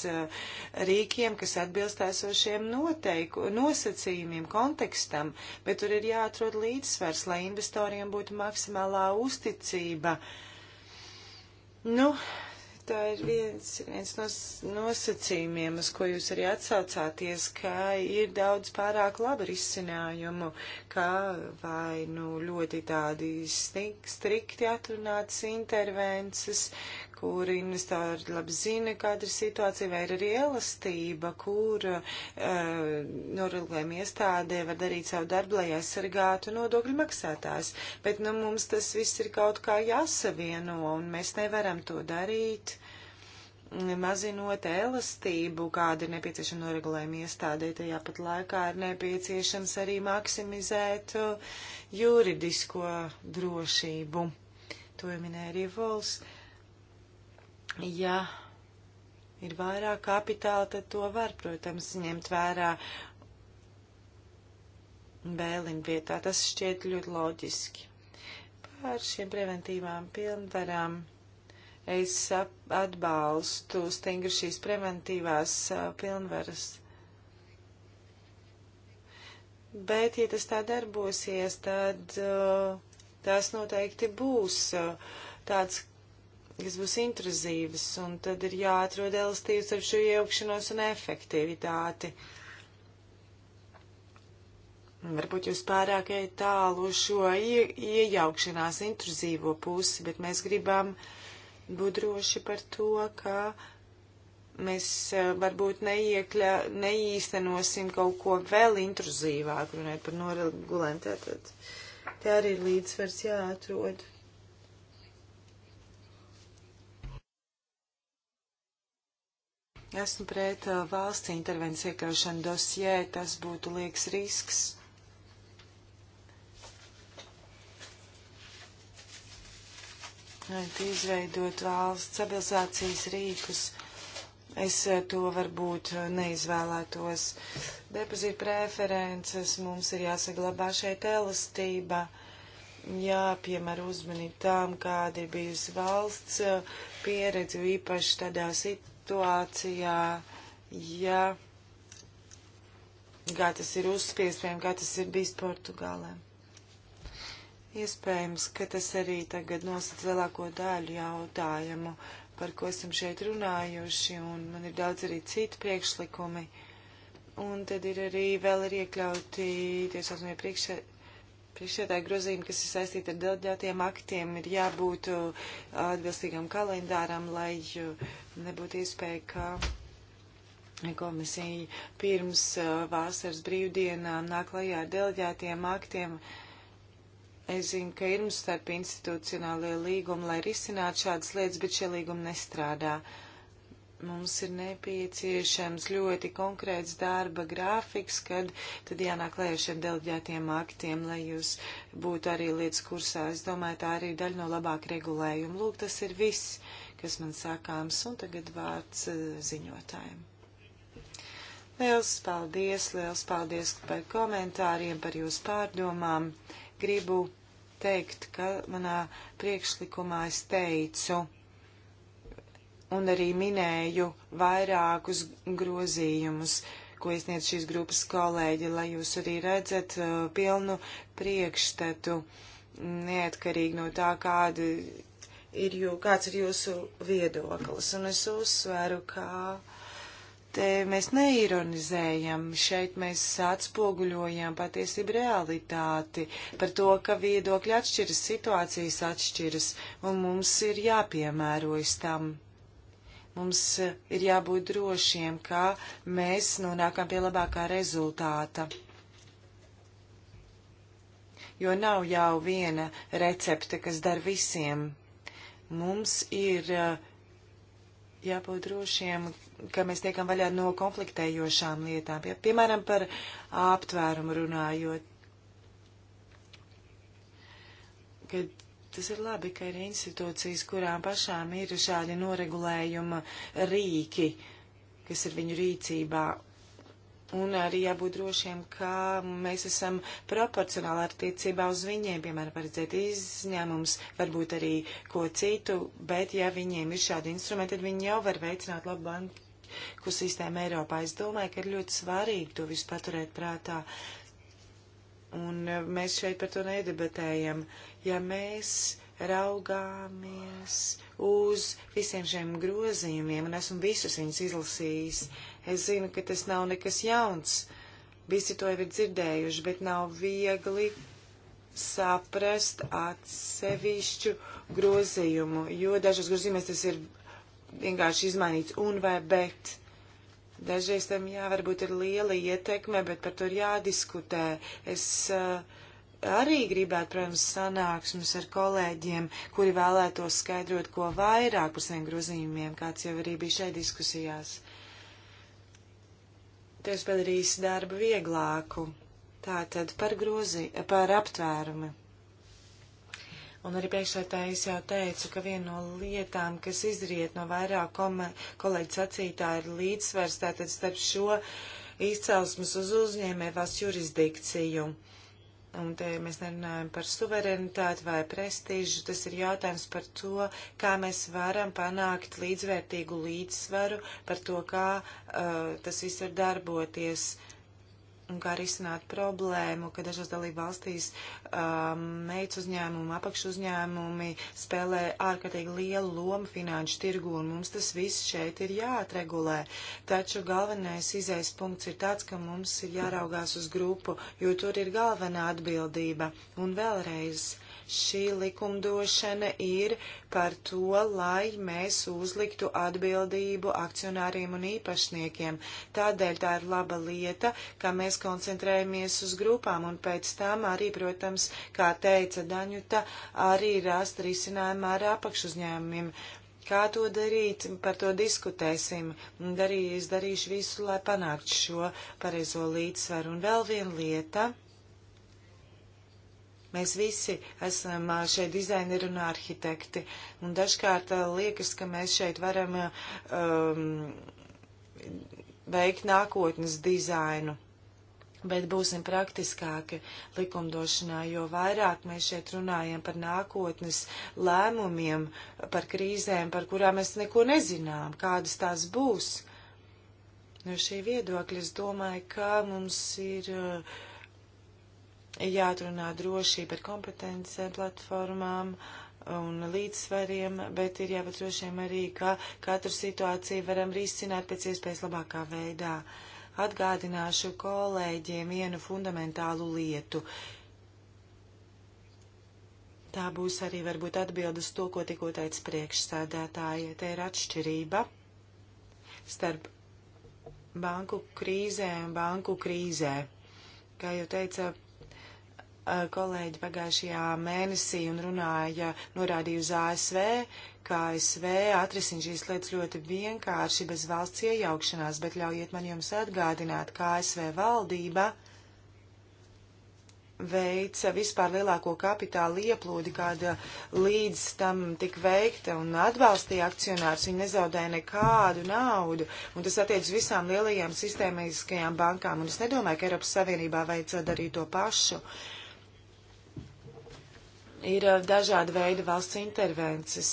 rīkiem, kas atbilst esošiem noteiku, nosacījumiem, kontekstam, bet tur ir jāatrod līdzsvars, lai investoriem būtu maksimālā uzticība. Nu, tā ir viens, viens no nosacījumiem, uz ko jūs arī atsaucāties, ka ir daudz pārāk labu risinājumu, kā vai nu ļoti tādi strikti atrunātas intervences, kur investori labi zina, kāda ir situācija, vai ir arī elastība, kur uh, eh, norilgojuma iestādē var darīt savu darbu, lai aizsargātu nodokļu maksātājs. Bet, nu, mums tas viss ir kaut kā jāsavieno, un mēs nevaram to darīt mazinot elastību, kāda ir nepieciešama noregulējuma iestādē, tajā pat laikā ir nepieciešams arī maksimizēt eh, juridisko drošību. To jau minēja arī Vols ja ir vairāk kapitāla, tad to var, protams, ņemt vērā bēlim vietā. Tas šķiet ļoti loģiski. Par šiem preventīvām pilnvarām es atbalstu stingri šīs preventīvās pilnvaras. Bet, ja tas tā darbosies, tad uh, tas noteikti būs uh, tāds kas būs intruzīvas, un tad ir jāatrod elastības ar šo iejaukšanos un efektivitāti. Varbūt jūs pārāk ejat tālu uz šo ie, iejaukšanās intruzīvo pusi, bet mēs gribam būt droši par to, ka mēs e, varbūt neiekļa, neīstenosim kaut ko vēl intruzīvāk, runājot par noregulēm. Tātad te tā arī ir līdzsvars jāatrod. Esmu pret uh, valsts intervenciju iekļaušanu dosjē, tas būtu liekas risks. Lai izveidot valsts stabilizācijas rīkus, es uh, to varbūt uh, neizvēlētos. Depozīta preferences mums ir jāsaglabā šeit elastība jāpiemēr uzmanību tām, kāda ir bijusi valsts uh, pieredze, īpaši tādās it, situācijā, ja kā tas ir uzspiest, piemēram, kā tas ir bijis Portugālē. Iespējams, ka tas arī tagad nosacīja lielāko daļu jautājumu, par ko esam šeit runājuši, un man ir daudz arī citu priekšlikumi. Un tad ir arī vēl ir iekļauti tiesāsmie priekšsēdētāji priekšsēdētāju grozījumi, kas ir saistīti ar delģētiem aktiem, ir jābūt uh, atbilstīgam kalendāram, lai uh, nebūtu iespēja, ka komisija pirms uh, vasaras brīvdienām nāk lajā ar delģētiem aktiem. Es zinu, ka ir mums starp institucionālie līgumi, lai risinātu šādas lietas, bet šie līgumi nestrādā. Uh, mums ir nepieciešams ļoti konkrēts darba grafiks, kad tad jānāk lēja šiem deleģētiem aktiem, lai jūs būtu arī lietas kursā. Es domāju, tā arī ir daļa no labāk regulējuma. Lūk, tas ir viss, kas man sākāms, un tagad vārds eh, ziņotājiem. Liels paldies, liels paldies par komentāriem, par jūsu pārdomām. Gribu teikt, ka manā priekšlikumā es teicu, un arī minēju vairākus grozījumus, ko iesniedz šīs grupas kolēģi, lai jūs arī redzat uh, pilnu priekšstatu, neatkarīgi no tā, kāda ir jū, kāds ir jūsu viedoklis. Un es uzsveru, ka te mēs neironizējam, šeit mēs atspoguļojam patiesību realitāti par to, ka viedokļi atšķiras, situācijas atšķiras, un mums ir jāpiemērojas tam. Mums eh, ir jābūt drošiem, ka mēs nonākam pie labākā rezultāta. Jo nav jau viena recepte, kas dar visiem. Mums ir eh, jābūt drošiem, ka mēs tiekam vaļā no konfliktējošām lietām. Pie, piemēram, par aptvērumu runājot. Kad Tas ir labi, ka ir institūcijas, kurām pašām ir šādi noregulējuma rīki, kas ir viņu rīcībā. Un arī jābūt drošiem, ka mēs esam proporcionāli attiecībā uz viņiem, piemēram, paredzēt izņēmums, varbūt arī ko citu, bet ja viņiem ir šādi instrumenti, tad viņi jau var veicināt labu banku ko sistēma Eiropā. Es domāju, ka ir ļoti svarīgi to visu paturēt prātā. Un eh, mēs šeit par to nedebatējam ja mēs raugāmies uz visiem šiem grozījumiem, un esmu visus viņus izlasījis, es zinu, ka tas nav nekas jauns. Visi to jau ir dzirdējuši, bet nav viegli saprast atsevišķu grozījumu, jo dažos grozījumos tas ir vienkārši izmainīts un vai bet. Dažreiz tam jā, varbūt ir liela ietekme, bet par to ir jādiskutē. Es uh, arī gribētu, protams, sanāksmes ar kolēģiem, kuri vēlētos skaidrot, ko vairāk par saviem grozījumiem, kāds jau arī bija šai diskusijās. Tas padarīs darbu vieglāku. Tātad par grozi, par aptvērumu. Un arī priekšētājs jau teicu, ka viena no lietām, kas izriet no vairāk kolēģi sacītā, ir līdzsvers tātad starp šo izcelsmes uz uzņēmē valsts jurisdikciju. Uh, Un te mēs nerunājam par suverenitāti vai prestižu, tas ir jautājums par to, kā mēs varam panākt līdzvērtīgu līdzsvaru, par to, kā uh, tas viss var darboties. Uh, un kā risināt problēmu, ka dažās dalību valstīs um, meitas uzņēmumi, apakšu uzņēmumi spēlē ārkārtīgi lielu lomu finanšu tirgu, un mums tas viss šeit ir jāatregulē. Taču galvenais izējas punkts ir tāds, ka mums ir jāraugās uz grupu, jo tur ir galvenā atbildība. Un vēlreiz Šī likumdošana ir par to, lai mēs uzliktu atbildību akcionāriem un īpašniekiem. Tādēļ tā ir laba lieta, ka mēs koncentrējamies uz grupām un pēc tam arī, protams, kā teica Daņuta, arī rast risinājumu ar apakšuzņēmumiem. Kā to darīt, par to diskutēsim. Darī, es darīšu visu, lai panāktu šo pareizo līdzsvaru. Un vēl viena lieta. Mēs visi esam šeit dizaineri un arhitekti, un dažkārt liekas, ka mēs šeit varam um, veikt nākotnes dizainu. Bet būsim praktiskāki likumdošanā, jo vairāk mēs šeit runājam par nākotnes lēmumiem, par krīzēm, par kurām mēs neko nezinām, kādas tās būs. No šī viedokļa es domāju, ka mums ir uh, jāatrunā droši par kompetencēm platformām un līdzsvariem, bet ir jābūt drošiem arī, ka katru situāciju varam risināt pēc iespējas labākā veidā. Atgādināšu kolēģiem vienu fundamentālu lietu. Tā būs arī varbūt atbildes to, ko tikko teica priekšsēdētāja. Te ir atšķirība starp banku krīzē un banku krīzē. Kā jau teica kolēģi pagājušajā mēnesī un runāja, norādīja uz ASV, ka ASV atrisina šīs lietas ļoti vienkārši bez valsts iejaukšanās, bet ļaujiet man jums atgādināt, ka ASV valdība veica vispār lielāko kapitāla ieplūdi, kāda līdz tam tik veikta un atbalstīja akcionārs. Viņi nezaudēja nekādu naudu, un tas attiec visām lielajām sistēmiskajām bankām, un es nedomāju, ka Eiropas Savienībā vajadzētu darīt to pašu. Uh, ir eh, dažāda veida valsts intervences.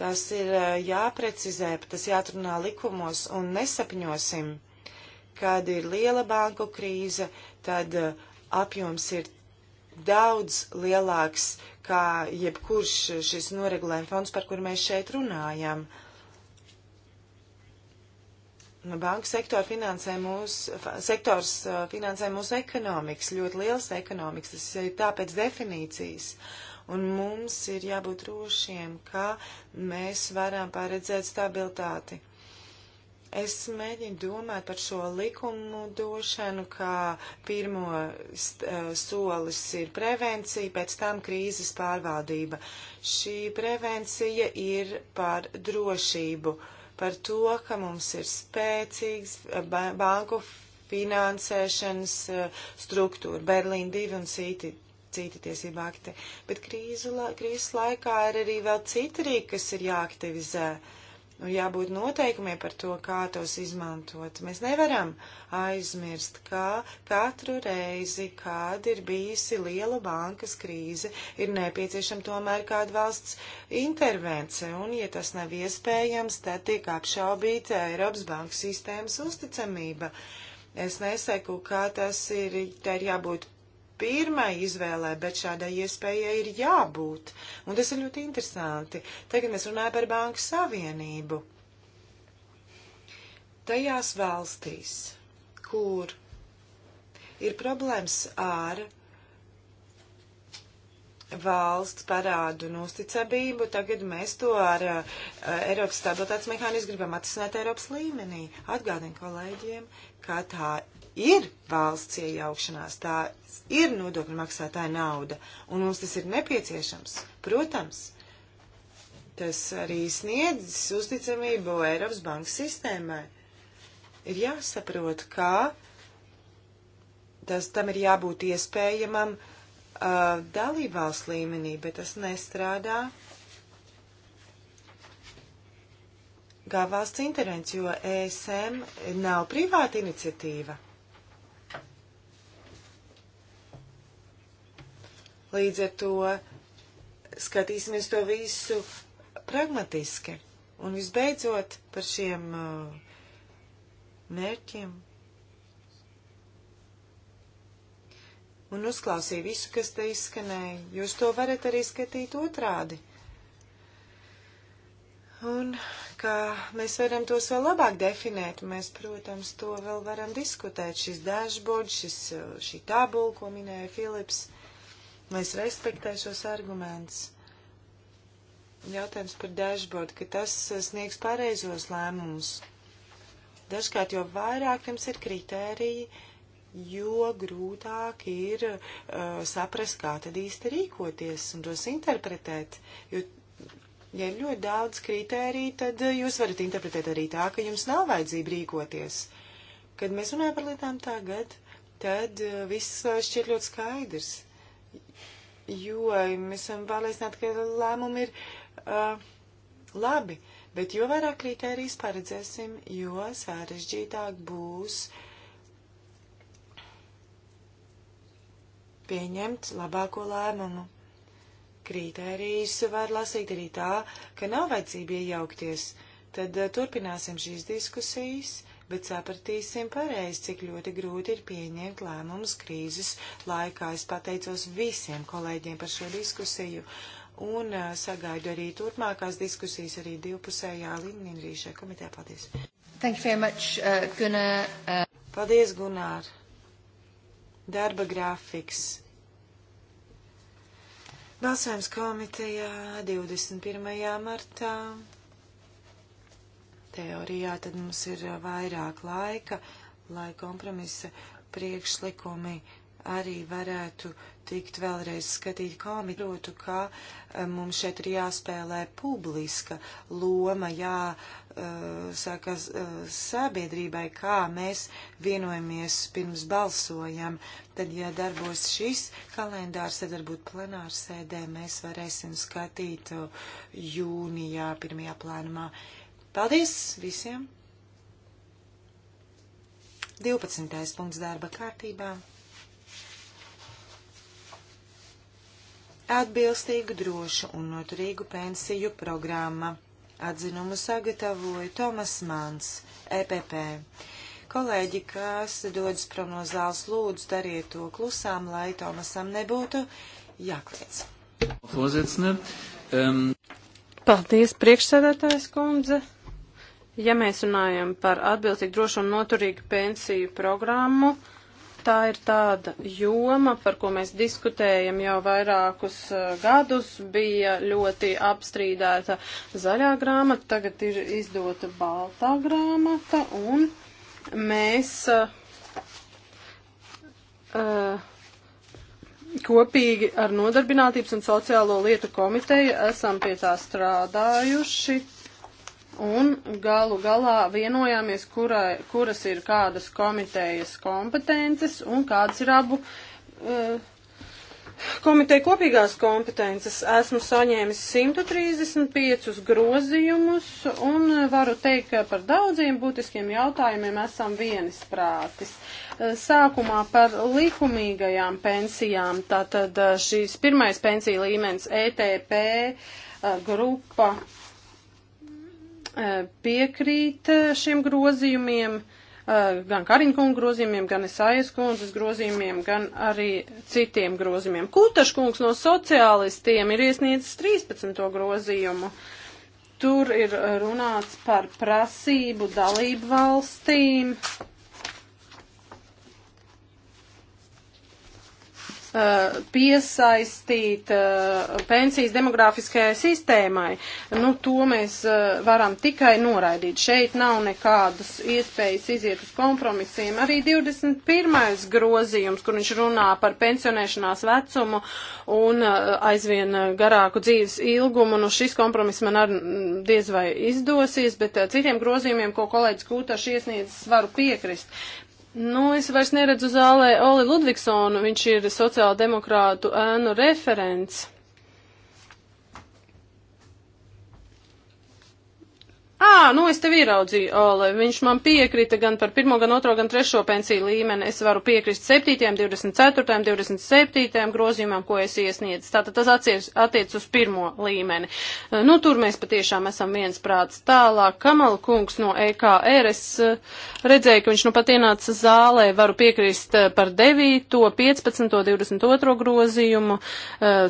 Tas ir eh, jāprecizē, tas jāatrunā likumos un nesapņosim, kad ir liela banku krīze, tad eh, apjoms ir daudz lielāks kā jebkurš šis noregulējuma fonds, par kur mēs šeit runājam. Uh, Nu, banku sektor finansē mūsu, sektors finansē mūsu ekonomikas, ļoti liels ekonomikas, tas ir tāpēc definīcijas. Un mums ir jābūt drošiem, ka mēs varam paredzēt stabilitāti. Es mēģinu domāt par šo likumu došanu, kā pirmo solis ir prevencija, pēc tam krīzes pārvaldība. Šī prevencija ir par drošību. Uh, par to, ka mums ir spēcīgs eh, banku finansēšanas eh, struktūra, Berlīna 2 un citi, citi tiesība akti. Bet krīzu, krīzes laikā ir arī vēl citi rīki, kas ir jāaktivizē. Uh, nu, jābūt noteikumiem par to, kā tos izmantot. Mēs nevaram aizmirst, ka katru reizi, kad ir bijusi liela bankas krīze, ir nepieciešama tomēr kāda valsts intervence, un, ja tas nav iespējams, tad tiek apšaubīta Eiropas banku sistēmas uzticamība. Es nesaku, kā tas ir, tā ir jābūt pirmai izvēlē, bet šādai iespējai ir jābūt. Un tas ir ļoti interesanti. Tagad mēs runājam par Banku Savienību. Tajās valstīs, kur ir problēmas ar valsts parādu un uzticamību, tagad mēs to ar uh, Eiropas stabilitātes mehānismu gribam atrisināt Eiropas līmenī. Atgādin kolēģiem, ka tā ir valsts iejaukšanās, tā ir nodokļu maksātāja nauda, un mums tas ir nepieciešams. Protams, tas arī sniedz uzticamību Eiropas bankas sistēmai. Ir jāsaprot, kā tas tam ir jābūt iespējamam uh, dalībvalsts līmenī, bet tas nestrādā kā valsts intervenci, jo ESM nav privāta iniciatīva. Līdz ar to skatīsimies to visu pragmatiski. Un visbeidzot par šiem uh, mērķiem. Un uzklausīju visu, kas te izskanēja. Jūs to varat arī skatīt otrādi. Un kā mēs varam tos vēl labāk definēt, mēs, protams, to vēl varam diskutēt. Šis dashboard, šis, uh, šī tabula, ko minēja Filips, Es respektēju šos argumentus. Jautājums par dashboard, ka tas eh, sniegs pareizos lēmumus. Dažkārt, jo vairāk jums ir kritēriji, jo grūtāk ir uh, saprast, kā tad īsti rīkoties un tos interpretēt. Jo, ja ir ļoti daudz kritēriju, tad eh, jūs varat interpretēt arī tā, ka jums nav vajadzība rīkoties. Kad mēs runājam par lietām tagad, tad uh, viss šķiet ļoti skaidrs jo mēs esam pārliecināti, ka lēmumi ir uh, labi, bet jo vairāk kritērijas paredzēsim, jo sarežģītāk būs pieņemt labāko lēmumu. Kritērijas var lasīt arī tā, ka nav vajadzība iejaukties. Tad uh, turpināsim šīs diskusijas bet sapratīsim pareizi, cik ļoti grūti ir pieņemt lēmumus krīzes laikā. Es pateicos visiem kolēģiem par šo diskusiju un sagaidu arī turpmākās diskusijas arī divpusējā līmenī rīšai komitē. Paldies! Thank you very much, uh, Gunnar. Uh... Paldies, Gunār! Darba grafiks. Balsojums komitejā 21. martā. Teorijā tad mums ir vairāk laika, lai kompromisa priekšlikumi arī varētu tikt vēlreiz skatīt komiprotu, ka mums šeit ir jāspēlē publiska loma, jā, saka sabiedrībai, kā mēs vienojamies pirms balsojam. Tad, ja darbos šis kalendārs, tad varbūt plenārsēdē mēs varēsim skatīt jūnijā pirmajā plēnumā. Uh, Paldies visiem! 12. punkts darba kārtībā. Atbilstīgu drošu un noturīgu pensiju programma. Atzinumu sagatavoja Tomas Mans, EPP. Kolēģi, kas dodas prom no zāles, lūdzu dariet to klusām, lai Tomasam nebūtu jākliec. Ehm, Paldies, priekšsēdētājs kundze. Ja mēs runājam par atbilstīgu, drošu un noturīgu pensiju programmu, tā ir tāda joma, par ko mēs diskutējam jau vairākus eh, gadus, bija ļoti apstrīdēta zaļā grāmata, tagad ir izdota baltā grāmata, un mēs uh, kopīgi ar Nodarbinātības un sociālo lietu komiteju esam pie tā strādājuši un galu galā vienojāmies, kurai, kuras ir kādas komitejas kompetences un kādas ir abu uh, komiteju kopīgās kompetences. Esmu saņēmis 135 grozījumus un varu teikt, ka par daudziem būtiskiem jautājumiem esam vienisprātis. Eh, sākumā par likumīgajām pensijām. Tātad eh, šīs pirmais pensija līmenis ETP grupa piekrīt šiem grozījumiem, gan Kariņkunga grozījumiem, gan Esājas kundzes grozījumiem, gan arī citiem grozījumiem. Kūtaškungs no sociālistiem ir iesniedzis 13. grozījumu. Tur ir runāts par prasību dalību valstīm. Uh, Uh, piesaistīt uh, pensijas demografiskajai sistēmai, nu to mēs uh, varam tikai noraidīt. Šeit nav nekādas iespējas iziet uz kompromisiem. Arī 21. grozījums, kur viņš runā par pensionēšanās vecumu un aizvien garāku dzīves ilgumu, nu šis kompromiss man arī diez vai izdosies, bet citiem grozījumiem, ko kolēģis Kūtaši iesniedz, varu piekrist. Nu, es vairs neredzu zālē Oli Ludvigsonu, viņš ir sociāldemokrātu ēnu referents. Ā, nu es tev ieraudzīju, Ole, viņš man piekrita gan par pirmo, gan otro, gan trešo pensiju līmeni. Es varu piekrist 7., 24., 27. grozījumam, ko es iesniedzu. Tātad tas atsies, attiec uz pirmo līmeni. Nu, tur mēs patiešām esam viens prāts. Tālāk, Kamala kungs no EKR, es redzēju, ka viņš nu pat ienāca zālē, varu piekrist par 9., 15., 22. grozījumu.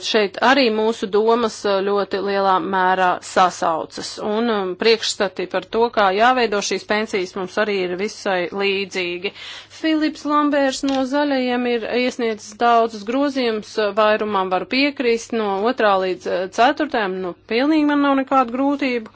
Šeit arī mūsu domas ļoti lielā mērā sasaucas. Un priekš priekšstati par to, kā jāveido šīs pensijas, mums arī ir visai līdzīgi. Filips Lambērs no zaļajiem ir iesniedzis daudzus grozījumus, vairumam varu piekrist, no otrā līdz eh, ceturtajam, nu, pilnīgi man nav nekādu grūtību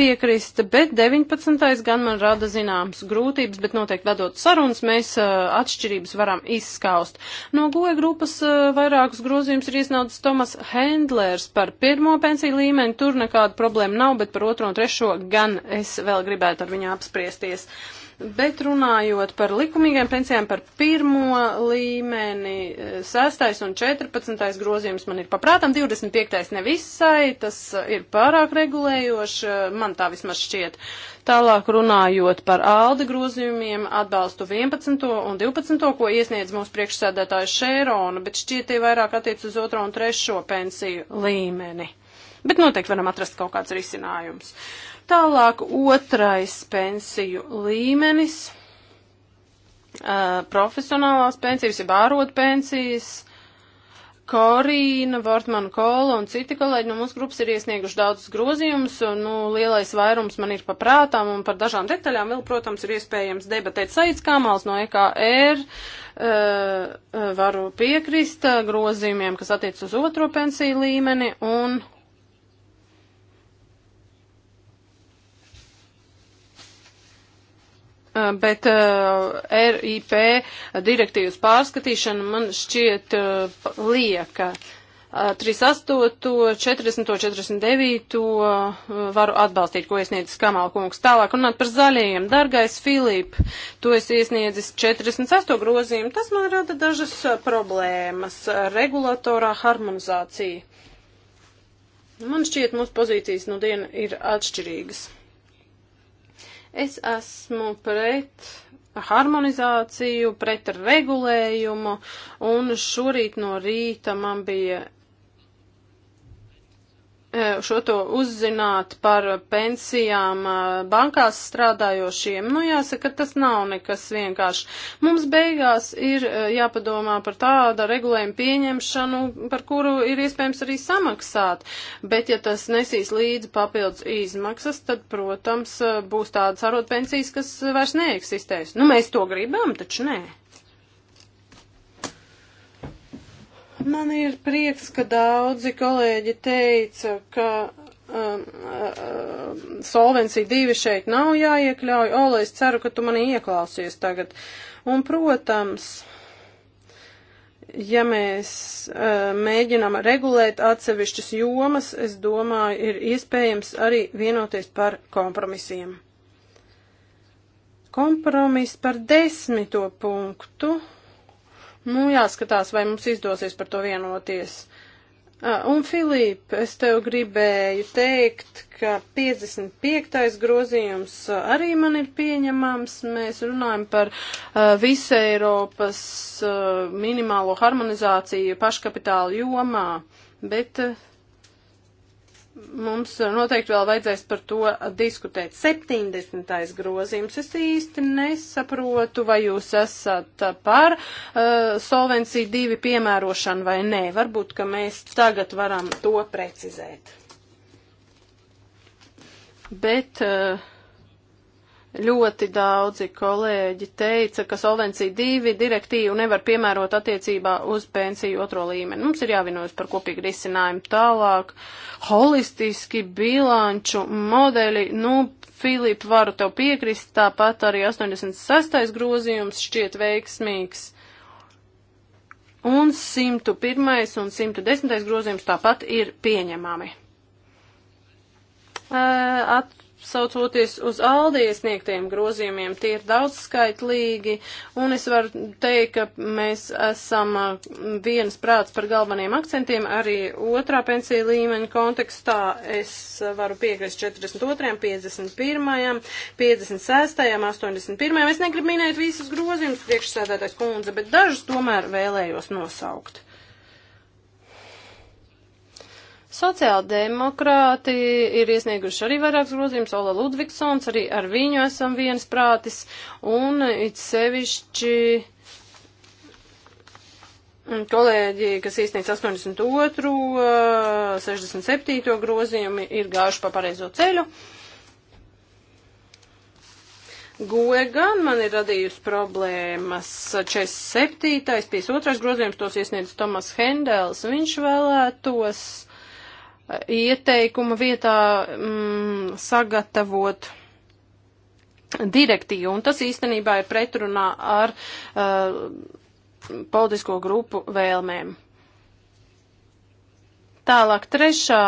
piekrist, bet 19. gan man rada zināmas grūtības, bet noteikti vedot sarunas, mēs eh, atšķirības varam izskaust. No goja grupas eh, vairākus grozījumus ir iesnaudzis Tomas Hendlers par pirmo pensiju līmeni, tur nekāda problēma nav, bet par otro un trešo gan es vēl gribētu ar viņu apspriesties. Uh, Bet runājot par likumīgiem pensijām, par pirmo līmeni, 6. Eh, un 14. grozījums man ir paprātam, 25. nevisai, tas eh, ir pārāk regulējoši, eh, man tā vismaz šķiet. Tālāk runājot par alda grozījumiem, atbalstu 11. un 12. ko iesniedz mūsu priekšsēdētājs Šērona, bet šķiet tie vairāk attiec uz 2. un 3. pensiju līmeni. Bet noteikti varam atrast kaut kāds risinājums. Uh, Tālāk otrais pensiju līmenis profesionālās pensijas, jeb ārodu pensijas. Korīna, Vortmana Kola un citi kolēģi no mūsu grupas ir iesnieguši daudzus grozījumus, un nu, lielais vairums man ir paprātām, un par dažām detaļām vēl, protams, ir iespējams debatēt Saids Kāmals no EKR. Uh, varu piekrist grozījumiem, kas attiec uz otro pensiju līmeni, un Eh, bet uh, eh, RIP direktīvas pārskatīšana man šķiet uh, lieka. Uh, 38, 40, 49 uh, varu atbalstīt, ko iesniedz Kamalkungs. Tālāk runāt par zaļajiem. Dargais Filip, to es iesniedzis 48 grozījumu. Tas man rada dažas problēmas. Regulatorā harmonizācija. Man šķiet, mūsu pozīcijas nu no diena ir atšķirīgas. Es esmu pret harmonizāciju, pret regulējumu, un šorīt no rīta man bija E, šo to uzzināt par pensijām e, bankās strādājošiem. Nu, jāsaka, tas nav nekas vienkārši. Mums beigās ir e, jāpadomā par tādu regulējumu pieņemšanu, par kuru ir iespējams arī samaksāt. Bet, ja tas nesīs līdzi papildus izmaksas, tad, protams, būs tādas arotpensijas, kas vairs neeksistēs. Nu, mēs to gribam, taču nē. Man ir prieks, ka daudzi kolēģi teica, ka um, uh, Solvencija 2 šeit nav jāiekļauj. Ola, es ceru, ka tu mani ieklausies tagad. Un, protams, ja mēs uh, mēģinām regulēt atsevišķas jomas, es domāju, ir iespējams arī vienoties par kompromisiem. Kompromiss par desmito punktu Nu, jāskatās, vai mums izdosies par to vienoties. Un, Filipa, es tev gribēju teikt, ka 55. grozījums arī man ir pieņemams. Mēs runājam par uh, visu Eiropas uh, minimālo harmonizāciju paškapitāla jomā, bet uh, Mums noteikti vēl vajadzēs par to diskutēt. 70. grozījums. Es īsti nesaprotu, vai jūs esat par uh, solvenciju divi piemērošanu vai nē. Varbūt, ka mēs tagad varam to precizēt. Bet. Uh, Ļoti daudzi kolēģi teica, ka Solvencija 2 direktīvu nevar piemērot attiecībā uz pensiju otro līmeni. Mums ir jāvienojas par kopīgu risinājumu tālāk. Holistiski bilanču modeļi, nu, Filip, varu tev piekrist, tāpat arī 86. grozījums šķiet veiksmīgs. Un 101. un 110. grozījums tāpat ir pieņemami. At atsaucoties uz Aldi iesniegtiem grozījumiem, tie ir daudzskaitlīgi, un es varu teikt, ka mēs esam uh, viens prāts par galveniem akcentiem, arī otrā pensija līmeņa kontekstā es uh, varu piekrist 42., 51., 56., 81. Es negribu minēt visus grozījumus priekšsēdētais kundze, bet dažus tomēr vēlējos nosaukt. Sociāldemokrāti ir iesnieguši arī vairākus grozījumus, Ola Ludvigsons, arī ar viņu esam viens prātis, un it sevišķi kolēģi, kas iesniedz 82, 67 grozījumi, ir gājuši pa pareizo ceļu. Goe gan man ir radījusi problēmas. 47. 52. grozījums tos iesniedz Tomas Hendels. Viņš vēlētos ieteikuma vietā mm, sagatavot direktīvu, un tas īstenībā ir pretrunā ar uh, politisko grupu vēlmēm. Tālāk trešā,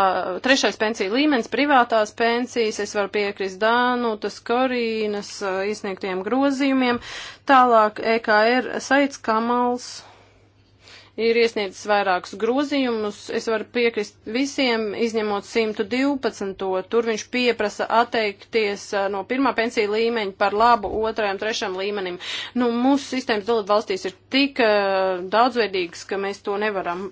trešais pensiju līmenis, privātās pensijas, es varu piekrist Dānutas, Korīnas uh, iesniegtiem grozījumiem. Tālāk EKR Saits Kamals ir iesniedzis vairākus grozījumus. Es varu piekrist visiem, izņemot 112. Tur viņš pieprasa atteikties uh, no pirmā pensija līmeņa par labu otrajam, trešajam līmenim. Nu, mūsu sistēmas dalība valstīs ir tik uh, daudzveidīgas, ka mēs to nevaram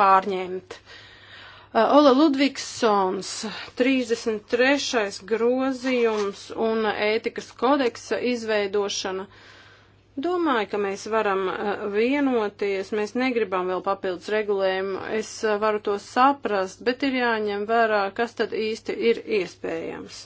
pārņemt. Uh, Ola Ludvigsons, 33. grozījums un ētikas kodeksa izveidošana. Uh, Domāju, ka mēs varam eh, vienoties, mēs negribam vēl papildus regulējumu, es eh, varu to saprast, bet ir jāņem vērā, kas tad īsti ir iespējams.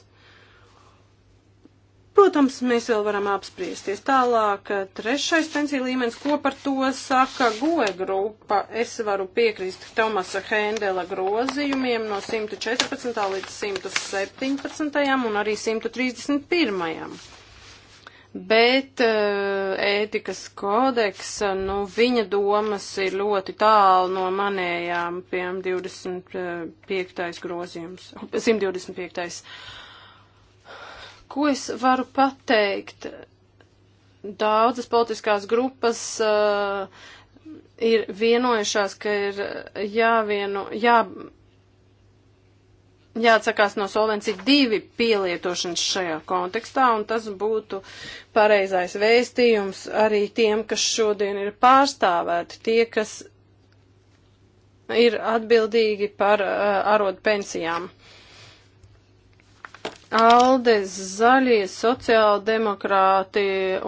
Protams, mēs vēl varam apspriesties tālāk. Trešais pensiju līmenis, ko par to saka goja grupa, es varu piekrist Tomasa Hendela grozījumiem no 114. līdz 117. un arī 131. Bet eh, ētikas kodeksa, nu, viņa domas ir ļoti tālu no manējām, piemēram, 25. grozījums, 125. Ko es varu pateikt? Daudzas politiskās grupas uh, ir vienojušās, ka ir jāvieno, jā, jāatsakās no solvenci divi pielietošanas šajā kontekstā, un tas būtu pareizais vēstījums arī tiem, kas šodien ir pārstāvēti, tie, kas ir atbildīgi par uh, arodu pensijām. Alde, zaļie, sociāldemokrāti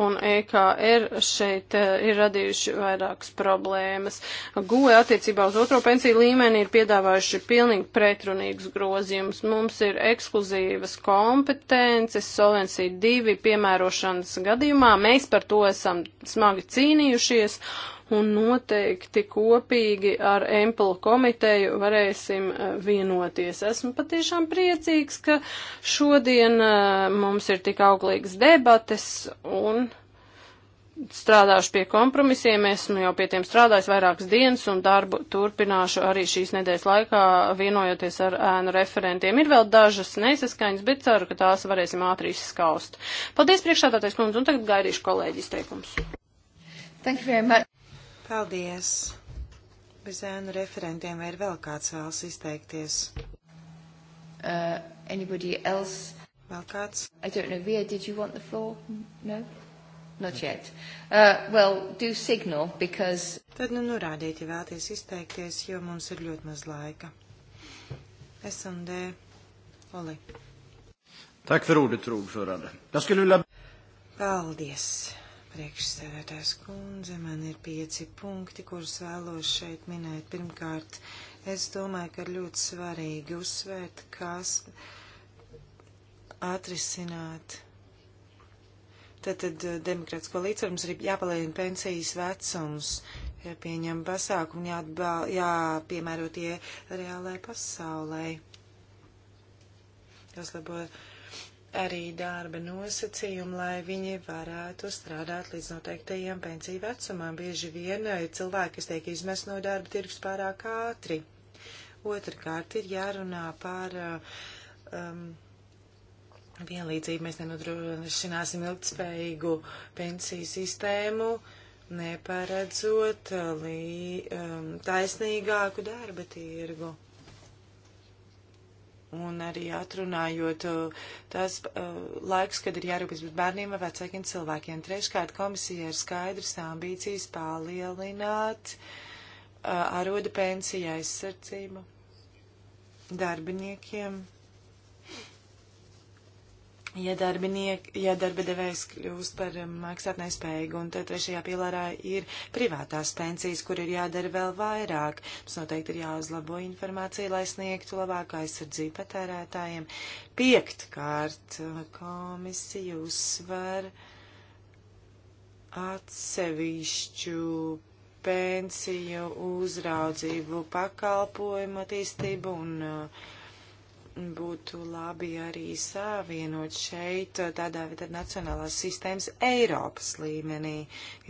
un EKR šeit eh, ir radījuši vairākas problēmas. GUE attiecībā uz otro pensiju līmeni ir piedāvājuši pilnīgi pretrunīgus grozījumus. Mums ir ekskluzīvas kompetences, solvencija divi piemērošanas gadījumā. Mēs par to esam smagi cīnījušies. Uh, un noteikti kopīgi ar Emplu komiteju varēsim e, vienoties. Esmu patiešām priecīgs, ka šodien e, mums ir tik auglīgas debates un strādāšu pie kompromisiem, esmu jau pie tiem strādājis vairākas dienas un darbu turpināšu arī šīs nedēļas laikā, vienojoties ar ēnu referentiem. Ir vēl dažas nesaskaņas, bet ceru, ka tās varēsim ātri izskaust. Paldies priekšādātais kundze, un tagad gaidīšu kolēģi izteikums. Thank you very much. Paldies! Bez ēnu referentiem vai ir vēl kāds vēlas izteikties? Uh, anybody else? Vēl kāds? I don't know. Via, did you want the floor? No? Not yet. Uh, well, do signal, because... Tad nu norādiet, ja vēlaties izteikties, jo mums ir ļoti maz laika. SMD. Oli. Tack för ordet, ordförande. Jag skulle vilja... Paldies. Priekšsēdētājs kundze, man ir pieci punkti, kurus vēlos šeit minēt. Pirmkārt, es domāju, ka ir ļoti svarīgi uzsvērt, kas atrisināt. Tātad eh, demokrātisko līdzsvarums ir jāpalielina pensijas vecums, jāpieņem pasākumi, jāatbal, jāpiemēro tie reālai pasaulē. Jāuzlabo. Uh, arī darba nosacījumi, lai viņi varētu strādāt līdz noteiktajiem pensiju vecumam. Bieži vien eh, cilvēki, kas tiek izmest no darba tirgus pārāk ātri. Otrakārt ir jārunā par eh, um, vienlīdzību. Mēs nenodrošināsim ilgtspējīgu pensiju sistēmu, neparedzot eh, lī, um, taisnīgāku darba tirgu. Un arī atrunājot uh, tas uh, laiks, kad ir jārūpēs par bērniem vai vecākiem cilvēkiem. Treškārt, komisija ir skaidrs ambīcijas palielināt uh, arodu pensiju aizsardzību darbiniekiem ja, ja darba devējs kļūst par um, maksātnespējīgu, un tad trešajā pilārā ir privātās pensijas, kur ir jādara vēl vairāk. Mums noteikti ir jāuzlabo informācija, lai sniegtu labāku aizsardzību patērētājiem. Piektkārt, komisija uzsver atsevišķu pensiju uzraudzību pakalpojumu attīstību un uh, būtu labi arī savienot šeit eh, tādā vietā nacionālās sistēmas Eiropas līmenī.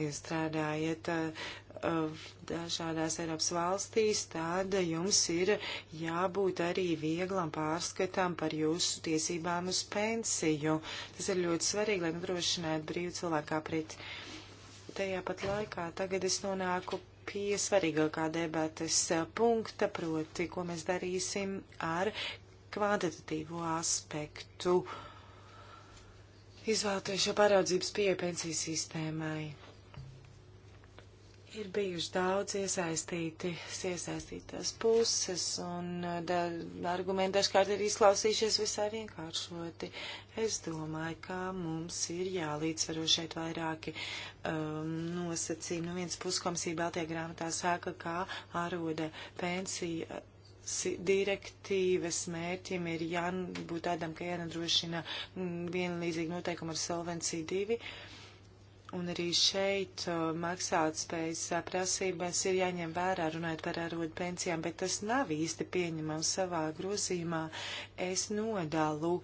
Jūs strādājat eh, dažādās Eiropas valstīs, tad jums ir jābūt arī vieglam pārskatām par jūsu tiesībām uz pensiju. Tas ir ļoti svarīgi, lai nodrošinātu brīvu cilvēkā pret. Tajā pat laikā tagad es nonāku pie svarīgākā debates eh, punkta, proti, ko mēs darīsim ar kvantitatīvo aspektu, izvēlēties šo paraudzības pieeju pensiju sistēmai. Ir bijuši daudz iesaistītas, iesaistītās puses, un eh, da, argumenti dažkārt ir izklausījušies visai vienkāršoti. Es domāju, ka mums ir jālīdzsvaro šeit vairāki um, nosacījumi. Nu, viens puskomisība Baltijā grāmatā saka, kā āroda pensija direktīvas mērķim ir jābūt tādam, ka jānodrošina mm, vienlīdzīgi noteikumi ar Solvency 2. Un arī šeit uh, maksātspējas uh, prasības ir jāņem vērā, runājot par arodu pensijām, bet tas nav īsti pieņemams savā grozījumā. Es nodalu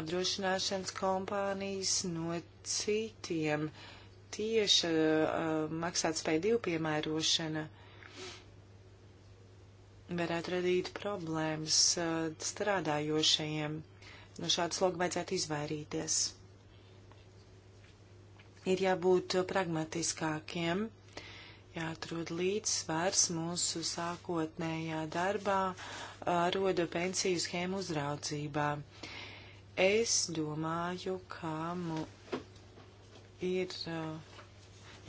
apdrošināšanas kompānijas no citiem tieša uh, maksātspēja divu piemērošana. Uh, varētu radīt problēmas eh, strādājošajiem. No šādas loga vajadzētu izvairīties. Ir jābūt pragmatiskākiem, jāatrod līdzsvars mūsu sākotnējā darbā eh, rodo pensiju schēmu uzraudzībā. Es domāju, ka ir eh,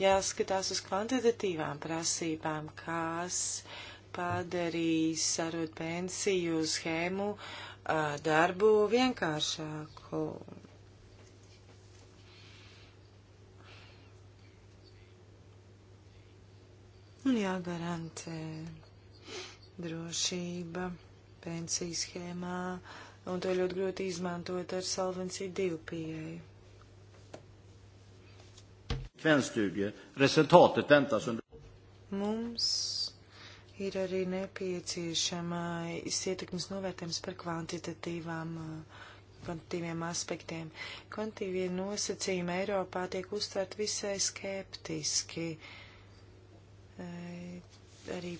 jāskatās uz kvantitatīvām prasībām, kas uh, padarīs sarot pensiju schēmu darbu vienkāršāku. Un jāgarantē drošība pensiju schēmā, un to ļoti grūti izmantot ar Solvency 2 pieeju. Kvenstudie. Resultatet väntas under... Mums ir arī nepieciešamais ietekmes novērtējums par kvantitatīvām, uh, kvantitīviem aspektiem. Kvantitīvie nosacījumi Eiropā tiek uztvert visai skeptiski. Eh, arī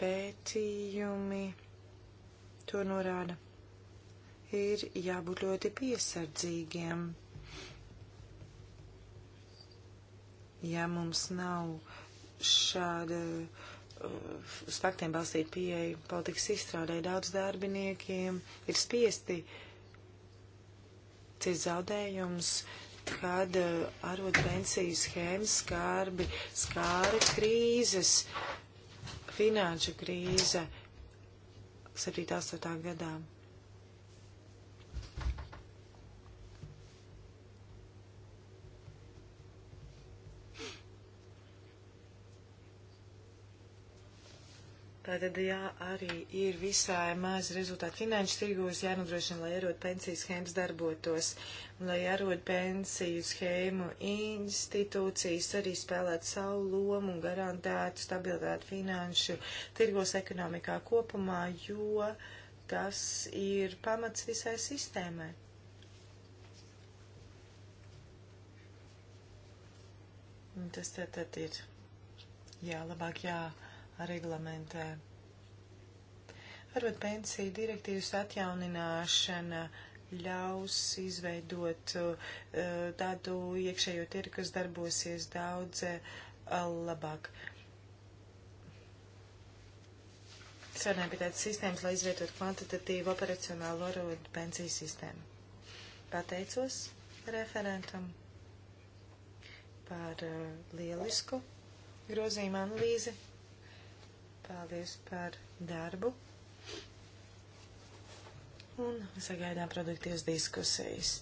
pētījumi to norāda. Ir jābūt ļoti piesardzīgiem. Ja mums nav šāda uh, uz faktiem balstīt pieeju politikas izstrādē. Daudz darbiniekiem ir spiesti ciest zaudējums, kad eh, arot pensiju schēmas skārbi skāra krīzes, finanšu krīze 7.8. gadā. Tātad, jā, arī ir visai maz rezultāti finanšu tirgos, jānodrošina, lai ierod pensiju schēmas darbotos, un lai ierod pensiju schēmu institūcijas arī spēlētu savu lomu un garantētu stabilitāti finanšu tirgos ekonomikā kopumā, jo tas ir pamats visai sistēmai. Un tas tad, tad ir jā, labāk jā reglamentē. Varbūt pensiju direktīvas atjaunināšana ļaus izveidot eh, tādu iekšējo tirgu, kas darbosies daudz eh, labāk. Svētnēm pie tādas sistēmas, lai izvietot kvantitatīvu operacionālu orodu pensiju sistēmu. Pateicos referentam par eh, lielisku grozījumu analīzi. Paldies par darbu. Un sagaidām produkties diskusijas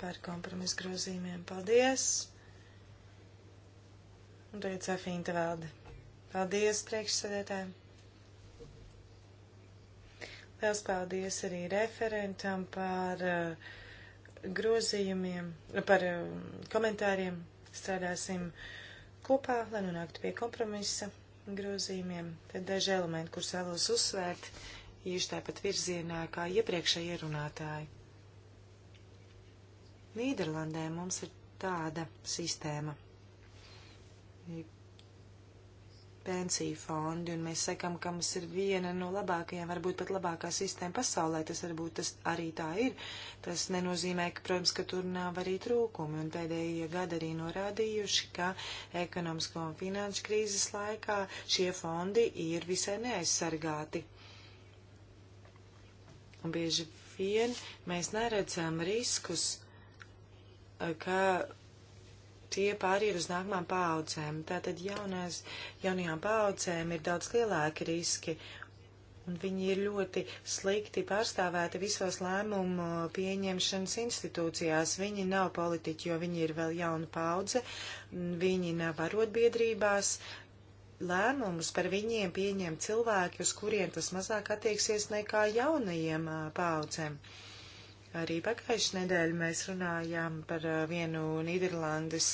par kompromisu grozījumiem. Paldies! Un tagad Safīna Tevalde. Paldies priekšsēdētājiem! Liels paldies arī referentam par uh, grozījumiem, par uh, komentāriem. Strādāsim kopā, lai nonāktu pie kompromisa grozījumiem. Te daži elementi, kurus vēlos uzsvērt, īši tāpat virzienā kā iepriekšēji runātāji. Nīderlandē mums ir tāda sistēma pensiju fondi, un mēs sakam, ka mums ir viena no labākajām, varbūt pat labākā sistēma pasaulē, tas varbūt tas arī tā ir. Tas nenozīmē, ka, protams, ka tur nav arī trūkumi, un pēdējie gadi arī norādījuši, ka ekonomisko un finanšu krīzes laikā šie fondi ir visai neaizsargāti. Un bieži vien mēs neredzam riskus, ka tie pāriet uz nākamām paudzēm. Tātad jaunās, jaunajām paudzēm ir daudz lielāki riski, un viņi ir ļoti slikti pārstāvēti visos lēmumu pieņemšanas institūcijās. Viņi nav politiķi, jo viņi ir vēl jauna paudze, viņi nav arotbiedrībās, lēmumus par viņiem pieņem cilvēki, uz kuriem tas mazāk attieksies nekā jaunajiem paudzēm. Uh, Arī pagājušajā nedēļā mēs runājām par vienu Nīderlandes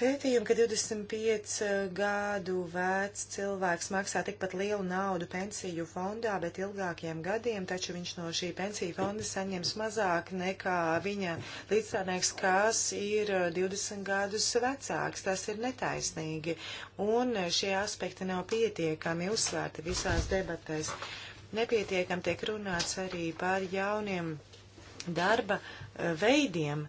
pētījumu, ka 25 gadu vecs cilvēks maksā tikpat lielu naudu pensiju fondā, bet ilgākiem gadiem, taču viņš no šī pensiju fonda saņems mazāk nekā viņa līdzstrādnieks, kas ir 20 gadus vecāks. Tas ir netaisnīgi, un šie aspekti nav pietiekami uzsvērti visās debatēs. Nepietiekam tiek runāts arī par jauniem darba eh, veidiem.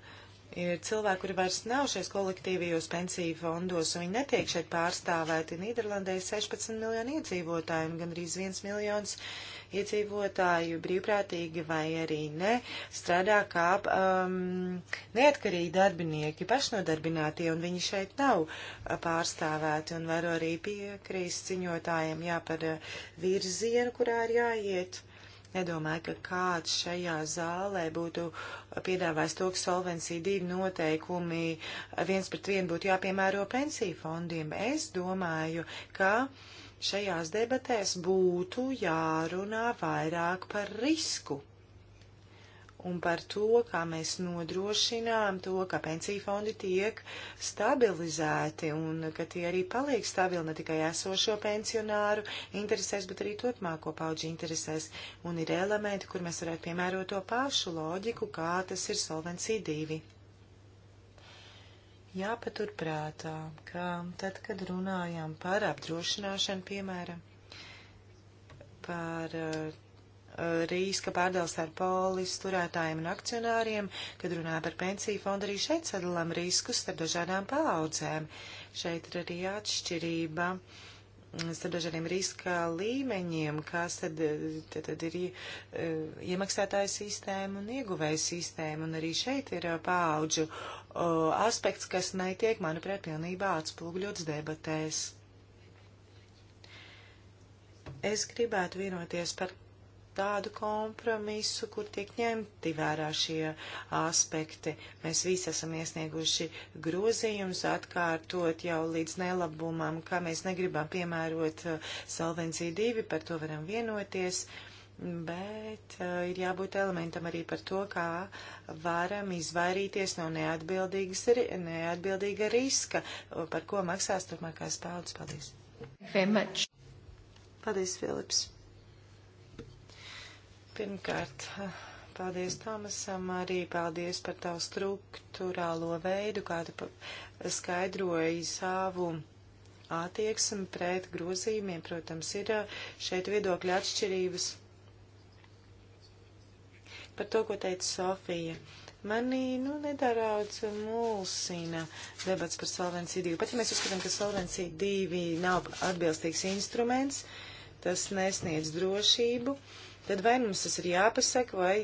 Ir cilvēki, kuri vairs nav šajos kolektīvajos pensiju fondos, un viņi netiek šeit pārstāvēti. Nīderlandē ir 16 miljoni iedzīvotāji un gandrīz 1 miljons iedzīvotāju brīvprātīgi vai arī ne strādā kā um, neatkarīgi darbinieki, pašnodarbinātie, un viņi šeit nav uh, pārstāvēti, un varu arī piekrīst ziņotājiem jā, par uh, virzienu, kurā ir jāiet. Nedomāju, ka kāds šajā zālē būtu uh, piedāvājis to, ka solvencija divi noteikumi viens pret vienu būtu jāpiemēro pensiju fondiem. Es domāju, ka uh, šajās debatēs būtu jārunā vairāk par risku un par to, kā mēs nodrošinām to, ka pensiju fondi tiek stabilizēti un ka tie arī paliek stabili ne tikai esošo pensionāru interesēs, bet arī turpmāko pauģu interesēs. Un ir elementi, kur mēs varētu piemērot to pašu loģiku, kā tas ir solvencija divi jāpatur prātā, ka tad, kad runājām par apdrošināšanu, piemēram, par uh, riska pārdales ar polis turētājiem un akcionāriem, kad runā par pensiju fondu, arī šeit sadalām riskus starp dažādām paudzēm. Šeit ir arī atšķirība mm, starp dažādiem riska līmeņiem, kas tad, eh, tad, tad ir eh, iemaksātāja sistēma un ieguvēja sistēma, un arī šeit ir paudžu Uh, aspekts, kas netiek, manuprāt, pilnībā atspūgļots debatēs. Es gribētu vienoties par tādu kompromisu, kur tiek ņemti vērā šie aspekti. Mēs visi esam iesnieguši grozījumus atkārtot jau līdz nelabumam, kā mēs negribam piemērot uh, Solvencija 2, par to varam vienoties. Uh, Bet uh, ir jābūt elementam arī par to, kā varam izvairīties no neatbildīga riska, par ko maksās turpmākās paudzes. Paldies! Paldies, Filips! Pirmkārt, paldies Tomasam, arī paldies par tavu struktūrālo veidu, kā tu skaidroji savu attieksmi pret grozījumiem. Protams, ir eh, šeit viedokļa atšķirības par to, ko teica Sofija. Manī, nu, nedaudz mulsina debats par Solvency 2. Pat ja mēs uzskatām, ka Solvency 2 nav atbilstīgs instruments, tas nesniedz drošību, tad vai mums tas ir jāpasaka, vai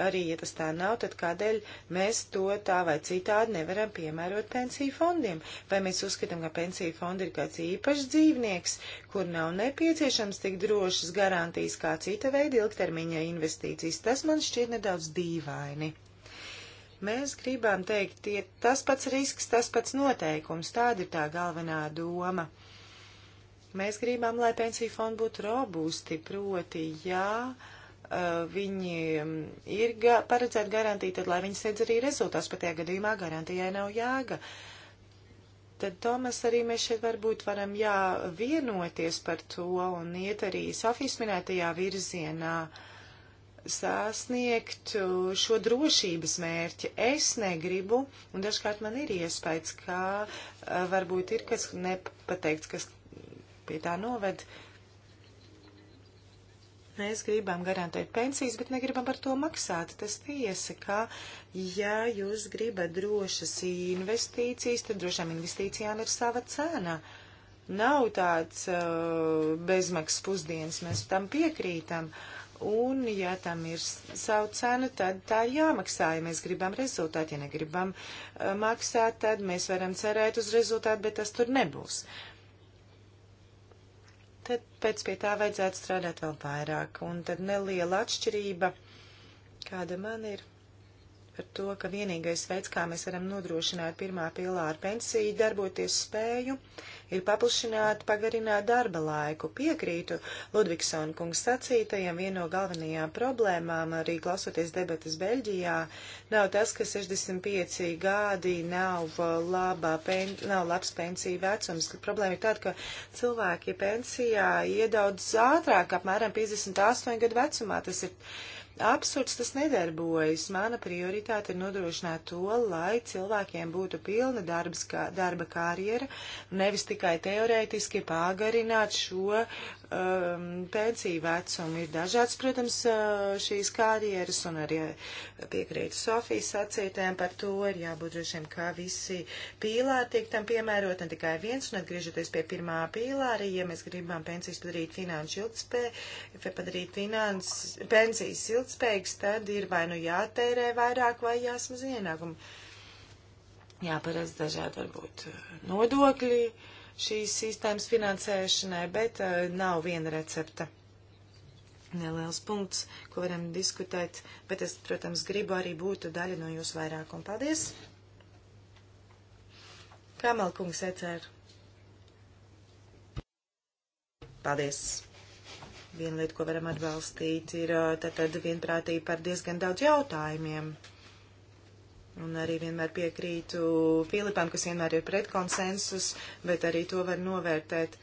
arī, ja tas tā nav, tad kādēļ mēs to tā vai citādi nevaram piemērot pensiju fondiem? Vai mēs uzskatām, ka pensiju fondi ir kāds īpašs dzīvnieks, kur nav nepieciešams tik drošas garantijas kā cita veida ilgtermiņa investīcijas? Tas man šķiet nedaudz dīvaini. Mēs gribam teikt, tie, tas pats risks, tas pats noteikums, tāda ir tā galvenā doma. Mēs gribam, lai pensiju fondi būtu robusti, proti, jā. Ja Eh, viņiem mm, ir ga paredzēta garantija, tad lai viņi sēdz arī rezultāts, pat tajā gadījumā garantijai nav jāga. Tad, Tomas, arī mēs šeit varbūt varam jā, vienoties par to un iet arī Sofijas minētajā virzienā sasniegt šo drošības mērķi. Es negribu, un dažkārt man ir iespējas, ka eh, varbūt ir kas nepateikts, kas pie tā noved. Uh, Mēs gribam garantēt pensijas, bet negribam par to maksāt. Tas tiesa, ka ja jūs gribat drošas investīcijas, tad drošām investīcijām ir sava cena. Nav tāds uh, bezmaksas pusdienas, mēs tam piekrītam. Un, ja tam ir savu cenu, tad tā ir jāmaksā, ja mēs gribam rezultātu. Ja negribam uh, maksāt, tad mēs varam cerēt uz rezultātu, bet tas tur nebūs. Uh, tad pēc pie tā vajadzētu strādāt vēl vairāk. Un tad neliela atšķirība, kāda man ir, par to, ka vienīgais veids, kā mēs varam nodrošināt pirmā pilāra pensiju darboties spēju, uh, ir paplašināt, pagarināt darba laiku. Piekrītu Ludvigsona kungs sacītajam, viena no galvenajām problēmām, arī klausoties debatas Beļģijā, nav tas, ka 65 gadi nav, uh, labā, pen, nav labs pensiju vecums. Problēma ir tāda, ka cilvēki pensijā iedaudz ātrāk, apmēram 58 gadu vecumā. Tas ir absurds tas nedarbojas. Mana prioritāte ir nodrošināt to, lai cilvēkiem būtu pilna darbs, kā, darba karjera, nevis tikai teorētiski pāgarināt šo um, pensiju vecumu ir dažāds, protams, uh, šīs karjeras un arī uh, piekrītu Sofijas sacītēm par to ir jābūt drošiem, kā visi pīlāri tiek tam piemērot, ne tikai viens, un atgriežoties pie pirmā pīlāra, ja mēs gribam pensijas padarīt finanšu ilgspēju, padarīt finans, pensijas ilgspējīgas, tad ir vai nu jātērē vairāk vai jāsmaz ienākumu. Jāparedz dažādi varbūt nodokļi šīs sistēmas finansēšanai, bet uh, nav viena recepta. Neliels punkts, ko varam diskutēt, bet es, protams, gribu arī būt daļa no jūsu vairākuma. Paldies! Kamalkungs ECR. Paldies! Viena lieta, ko varam atbalstīt, ir uh, tātad vienprātība par diezgan daudz jautājumiem. Uh, Un arī vienmēr piekrītu Filipam, kas vienmēr ir pret konsensus, bet arī to var novērtēt.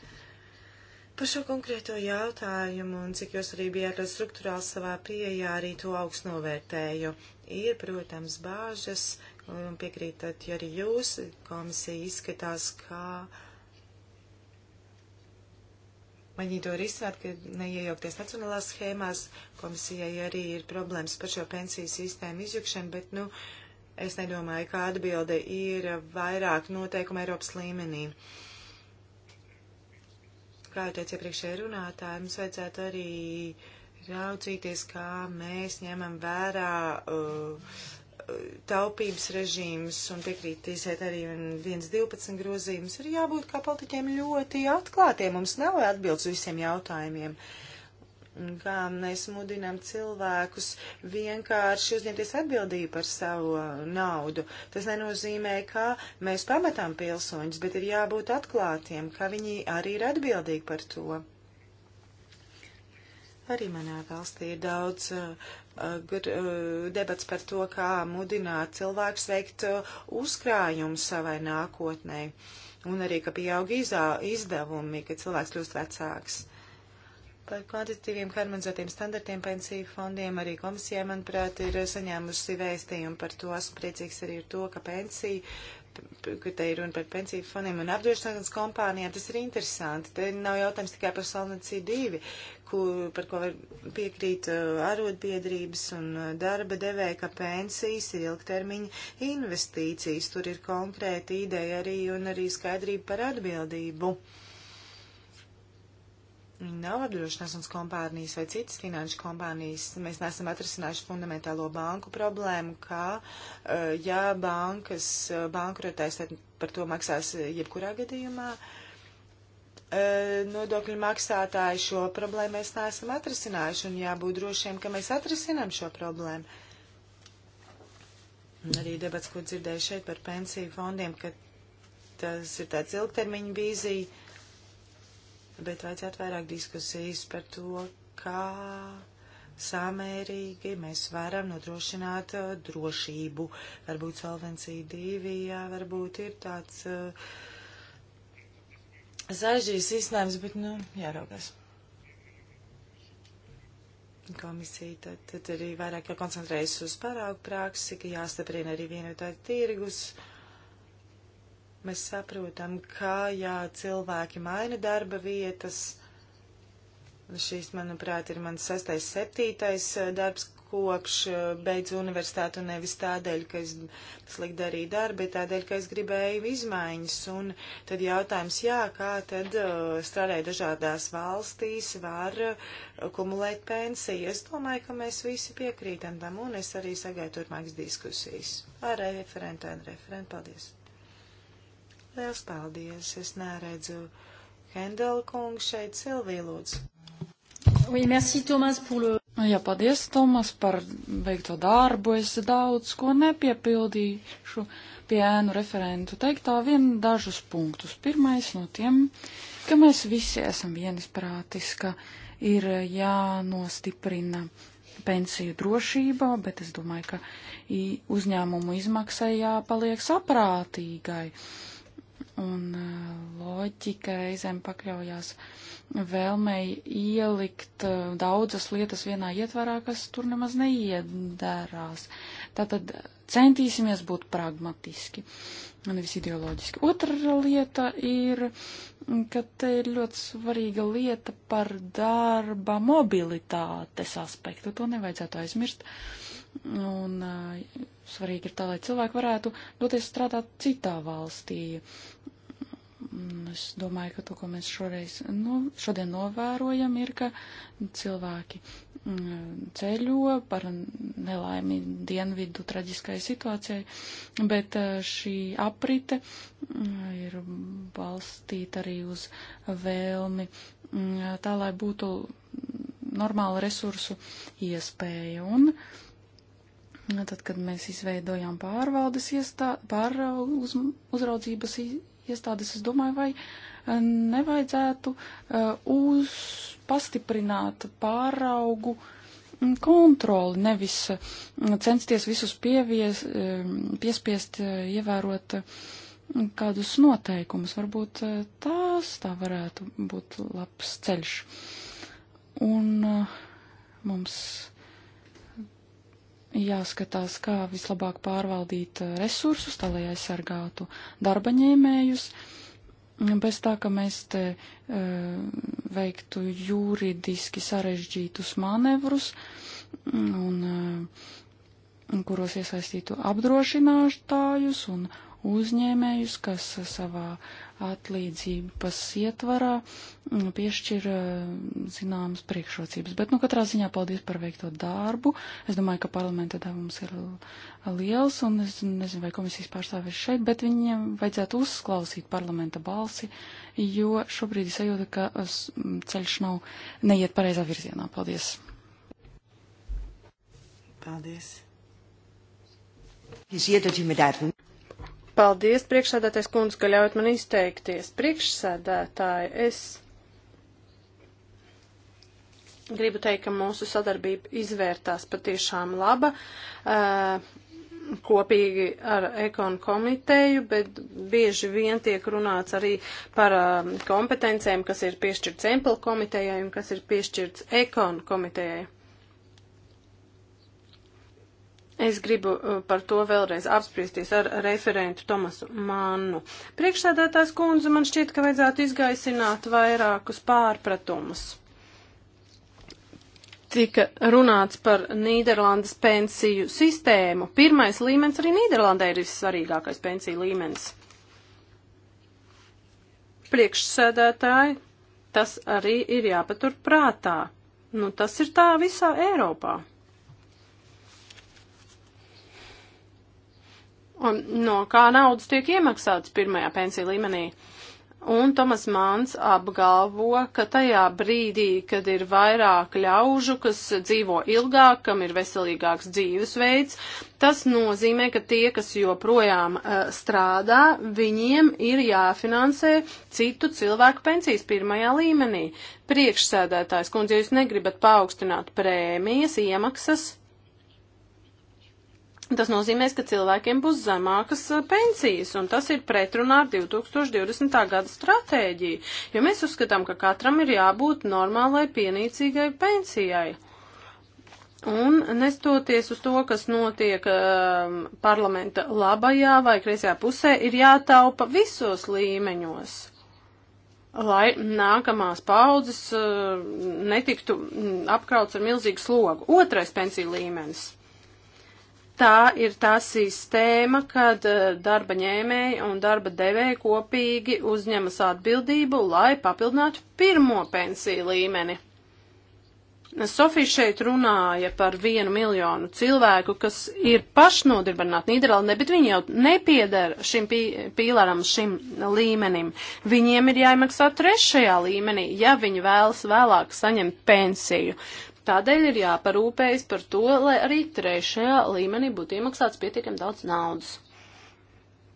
Par šo konkrēto jautājumu, un cik jūs arī bijāt ļoti struktūrāli savā pieejā, arī to augstu novērtēju. Ir, protams, bāžas, un piekrītat, ja arī jūs komisija izskatās, kā viņi to risināt, ka neiejaukties nacionālās schēmās, komisijai arī ir problēmas par šo pensiju sistēmu izjukšanu, bet, nu, uh, Es nedomāju, ka atbilde ir vairāk noteikuma Eiropas līmenī. Kā jau teicu iepriekšējā runātāji, mums vajadzētu arī raucīties, kā mēs ņemam vērā uh, taupības režīmus un piekritīsiet arī 1.12 grozījums. Ir jābūt kā politiķiem ļoti atklātiem. Mums nav atbildes visiem jautājumiem. Uh, kā mēs mudinām cilvēkus vienkārši uzņemties atbildību par savu naudu. Tas nenozīmē, ka mēs pametām pilsoņus, bet ir jābūt atklātiem, ka viņi arī ir atbildīgi par to. Arī manā valstī ir daudz uh, uh gr, uh, debats par to, kā mudināt cilvēkus veikt uh, uzkrājumu savai nākotnē. Un arī, ka pieaug izdevumi, ka cilvēks kļūst vecāks. Par kvantitīviem harmonizētiem standartiem pensiju fondiem arī komisija, manuprāt, ir saņēmusi vēstījumu par to. Esmu priecīgs arī ar to, ka pensija, ka te ir runa par pensiju fondiem un apdrošināšanas kompānijām, tas ir interesanti. Te nav jautājums tikai par Solvency 2, kur, par ko var piekrīt uh, arotbiedrības un uh, darba devēja, ka pensijas ir ilgtermiņa investīcijas. Tur ir konkrēta ideja arī un arī skaidrība par atbildību. Uh, nav apdrošināšanas kompānijas vai citas finanšu kompānijas. Mēs neesam atrisinājuši fundamentālo banku problēmu, kā eh, ja bankas eh, bankrotēs, tad par to maksās jebkurā gadījumā. Eh, nodokļu maksātāji šo problēmu mēs neesam atrisinājuši un jābūt drošiem, ka mēs atrisinām šo problēmu. Arī debats, ko dzirdēju šeit par pensiju fondiem, ka tas ir tāds ilgtermiņa vīzija bet vajadzētu vairāk diskusijas par to, kā samērīgi mēs varam nodrošināt uh, drošību. Varbūt solvencija divi, jā, varbūt ir tāds uh, sarežģījis iznājums, bet, nu, jāraugās. Komisija tad, tad arī vairāk jākoncentrējas uz paraugu praksi, ka jāstaprina arī vienotā tirgus. Uh, Mēs saprotam, ka, ja cilvēki maina darba vietas, šīs, manuprāt, ir mans sastais, septītais eh, darbs kopš eh, beidzu universitātu, un nevis tādēļ, ka es slikti darīju darbu, bet tādēļ, ka es gribēju izmaiņas. Un tad jautājums, jā, kā tad eh, strādāja dažādās valstīs, var kumulēt pensiju. Es domāju, ka mēs visi piekrītam tam, un es arī sagaidu turpmākas diskusijas ar referentu un referentu. Paldies! Liels paldies! Es neredzu Hendela kungu šeit Silvija lūdzu. Oui, merci, Tomas, pour le... Nu, jā, paldies, Tomas, par veikto darbu. Es daudz ko nepiepildīšu pie ēnu referentu teiktā vien dažus punktus. Pirmais no tiem, ka mēs visi esam vienisprātis, ka ir jānostiprina pensiju drošībā, bet es domāju, ka uzņēmumu izmaksai jāpaliek saprātīgai. Uh, un eh, loģika reizēm pakļaujās vēlmei ielikt eh, daudzas lietas vienā ietvarā, kas tur nemaz neiedērās. Tātad centīsimies būt pragmatiski, nevis ideoloģiski. Otra lieta ir, ka te ir ļoti svarīga lieta par darba mobilitātes aspektu. To nevajadzētu aizmirst. Uh, Un svarīgi ir tā, lai cilvēki varētu doties strādāt citā valstī. Es domāju, ka to, ko mēs šoreiz, no, šodien novērojam, ir, ka cilvēki ceļo par nelaimi dienvidu traģiskai situācijai, bet šī aprite ir balstīta arī uz vēlmi tā, lai būtu normāla resursu iespēja. Un, uh, Nu, tad, kad mēs izveidojām pārvaldes iestādi, pār uz, uzraudzības iestādes, es domāju, vai e, nevajadzētu e, uz, pastiprināt pāraugu kontroli, nevis censties visus pievies, e, piespiest ievērot kādus noteikumus. Varbūt tās tā varētu būt labs ceļš. Un mums jāskatās, kā vislabāk pārvaldīt eh, resursus, tā lai aizsargātu darba ņēmējus, bez tā, ka mēs te e, veiktu juridiski sarežģītus manevrus mm, un, un eh, kuros iesaistītu apdrošinātājus un uzņēmējus, kas savā atlīdzības ietvarā mm, piešķir mm, zināmas priekšrocības. Bet, nu, katrā ziņā paldies par veikto darbu. Es domāju, ka parlamenta devums ir liels, un es nezinu, vai komisijas pārstāvis šeit, bet viņiem vajadzētu uzklausīt parlamenta balsi, jo šobrīd ir sajūta, ka mm, ceļš nav neiet pareizā virzienā. Paldies! Paldies! Je ziet dat u me daar Paldies, priekšsēdētājs kundze, ka ļaujat man izteikties. Priekšsēdētāji, es gribu teikt, ka mūsu sadarbība izvērtās patiešām laba. Uh, kopīgi ar ekonu komiteju, bet bieži vien tiek runāts arī par eh, kompetencijām, kas ir piešķirts Empel komitejai un kas ir piešķirts ekonu komitejai. Es gribu uh, par to vēlreiz apspriesties ar referentu Tomasu Mannu. Priekšsēdētājs kundze man šķiet, ka vajadzētu izgaisināt vairākus pārpratumus. Tika runāts par Nīderlandes pensiju sistēmu. Pirmais līmenis arī Nīderlandē ir vissvarīgākais pensiju līmenis. Priekšsēdētāji, tas arī ir jāpatur prātā. Nu, tas ir tā visā Eiropā. un no kā naudas tiek iemaksāts pirmajā pensiju līmenī. Un Tomas Mans apgalvo, ka tajā brīdī, kad ir vairāk ļaužu, kas dzīvo ilgāk, kam ir veselīgāks dzīvesveids, tas nozīmē, ka tie, kas joprojām uh, strādā, viņiem ir jāfinansē citu cilvēku pensijas pirmajā līmenī. Priekšsēdētājs, kundze, jūs negribat paaugstināt prēmijas, iemaksas Tas nozīmēs, ka cilvēkiem būs zemākas eh, pensijas, un tas ir pretrunā ar 2020. gada stratēģiju, jo mēs uzskatām, ka katram ir jābūt normālai pienīcīgai pensijai. Un nestoties uz to, kas notiek um, parlamenta labajā vai kreisajā pusē, ir jātaupa visos līmeņos, lai nākamās paudzes uh, netiktu mm, apkrauts ar milzīgu slogu. Otrais pensiju līmenis tā ir tā sistēma, kad eh, darba ņēmēji un darba devēji kopīgi uzņemas atbildību, lai papildinātu pirmo pensiju līmeni. Sofija šeit runāja par vienu miljonu cilvēku, kas ir pašnodarbināti Nīderlandē, bet viņi jau nepiedara šim pī, pīlāram, šim līmenim. Viņiem ir jāiemaksā trešajā līmenī, ja viņi vēlas vēlāk saņemt pensiju. Tādēļ ir jāparūpējas par to, lai arī trešajā līmenī būtu iemaksāts pietiekami daudz naudas.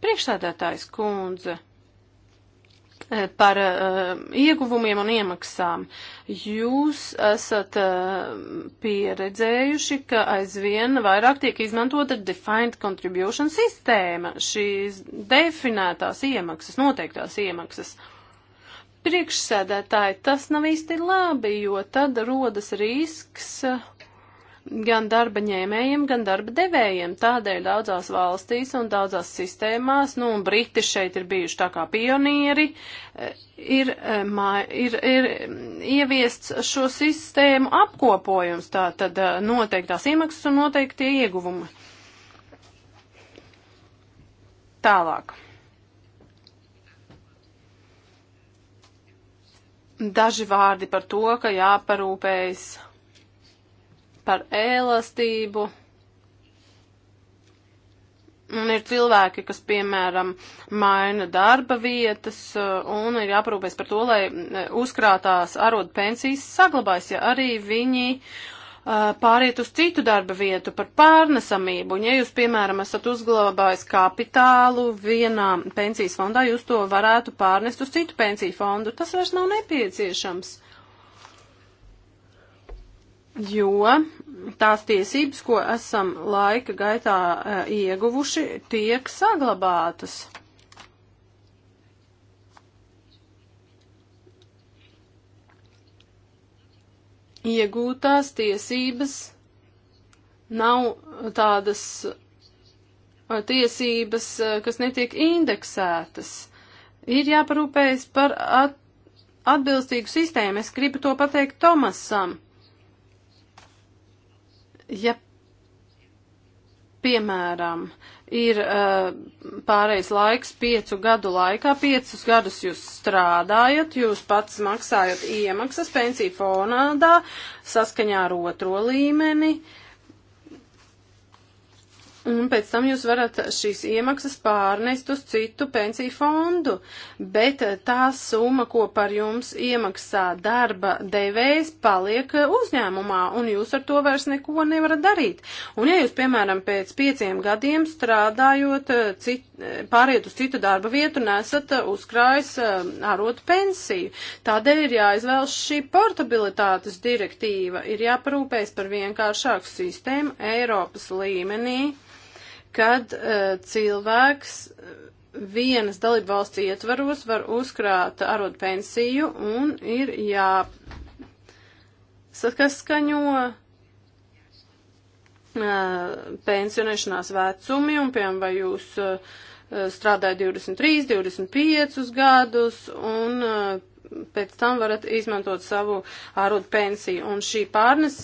Priekšsēdētājs kundze eh, par uh, ieguvumiem un iemaksām. Jūs esat uh, pieredzējuši, ka aizvien vairāk tiek izmantota defined contribution sistēma, šīs definētās iemaksas, noteiktās iemaksas. Uh, Priekšsēdētāji, tas nav īsti labi, jo tad rodas risks gan darba ņēmējiem, gan darba devējiem. Tādēļ daudzās valstīs un daudzās sistēmās, nu, un Briti šeit ir bijuši tā kā pionieri, e, ir, e, ir, ir ieviests šo sistēmu apkopojums, tā tad e, noteiktās iemaksas un noteiktie ieguvumi. Tālāk. Daži vārdi par to, ka jāparūpējas par ēlastību. Un ir cilvēki, kas, piemēram, maina darba vietas un ir jāprūpēs par to, lai e, uzkrātās arodu pensijas saglabājas, ja arī viņi uh, Uh, pāriet uz citu darba vietu par pārnesamību. Un ja jūs, piemēram, esat uzglabājis kapitālu vienā pensijas fondā, jūs to varētu pārnest uz citu pensiju fondu. Tas vairs nav nepieciešams. Jo tās tiesības, ko esam laika gaitā uh, ieguvuši, tiek saglabātas. iegūtās tiesības nav tādas tiesības, kas netiek indeksētas. Ir jāparūpējas par at atbilstīgu sistēmu. Es gribu to pateikt Tomasam. Ja, piemēram, ir uh, pārējais laiks piecu gadu laikā. Piecus gadus jūs strādājat, jūs pats maksājat iemaksas pensiju fonādā saskaņā ar otro līmeni. Uh, Un pēc tam jūs varat šīs iemaksas pārnest uz citu pensiju fondu, bet eh, tā summa, ko par jums iemaksā darba devējs, paliek eh, uzņēmumā, un jūs ar to vairs neko nevarat darīt. Un ja jūs, piemēram, pēc pieciem gadiem strādājot, eh, cit, pāriet uz citu darba vietu, nesat uzkrājis arotu pensiju, tādēļ ir jāizvēlas šī portabilitātes direktīva, ir jāparūpējas par vienkāršāku sistēmu Eiropas līmenī kad uh, cilvēks eh, vienas dalību valsts ietvaros var uzkrāt arot pensiju un ir jā sakaskaņo uh, eh, pensionēšanās vecumi un, piemēram, vai jūs uh, strādājat 23, 25 gadus un uh, pēc tam varat izmantot savu ārot pensiju. Un šī pārnes,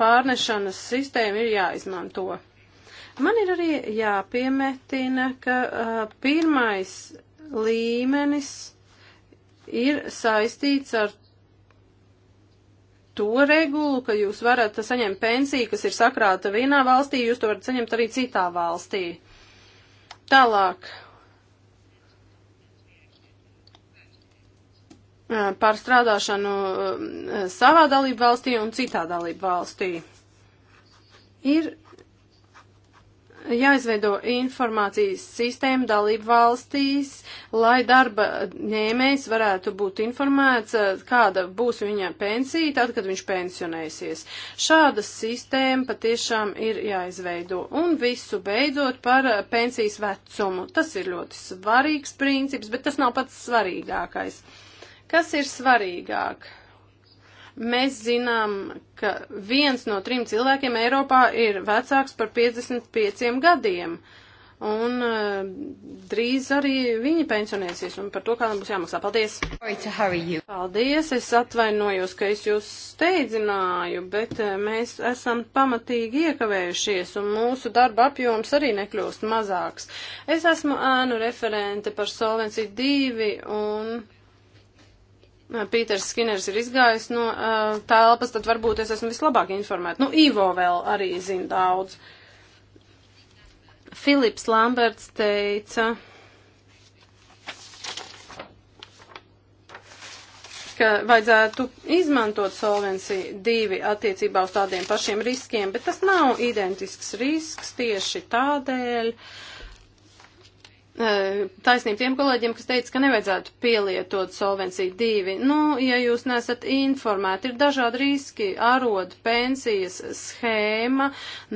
pārnešanas sistēma ir jāizmanto. Man ir arī jāpiemetina, ka uh, pirmais līmenis ir saistīts ar to regulu, ka jūs varat saņemt pensiju, kas ir sakrāta vienā valstī, jūs to varat saņemt arī citā valstī. Tālāk. Uh, par strādāšanu um, savā dalību valstī un citā dalību valstī. Ir jāizveido informācijas sistēma dalību valstīs, lai darba ņēmējs varētu būt informēts, eh, kāda būs viņa pensija, tad, kad viņš pensionēsies. Šāda sistēma patiešām ir jāizveido. Un visu beidzot par eh, pensijas vecumu. Tas ir ļoti svarīgs princips, bet tas nav pats svarīgākais. Kas ir svarīgāk? Mēs zinām, ka viens no trim cilvēkiem Eiropā ir vecāks par 55 gadiem. Un uh, drīz arī viņi pensionēsies, un par to kādam būs jāmaksā. Paldies! Paldies! Es atvainojos, ka es jūs steidzināju, bet uh, mēs esam pamatīgi iekavējušies, un mūsu darba apjoms arī nekļūst mazāks. Es esmu ēnu referente par Solvency 2, un. Pīters Skiners ir izgājis no uh, telpas, tad varbūt es esmu vislabāk informēta. Nu, Ivo vēl arī zina daudz. Filips Lamberts teica, ka vajadzētu izmantot solvency divi attiecībā uz tādiem pašiem riskiem, bet tas nav identisks risks tieši tādēļ. Uh, Eh, taisnība tiem kolēģiem, kas teica, ka nevajadzētu pielietot solvenciju divi. Nu, ja jūs nesat informēti, ir dažādi riski, arod, pensijas schēma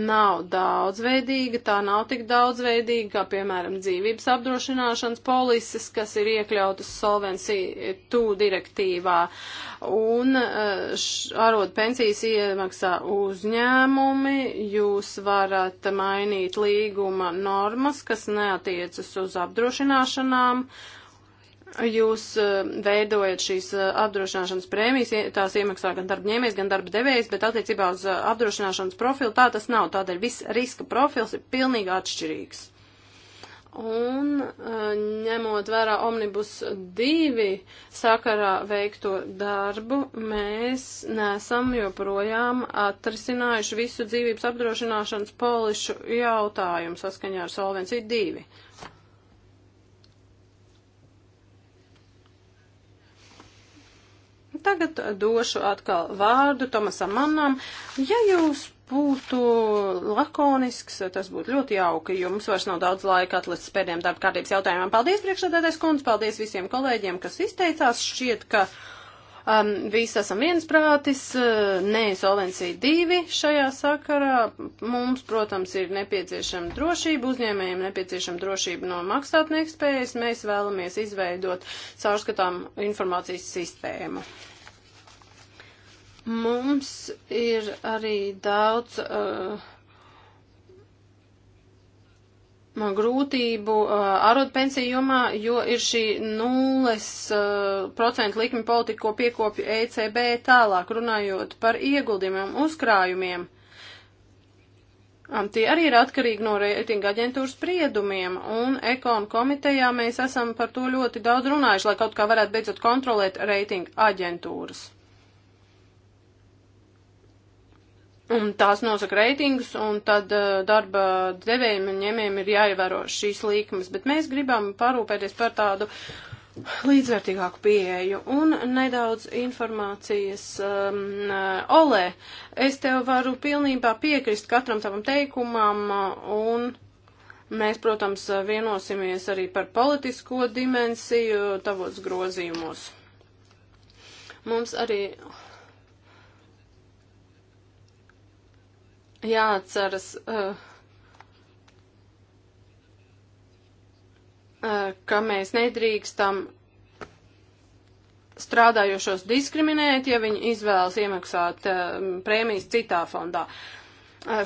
nav daudzveidīga, tā nav tik daudzveidīga, kā, piemēram, dzīvības apdrošināšanas polises, kas ir iekļautas solvenciju tū direktīvā. Un eh, š, arod pensijas iemaksā uzņēmumi, jūs varat mainīt līguma normas, kas neatiecas uz uz apdrošināšanām. Jūs eh, veidojat šīs eh, apdrošināšanas prēmijas, tās iemaksā gan darba ņēmējs, gan darba devējs, bet attiecībā uz eh, apdrošināšanas profilu tā tas nav. Tādēļ viss riska profils ir pilnīgi atšķirīgs. Un ņemot vērā Omnibus 2 sakarā veikto darbu, mēs nesam joprojām atrisinājuši visu dzīvības apdrošināšanas polišu jautājumu saskaņā ar Solvency 2. tagad došu atkal vārdu Tomasam Mannam. Ja jūs būtu lakonisks, tas būtu ļoti jauki, jo mums vairs nav daudz laika atlicis pēdējiem darba kārtības jautājumiem. Paldies, priekšsēdētais kundze, paldies visiem kolēģiem, kas izteicās. Šķiet, ka um, visi esam viensprātis, uh, ne solvencija divi šajā sakarā. Mums, protams, ir nepieciešama drošība, uzņēmējiem nepieciešama drošība no maksātniekspējas. Mēs vēlamies izveidot caurskatām informācijas sistēmu. Mums ir arī daudz uh, grūtību uh, arotpensiju jomā, jo ir šī nulles uh, procentu likmi politika, ko piekopja ECB tālāk runājot par ieguldījumiem, uzkrājumiem. Um, tie arī ir atkarīgi no reitinga aģentūras spriedumiem, un ekonu komitejā mēs esam par to ļoti daudz runājuši, lai kaut kā varētu beidzot kontrolēt reitinga aģentūras. Un tās nosaka reitingus, un tad uh, darba devējiem un ņēmējiem ir jāievēro šīs līkumas. Bet mēs gribam parūpēties par tādu līdzvērtīgāku pieeju un nedaudz informācijas. Um, uh, Olē, es tev varu pilnībā piekrist katram tavam teikumam uh, un. Mēs, protams, uh, vienosimies arī par politisko dimensiju tavos grozījumos. Mums arī jāatceras, uh, uh, ka mēs nedrīkstam strādājošos diskriminēt, ja viņi izvēlas iemaksāt uh, prēmijas citā fondā. Uh,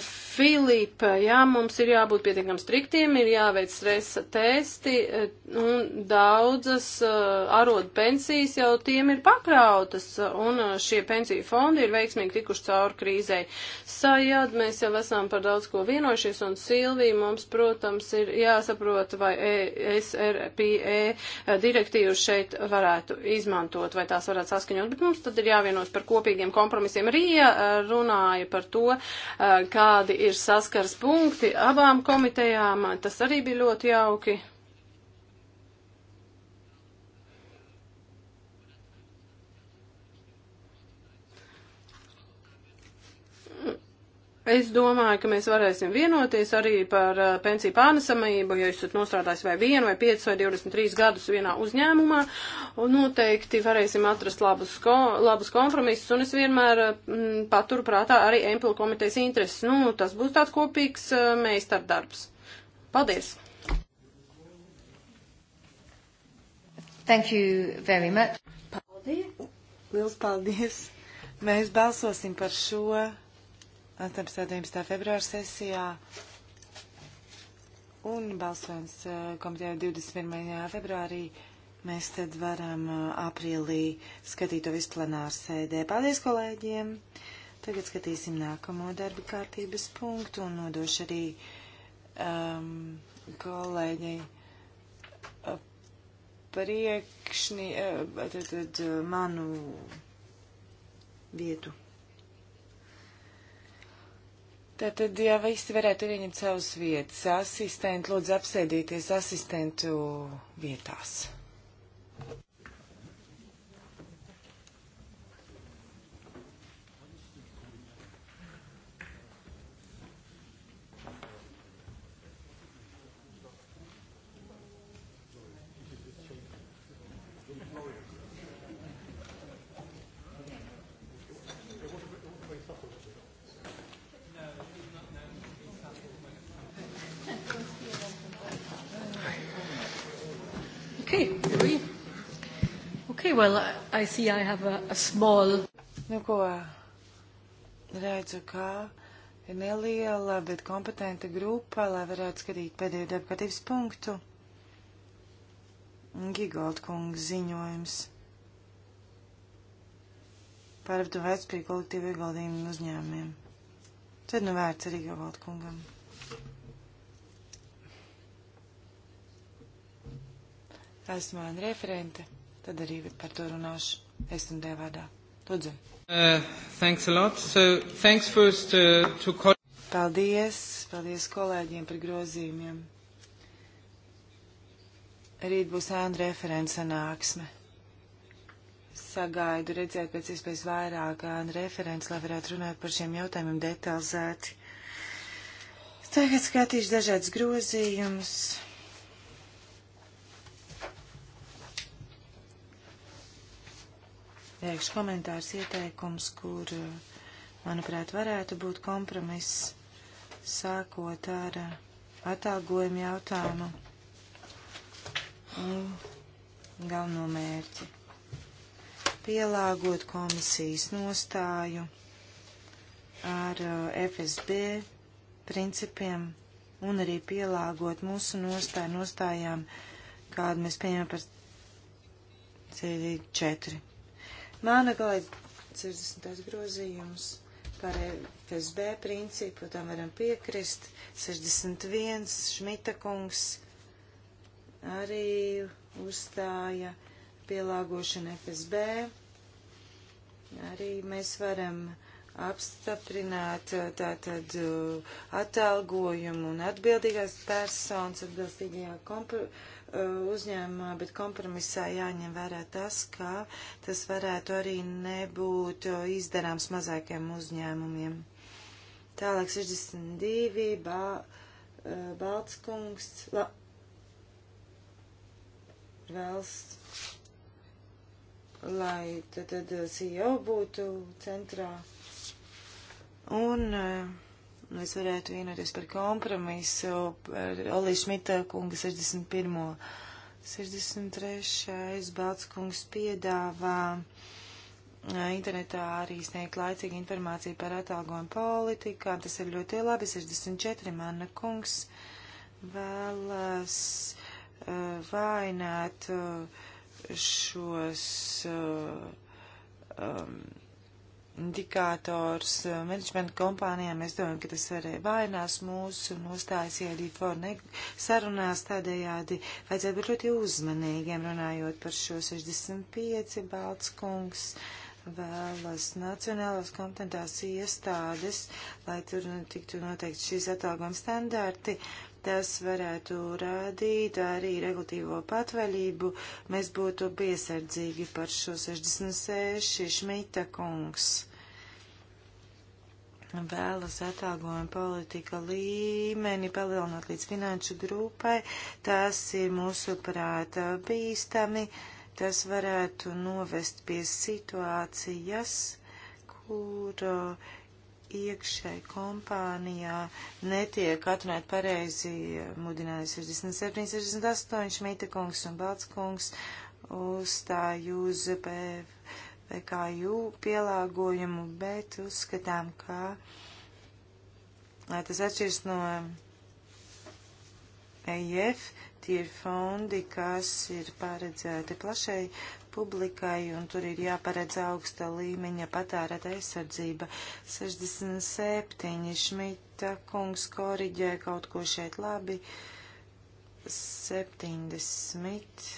Filipa, jā, mums ir jābūt pietiekam striktiem, ir jāveic stresa testi, un daudzas arodu pensijas jau tiem ir pakļautas, un šie pensiju fondi ir veiksmīgi tikuši cauri krīzei. Sajād, mēs jau esam par daudz ko vienojušies, un Silvija mums, protams, ir jāsaprot, vai SRPE e, direktīvu šeit varētu izmantot, vai tās varētu saskaņot, bet mums tad ir jāvienos par kopīgiem kompromisiem. Rija runāja par to, kādi ir saskars punkti abām komitejām. Tas arī bija ļoti jauki. Es domāju, ka mēs varēsim vienoties arī par uh, pensiju pārnesamību, ja esat nostrādājis vai vienu, vai 5, vai 23 gadus vienā uzņēmumā, un noteikti varēsim atrast labus, ko, labus kompromisus, un es vienmēr mm, uh, paturu prātā arī Empila komitejas intereses. Nu, tas būs tāds kopīgs uh, meistardarbs. Paldies! Thank you very much. Paldies! Liels paldies! Mēs balsosim par šo 17. februāra sesijā un balsojums komitejā 21. februārī. Mēs tad varam aprīlī skatīt to visu plenāru sēdē. Paldies kolēģiem! Tagad skatīsim nākamo darba kārtības punktu un nodošu arī um, kolēģi priekšni, tad, tad manu vietu. Tātad, ja visi varētu ieņemt savas vietas, asistenti, lūdzu apsēdieties asistentu vietās. Okay, well, I see I have a, a small. Nu, ko redzu, kā ir neliela, bet kompetenta grupa, lai varētu skatīt pēdējo deputātības punktu. Gigold kungs ziņojums. Pārvadu vērts pie kolektīva ieguldījuma uzņēmumiem. Tad nu vērts arī Gigold kungam. Esmu Anna referente tad arī par to runāšu es un tev vārdā. Lūdzu. Uh, thanks a lot. So, thanks first uh, to Paldies, paldies kolēģiem par grozījumiem. Rīt būs ēna referents sanāksme. Sagaidu redzēt pēc iespējas vairāk ēna referents, lai varētu runāt par šiem jautājumiem detalizēti. Tagad skatīšu dažādas grozījumus. Pēkšņi komentārs ieteikums, kur, eh, manuprāt, varētu būt kompromiss, sākot ar eh, atalgojumu jautājumu un galveno mērķi. Pielāgot komisijas nostāju ar eh, FSB principiem un arī pielāgot mūsu nostāju nostājām, kādu mēs pieņemam par CD4. Māna galīga 60. grozījums par FSB principu, tam varam piekrist. 61. Šmita kungs arī uzstāja pielāgošana FSB. Arī mēs varam apstiprināt uh, tātad uh, atalgojumu un atbildīgās personas atbilstīgajā kompromisā Uh, uzņēmumā, bet kompromisā jāņem vērā tas, ka tas varētu arī nebūt uh, izdarāms mazākiem uzņēmumiem. Tālāk 62, ba, uh, Baltskungs, la, vēls, lai tad, tad CEO būtu centrā. Un uh, mēs varētu vienoties par kompromisu ar Olī Šmita kunga 61. 63. Balts kungs piedāvā internetā arī sniegt laicīgu informāciju par atalgojumu politikā. Tas ir ļoti labi. 64. Manna kungs vēlas uh, vainēt uh, šos. Uh, um, indikators eh, menedžmenta kompānijām. Es domāju, ka tas arī vainās mūsu nostājas iedīfor sarunās tādējādi. Vajadzētu būt ļoti uzmanīgiem runājot par šo 65 Baltskungs vēlas nacionālās kompetentās iestādes, lai tur nu, tiktu noteikti šīs atalgojuma standarti Tas varētu rādīt arī regulatīvo patvaļību. Mēs būtu piesardzīgi par šo 66 Šmita kungs. Vēlas atalgojuma politika līmeni palielinot līdz finanšu grupai. Tas ir mūsu prāta bīstami. Tas varētu novest pie situācijas, kur uh, iekšēji kompānijā netiek atrunāt pareizi mudinājumi 67, 68, Šmita kungs un Balts kungs uzstāj uz PVKU pielāgojumu, bet uzskatām, ka tas atšķirs no EIF, tie ir fondi, kas ir paredzēti plašai publikai, un tur ir jāparedz augsta līmeņa patērēta aizsardzība. 67. Šmita kungs koriģē kaut ko šeit labi. 70.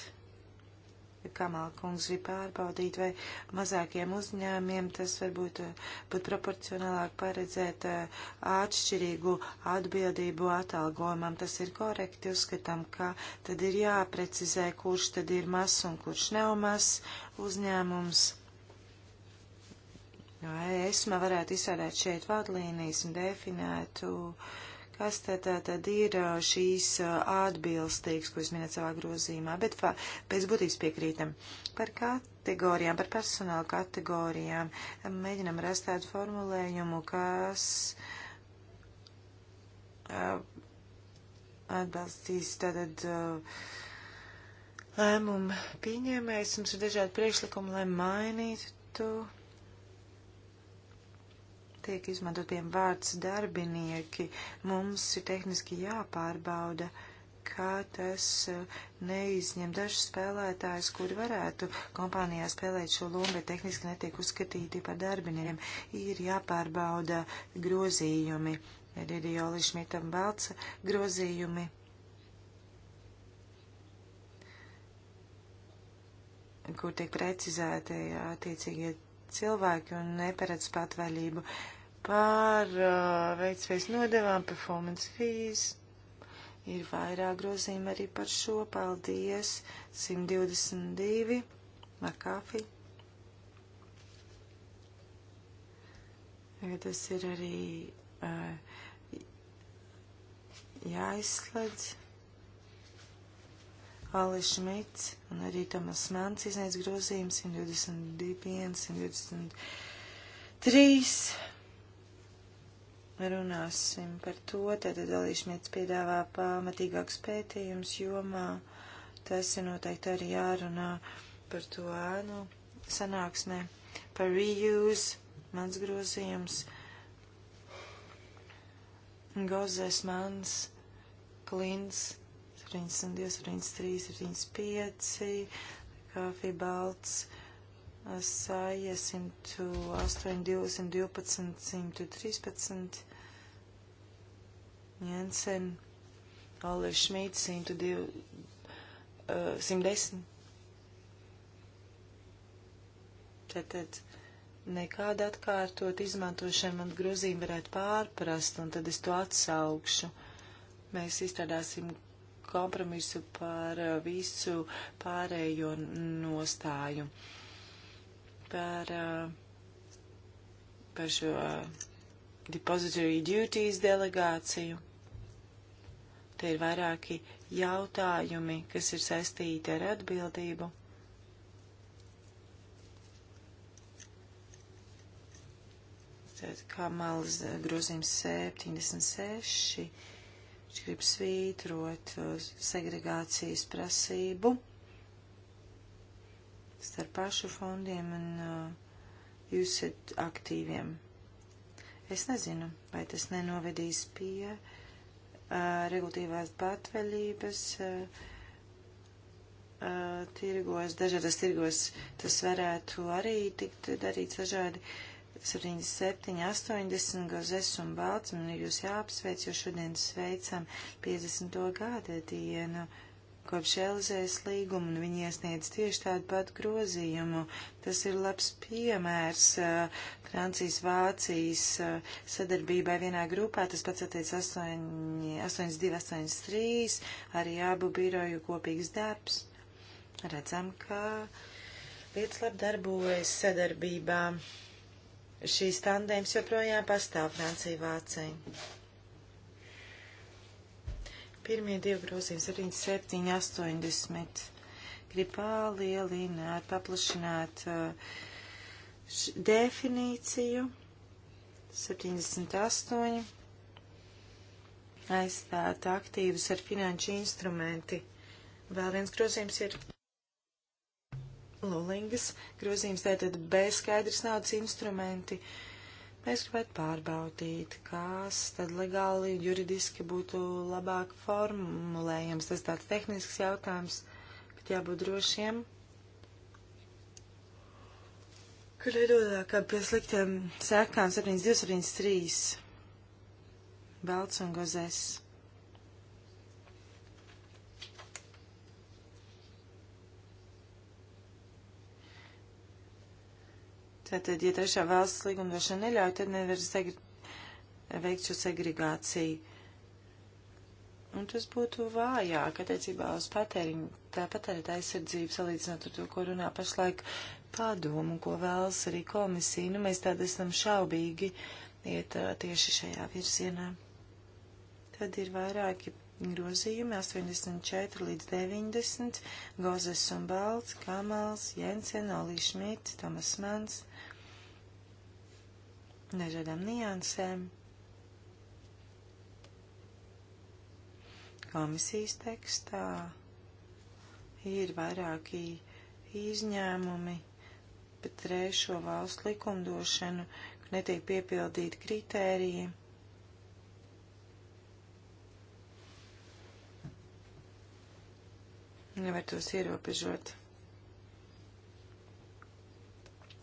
Kamala kungs grib pārbaudīt, vai mazākiem uzņēmiem tas varbūt pat eh, proporcionālāk paredzēt eh, atšķirīgu atbildību atalgojumam. Tas ir korekti, uzskatām, ka tad ir jāprecizē, kurš tad ir mazs un kurš nav mazs uzņēmums. No, esmu varētu izsādēt šeit vadlīnijas un definētu uh, kas tad, tad ir šīs atbilstīgs, ko es minēju savā grozījumā, bet fa, pēc būtības piekrītam. Par kategorijām, par personāla kategorijām mēģinam rast tādu formulējumu, kas atbalstīs tātad lēmumu pieņēmējs. Mums ir dažādi priekšlikumi, lai mainītu tiek izmantot, piemēram, vārds darbinieki. Mums ir tehniski jāpārbauda, kā tas eh, neizņem dažus spēlētājus, kuri varētu kompānijā spēlēt šo lomu, bet tehniski netiek uzskatīti par darbiniekiem. Ir jāpārbauda grozījumi, ir arī Olišmitam balts grozījumi. kur tiek precizēti attiecīgie cilvēki un neparedz patvaļību. Uh, Par uh, veidsvēs nodevām, performance fees. Ir vairāk grozījumi arī par šo. Paldies. 122. Makāfi. Ja tas ir arī uh, jāizslēdz. Alis Šmits un arī Tomas Mans izniec grozījums 122, 123 runāsim par to, tad dalīšmies piedāvā pamatīgāks pētījums jomā. Tas ir noteikti arī jārunā par to ēnu sanāksmē. Par reuse mans grozījums. Gozēs mans, klins, 72, 73, 75, kafija balts, sāja 108, 212, 113. Jensen, Oliver Šmīts, 102, uh, 110. Tātad nekāda atkārtot izmantošana man grozīm varētu pārprast, un tad es to atsaukšu. Mēs izstrādāsim kompromisu par uh, visu pārējo nostāju. Par, uh, par šo uh, depository duties delegāciju. Te ir vairāki jautājumi, kas ir saistīti ar atbildību. Tad kā malas grozījums 76, viņš grib svītrot uh, segregācijas prasību starp pašu fondiem un uh, jūsu aktīviem. Es nezinu, vai tas nenovedīs pie uh, regulatīvās patvaļības tirgos, dažādas tirgos tas varētu arī tikt darīts dažādi. 77, 80 gozes un balts, man jūs jāapsveic, jo šodien sveicam 50. gada dienu. Uh, kopš Elizējas līguma, un viņi iesniedz tieši tādu pat grozījumu. Tas ir labs piemērs uh, Francijas-Vācijas uh, sadarbībai vienā grupā. Tas pats attiec 8283, arī abu biroju kopīgs darbs. Redzam, ka lietas labi darbojas sadarbībā. Šīs tandēms joprojām pastāv Francija-Vācija. Pirmie divi grozījumi 7, 7, 80. Grib palielināt, paplašināt uh, š, definīciju 78. Aizstāt aktīvus ar finanšu instrumenti. Vēl viens grozījums ir Lulingas grozījums, tātad bez skaidrs naudas instrumenti. Uh, Mēs gribētu pārbaudīt, kas tad legāli, juridiski būtu labāk formulējams. Tas tāds tehnisks jautājums, bet jābūt drošiem. Kur ir kā pie sliktiem sēkām 72, 73? Balts un gozēs. Tātad, ja trešā valsts likumdošana neļauj, tad nevar segre... veikt šo segregāciju. Un tas būtu vājāk attiecībā uz patēriņu, tā patērēt aizsardzību salīdzinot ar to, ko runā pašlaik padomu, ko vēlas arī komisija. Nu, mēs tād esam šaubīgi iet tieši šajā virzienā. Tad ir vairāki grozījumi 84 līdz 90, Gozes un Balts, Kamals, Jensen, Olī Šmits, Tomas Mans, dažādām niansēm. Komisijas tekstā ir vairāki izņēmumi par trešo valstu likumdošanu, kur netiek piepildīti kritēriji. Nevar tos ierobežot.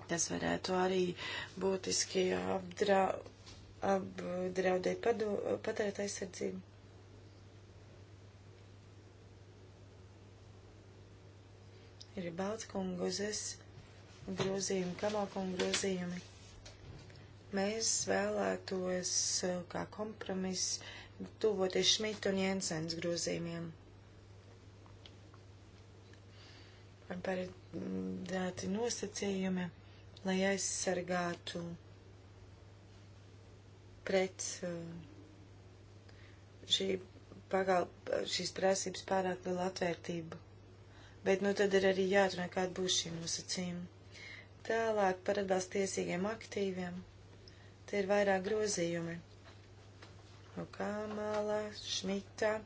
Tas varētu arī būtiski apdra, apdraudēt padu, patērēt aizsardzību. Ir Baltskunguzes grozījumi, Kamalkungu grozījumi. Mēs vēlētos eh, kā kompromiss tuvoties Šmita un Jensens grozījumiem. Par paredzēti nosacījumi lai aizsargātu pret uh, šī pagal, šīs prasības pārāk lielu atvērtību. Bet nu tad ir arī jāatrunā, kāda būs šī nosacījuma. Tālāk par atbalstu tiesīgiem aktīviem. Te ir vairāk grozījumi. No Kāmāla, Šmita,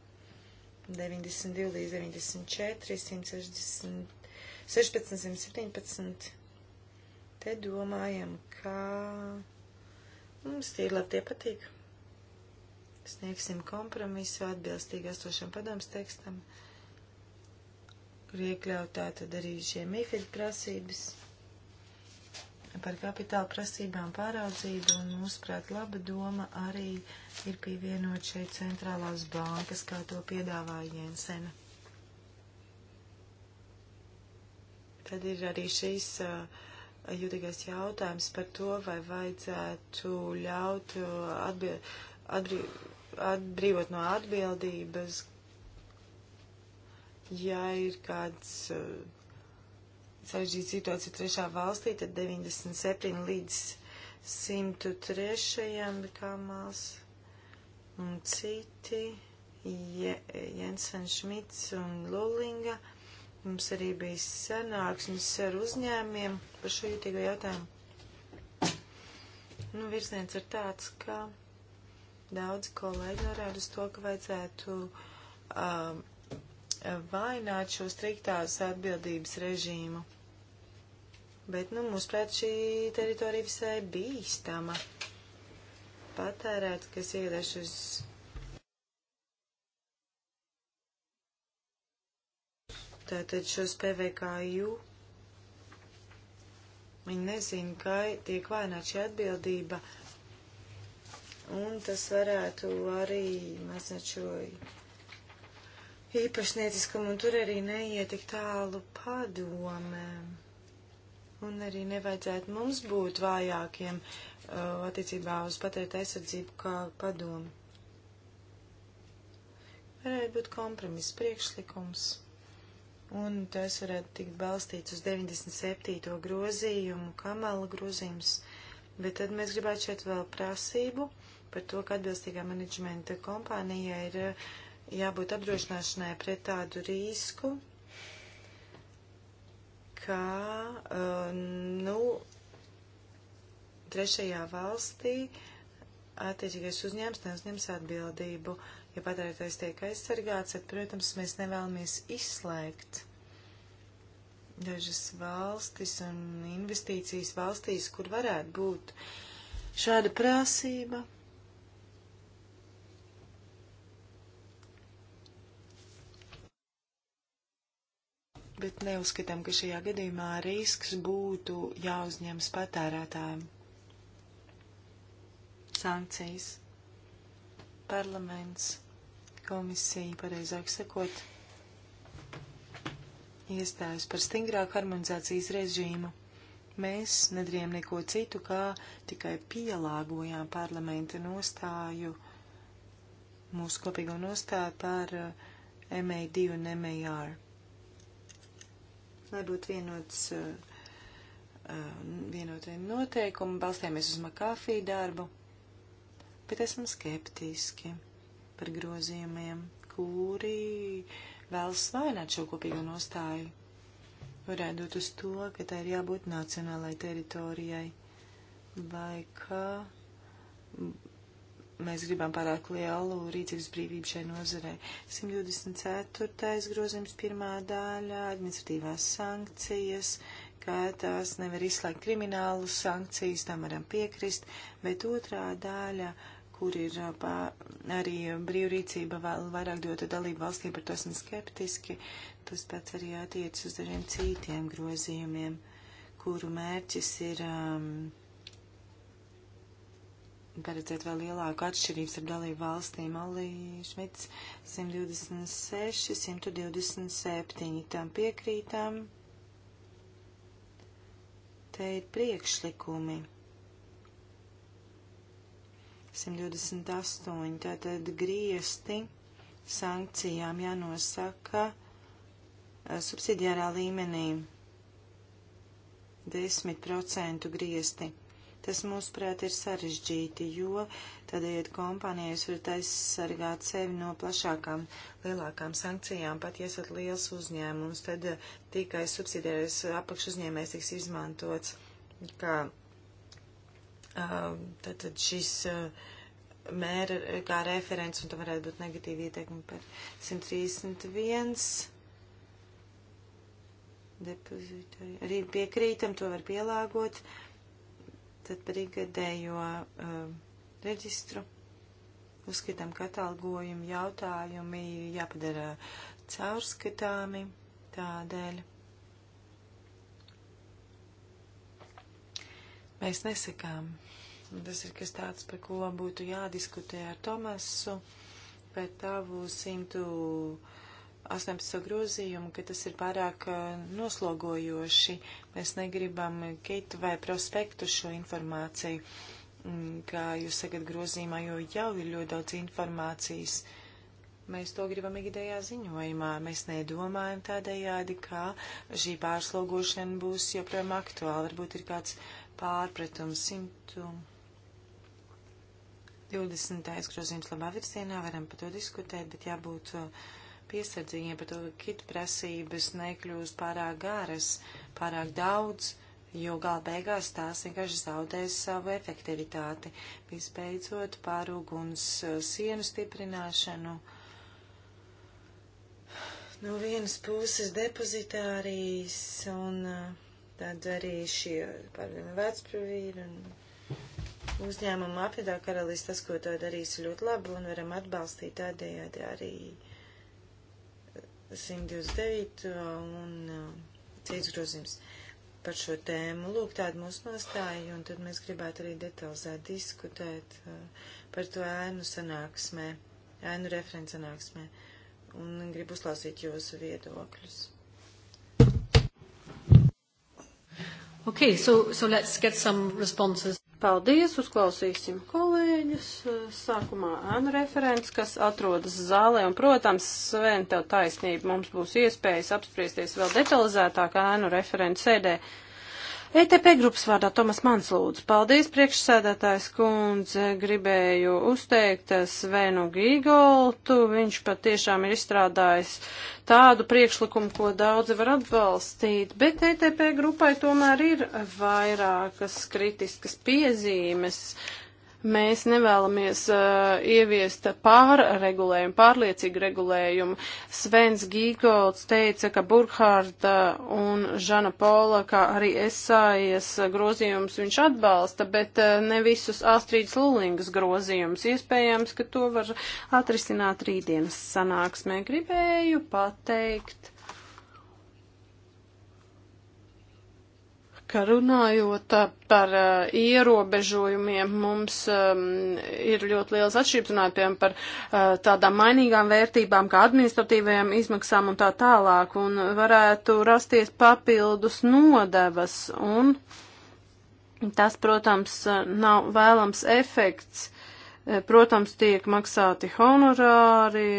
92 līdz 94, 160, 16, 117. Te domājam, ka mums tīrlap tie patīk. Sniegsim kompromisu atbilstīgi esošam padoms tekstam, kur iekļautā tad arī šie MIFID prasības par kapitāla prasībām pāraudzību un, mūsuprāt, laba doma arī ir pievienot šeit centrālās bankas, kā to piedāvāja Jensena. Tad ir arī šīs uh, jūtīgais jautājums par to, vai vajadzētu ļaut uh, atbie, atbrī, atbrīvot no atbildības, ja ir kāds uh, sarežģīta situācija trešā valstī, tad 97 līdz 103 kamās un citi. Jensen Šmits un Lulinga. Uh, Mums arī bija sanāksmes ar uzņēmiem par šo jūtīgo jautājumu. Nu, virziens ir tāds, ka daudz kolēģi norāda uz to, ka vajadzētu um, vainot šo striktās atbildības režīmu. Bet, nu, mūsuprāt, šī teritorija visai bīstama. Patērēt, kas iedešas uz tātad šos PVKU. Viņi nezina, ka tiek vainot šī atbildība, un tas varētu arī mazināt šo īpašnieciskumu, un tur arī neiet tik tālu padomēm. Un arī nevajadzētu mums būt vājākiem uh, attiecībā uz patērta aizsardzību kā padomu. Varētu būt kompromiss priekšlikums un tas varētu tikt balstīts uz 97. grozījumu, kamala grozījums, bet tad mēs gribētu šeit vēl prasību par to, ka atbilstīgā menedžmenta kompānija ir eh, jābūt apdrošināšanai pret tādu risku, kā, uh, eh, nu, trešajā valstī attiecīgais uzņēmums neuzņems atbildību. Uh, Ja patērētājs tiek aizsargāts, tad, protams, mēs nevēlamies izslēgt dažas valstis un investīcijas valstīs, kur varētu būt šāda prasība. Bet neuzskatām, ka šajā gadījumā risks būtu jāuzņems patērētājiem. Sankcijas parlaments, komisija, pareizāk sakot, iestājas par stingrāku harmonizācijas režīmu. Mēs nedarījām neko citu, kā tikai pielāgojām parlamenta nostāju, mūsu kopīgo nostāju par eh, MA2 un MAR. Lai būtu vienots, eh, eh, vienotie noteikumi, balstījāmies uz Makāfī darbu bet esmu skeptiski par grozījumiem, kuri vēlas svainot šo kopīgo nostāju, norādot uz to, ka tā ir jābūt nacionālai teritorijai, vai ka mēs gribam pārāk lielu rīcības brīvību šai nozarei. 124. grozījums pirmā daļa - administratīvās sankcijas, ka tās nevar izslēgt kriminālu sankcijas, tam varam piekrist, bet otrā daļa kur ir pā, arī brīvrīcība vēl vairāk dota dalību valstīm, par to esam skeptiski. Tas pats arī attiecas uz dažiem citiem grozījumiem, kuru mērķis ir um, paredzēt vēl lielāku atšķirības ar dalību valstīm. Olī Šmits 126, 127, tam piekrītām. Te ir priekšlikumi 128. Tātad griesti sankcijām jānosaka eh, subsidiārā līmenī 10% griesti. Tas, mūsuprāt, ir sarežģīti, jo tādējot kompānijas varat aizsargāt sevi no plašākām, lielākām sankcijām, pat ja esat liels uzņēmums, tad eh, tikai subsidiārais apakšuzņēmējs tiks izmantots kā Tātad um, šis uh, mēra kā referents, un tam varētu būt negatīva ieteikuma par 131 depozitori. Arī piekrītam, to var pielāgot. Tad par ikgadējo um, reģistru uzskatām, ka atalgojumi jautājumi jāpadara caurskatāmi tādēļ. Mēs nesakām. Tas ir kas tāds, par ko būtu jādiskutē ar Tomasu pēc tavu 118 grozījumu, ka tas ir pārāk eh, noslogojoši. Mēs negribam kitu vai prospektu šo informāciju, kā jūs sagat grozījumā, jo jau ir ļoti daudz informācijas. Mēs to gribam ikdējā ziņojumā. Mēs nedomājam tādējādi, kā šī pārslogošana būs joprojām aktuāla. Varbūt ir kāds uh, pārpratums 120. grozījums labā virzienā, varam par to diskutēt, bet jābūt uh, piesardzīgiem par to, ka kit prasības nekļūst pārāk garas, pārāk daudz, jo gala beigās tās vienkārši zaudēs savu efektivitāti. Visbeidzot, par uguns uh, sienu stiprināšanu. No vienas puses depozitārijas un uh, Tad arī šie pārdevumi vecpavīri un uzņēmumu apvidā karalīs tas, ko to darīs ļoti labi un varam atbalstīt tādējādi arī 129 eh, un eh, cits grozījums par šo tēmu. Lūk, tāda mūsu nostāja, un tad mēs gribētu arī detalizēt diskutēt eh, par to ēnu sanāksmē, ēnu referents sanāksmē, un gribu uzklausīt jūsu viedokļus. Okay, so, so let's get some responses. Paldies, uzklausīsim kolēģus. Sākumā Anna referents, kas atrodas zālē, un, protams, Sven, tev taisnība, mums būs iespējas apspriesties vēl detalizētāk Anna referents sēdē. Uh, ETP grupas vārdā Tomas Mans lūdzu. Paldies, priekšsēdētājs kundze, gribēju uzteikt Svenu Gīgoltu. Viņš pat tiešām ir izstrādājis tādu priekšlikumu, ko daudzi var atbalstīt, bet ETP grupai tomēr ir vairākas kritiskas piezīmes. Uh, Mēs nevēlamies uh, ieviest pārregulējumu, pārliecīgu regulējumu. Svens Gīgolds teica, ka Burkhārda un Žana Pola, kā arī esājas grozījums viņš atbalsta, bet uh, ne visus Astrīdas Lulingas grozījums. Iespējams, ka to var atrisināt rītdienas sanāksmē. Gribēju pateikt ka runājot uh, par uh, ierobežojumiem, mums um, ir ļoti liels atšķirības runājot piemēram par uh, tādām mainīgām vērtībām, kā administratīvajām izmaksām un tā tālāk, un varētu rasties papildus nodevas, un tas, protams, nav vēlams efekts. E, protams, tiek maksāti honorāri,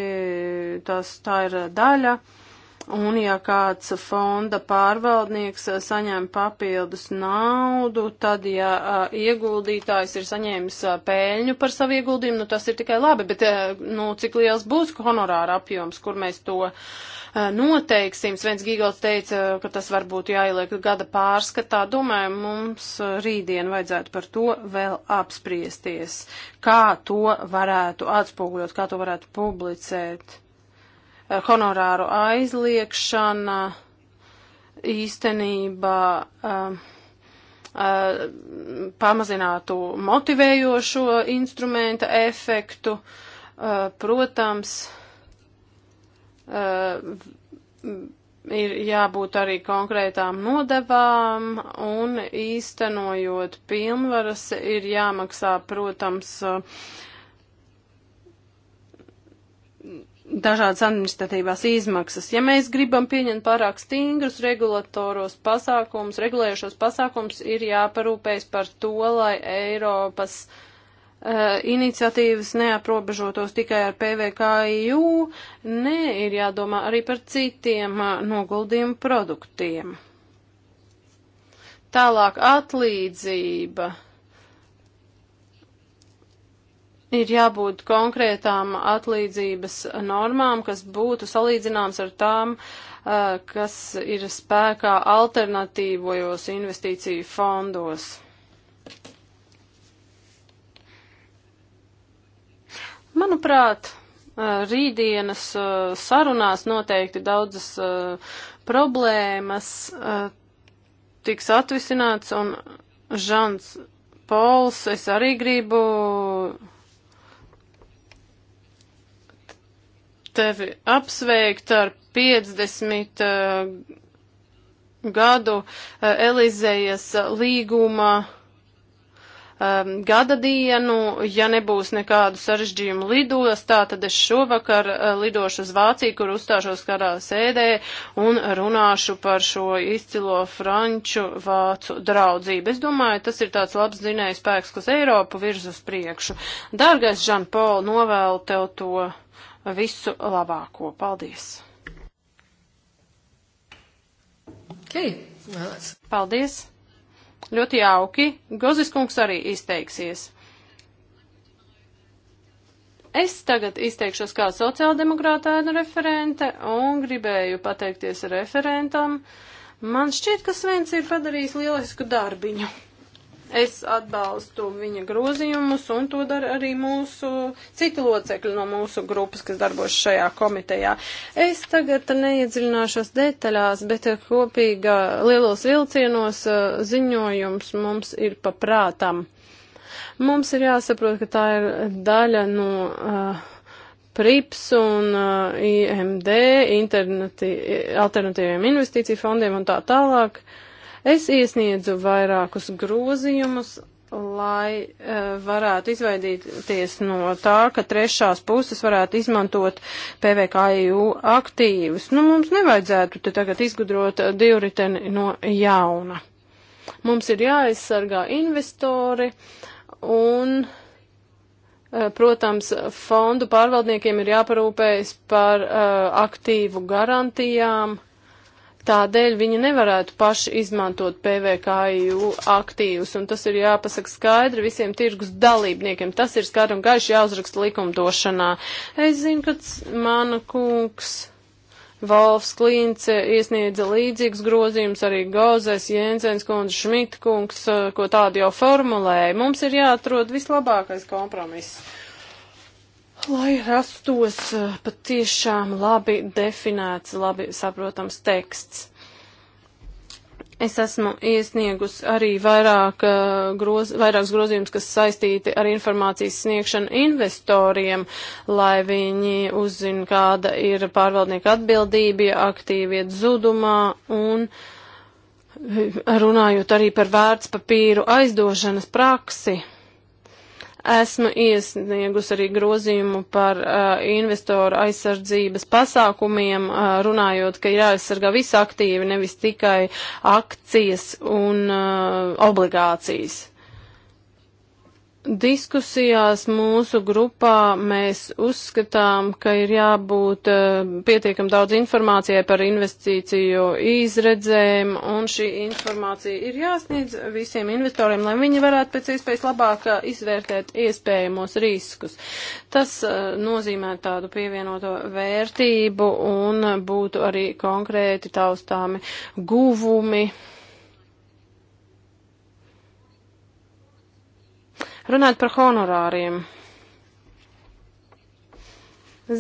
tas tā ir daļa. Uh, Un ja kāds fonda pārvaldnieks eh, saņem papildus naudu, tad ja eh, ieguldītājs ir saņēmis eh, pēļņu par savu ieguldījumu, nu tas ir tikai labi, bet nu, cik liels būs honorāra apjoms, kur mēs to noteiksim. Svens Gīgals teica, ka tas varbūt jāieliek gada pārskatā. Domāju, mums rītdien vajadzētu par to vēl apspriesties, kā to varētu atspoguļot, kā to varētu publicēt. Eh, honorāru aizliekšana īstenībā uh, uh, pamazinātu motivējošo instrumenta efektu. Uh, protams, ir jābūt arī konkrētām nodevām un īstenojot pilnvaras ir jāmaksā, protams, uh, dažādas administratīvās izmaksas. Ja mēs gribam pieņemt pārāk stingrus regulatoros pasākums, regulējušos pasākums, ir jāparūpējas par to, lai Eiropas uh, iniciatīvas neaprobežotos tikai ar PVKIU, nē, ir jādomā arī par citiem uh, noguldījumu produktiem. Tālāk atlīdzība. Uh, ir jābūt konkrētām atlīdzības normām, kas būtu salīdzināms ar tām, kas ir spēkā alternatīvojos investīciju fondos. Manuprāt, rītdienas sarunās noteikti daudzas problēmas tiks atvisināts, un Žants Pols, es arī gribu tevi apsveikt ar 50 uh, eh, gadu uh, Elizējas eh, līguma um, gada dienu, ja nebūs nekādu sarežģījumu lidostā, tad es šovakar uh, lidošu uz Vāciju, kur uzstāšos kādā sēdē un runāšu par šo izcilo franču vācu draudzību. Es domāju, tas ir tāds labs zinējs spēks, kas Eiropu virz uz priekšu. Dārgais Žanpol, novēlu tev to visu labāko. Paldies! Okay. Paldies! Ļoti jauki. Gozis kungs arī izteiksies. Es tagad izteikšos kā sociāldemokrātēna referente un gribēju pateikties referentam. Man šķiet, ka Svens ir padarījis lielisku darbiņu. Es atbalstu viņa grozījumus, un to dara arī mūsu citi locekļi no mūsu grupas, kas darbojas šajā komitejā. Es tagad neiedziļināšos detaļās, bet kopīga lielos vilcienos eh, ziņojums mums ir paprātam. Mums ir jāsaprot, ka tā ir daļa no. Uh, PRIPS un uh, eh, IMD, alternati, alternatīviem investīciju fondiem un tā tālāk. Uh, Es iesniedzu vairākus grozījumus, lai uh, varētu izvaidīties no tā, ka trešās puses varētu izmantot PVKIU aktīvus. Nu, mums nevajadzētu te tagad izgudrot divriteni no jauna. Mums ir jāaizsargā investori un. Eh, protams, fondu pārvaldniekiem ir jāparūpējas par uh, aktīvu garantijām, uh, Tādēļ viņi nevarētu paši izmantot PVKIU aktīvus, un tas ir jāpasaka skaidri visiem tirgus dalībniekiem. Tas ir skaidri un gaiši jāuzraksta likumdošanā. Es zinu, ka mana kungs Valfs Klīns iesniedza līdzīgs grozījums, arī Gozes, Jensens kundze, Šmit kungs, eh, ko tādu jau formulēja. Mums ir jāatrod vislabākais kompromiss lai rastos eh, patiešām labi definēts, labi saprotams teksts. Es esmu iesniegus arī vairāk, eh, groz, vairākas grozījumus, kas saistīti ar informācijas sniegšanu investoriem, lai viņi uzzina, kāda ir pārvaldnieka atbildība, aktīvi iet zudumā un eh, runājot arī par vērtspapīru aizdošanas praksi. Esmu iesniegus arī grozījumu par uh, investoru aizsardzības pasākumiem, uh, runājot, ka ir jāaizsargā visi aktīvi, nevis tikai akcijas un uh, obligācijas. Diskusijās mūsu grupā mēs uzskatām, ka ir jābūt eh, pietiekam daudz informācijai par investīciju izredzēm, un šī informācija ir jāsniedz visiem investoriem, lai viņi varētu pēc iespējas labāk eh, izvērtēt iespējamos riskus. Tas eh, nozīmē tādu pievienoto vērtību un būtu arī konkrēti taustāmi guvumi Runājot par honorāriem.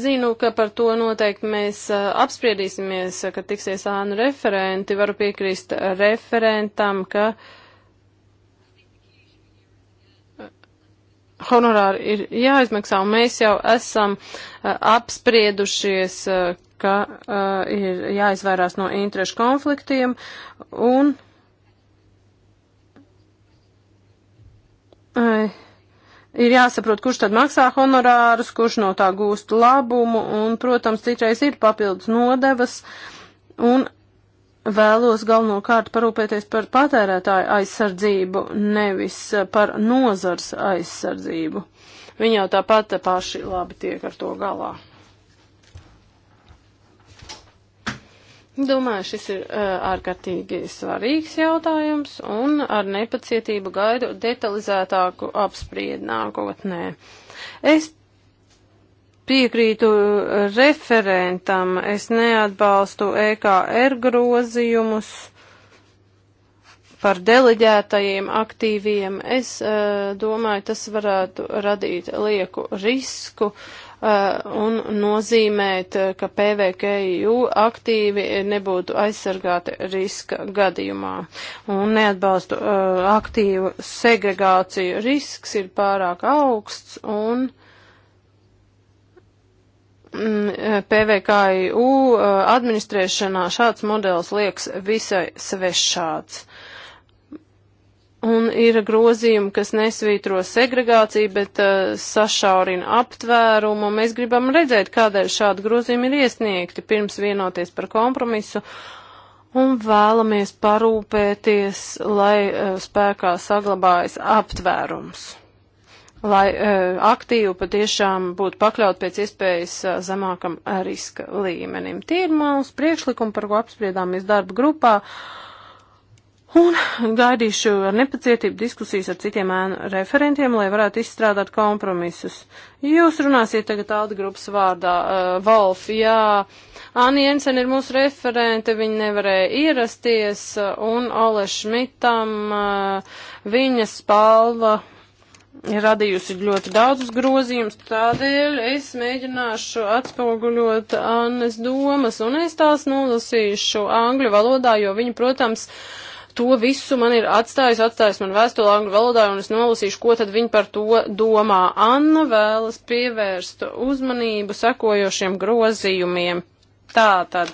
Zinu, ka par to noteikti mēs apspriedīsimies, ka tiksies ānu referenti. Varu piekrīst referentam, ka honorāri ir jāizmaksā, un mēs jau esam apspriedušies, ka ir jāizvairās no interešu konfliktiem, un ir jāsaprot, kurš tad maksā honorārus, kurš no tā gūst labumu, un, protams, citreiz ir papildus nodevas, un vēlos galvenokārt parūpēties par patērētāju aizsardzību, nevis par nozars aizsardzību. Viņi jau tāpat paši labi tiek ar to galā. Domāju, šis ir uh, ārkārtīgi svarīgs jautājums un ar nepacietību gaidu detalizētāku apspried nākotnē. Es piekrītu referentam, es neatbalstu EKR grozījumus par deleģētajiem aktīviem. Es uh, domāju, tas varētu radīt lieku risku. Uh, Eh, un nozīmēt, eh, ka PVKU aktīvi nebūtu aizsargāti riska gadījumā. Un neatbalstu uh, aktīvu segregāciju. Risks ir pārāk augsts un. Mm, PVKU administrēšanā šāds modelis liekas visai svešāds. Un ir grozījumi, kas nesvītro segregāciju, bet uh, sašaurina aptvērumu. Mēs gribam redzēt, kādēļ šādi grozījumi ir iesniegti pirms vienoties par kompromisu. Un vēlamies parūpēties, lai uh, spēkā saglabājas aptvērums. Lai uh, aktīvi patiešām būtu pakļaut pēc iespējas uh, zemākam riska līmenim. Tie ir mūsu priekšlikumi, par ko apspriedāmies darba grupā. Uh, Un gaidīšu ar nepacietību diskusijas ar citiem ēnu referentiem, lai varētu izstrādāt kompromisus. Jūs runāsiet tagad Alda grupas vārdā, uh, Volf, jā, Anni Jensen ir mūsu referente, viņa nevarēja ierasties, un Ole Šmitam uh, viņa spalva ir radījusi ļoti daudzus grozījumus, tādēļ es mēģināšu atspoguļot Annes domas, un es tās nolasīšu angļu valodā, jo viņa, protams, uh, to visu man ir atstājis, atstājis man vēstuli angļu valodā, un es nolasīšu, ko tad viņi par to domā. Anna vēlas pievērst uzmanību sekojošiem grozījumiem. Tā tad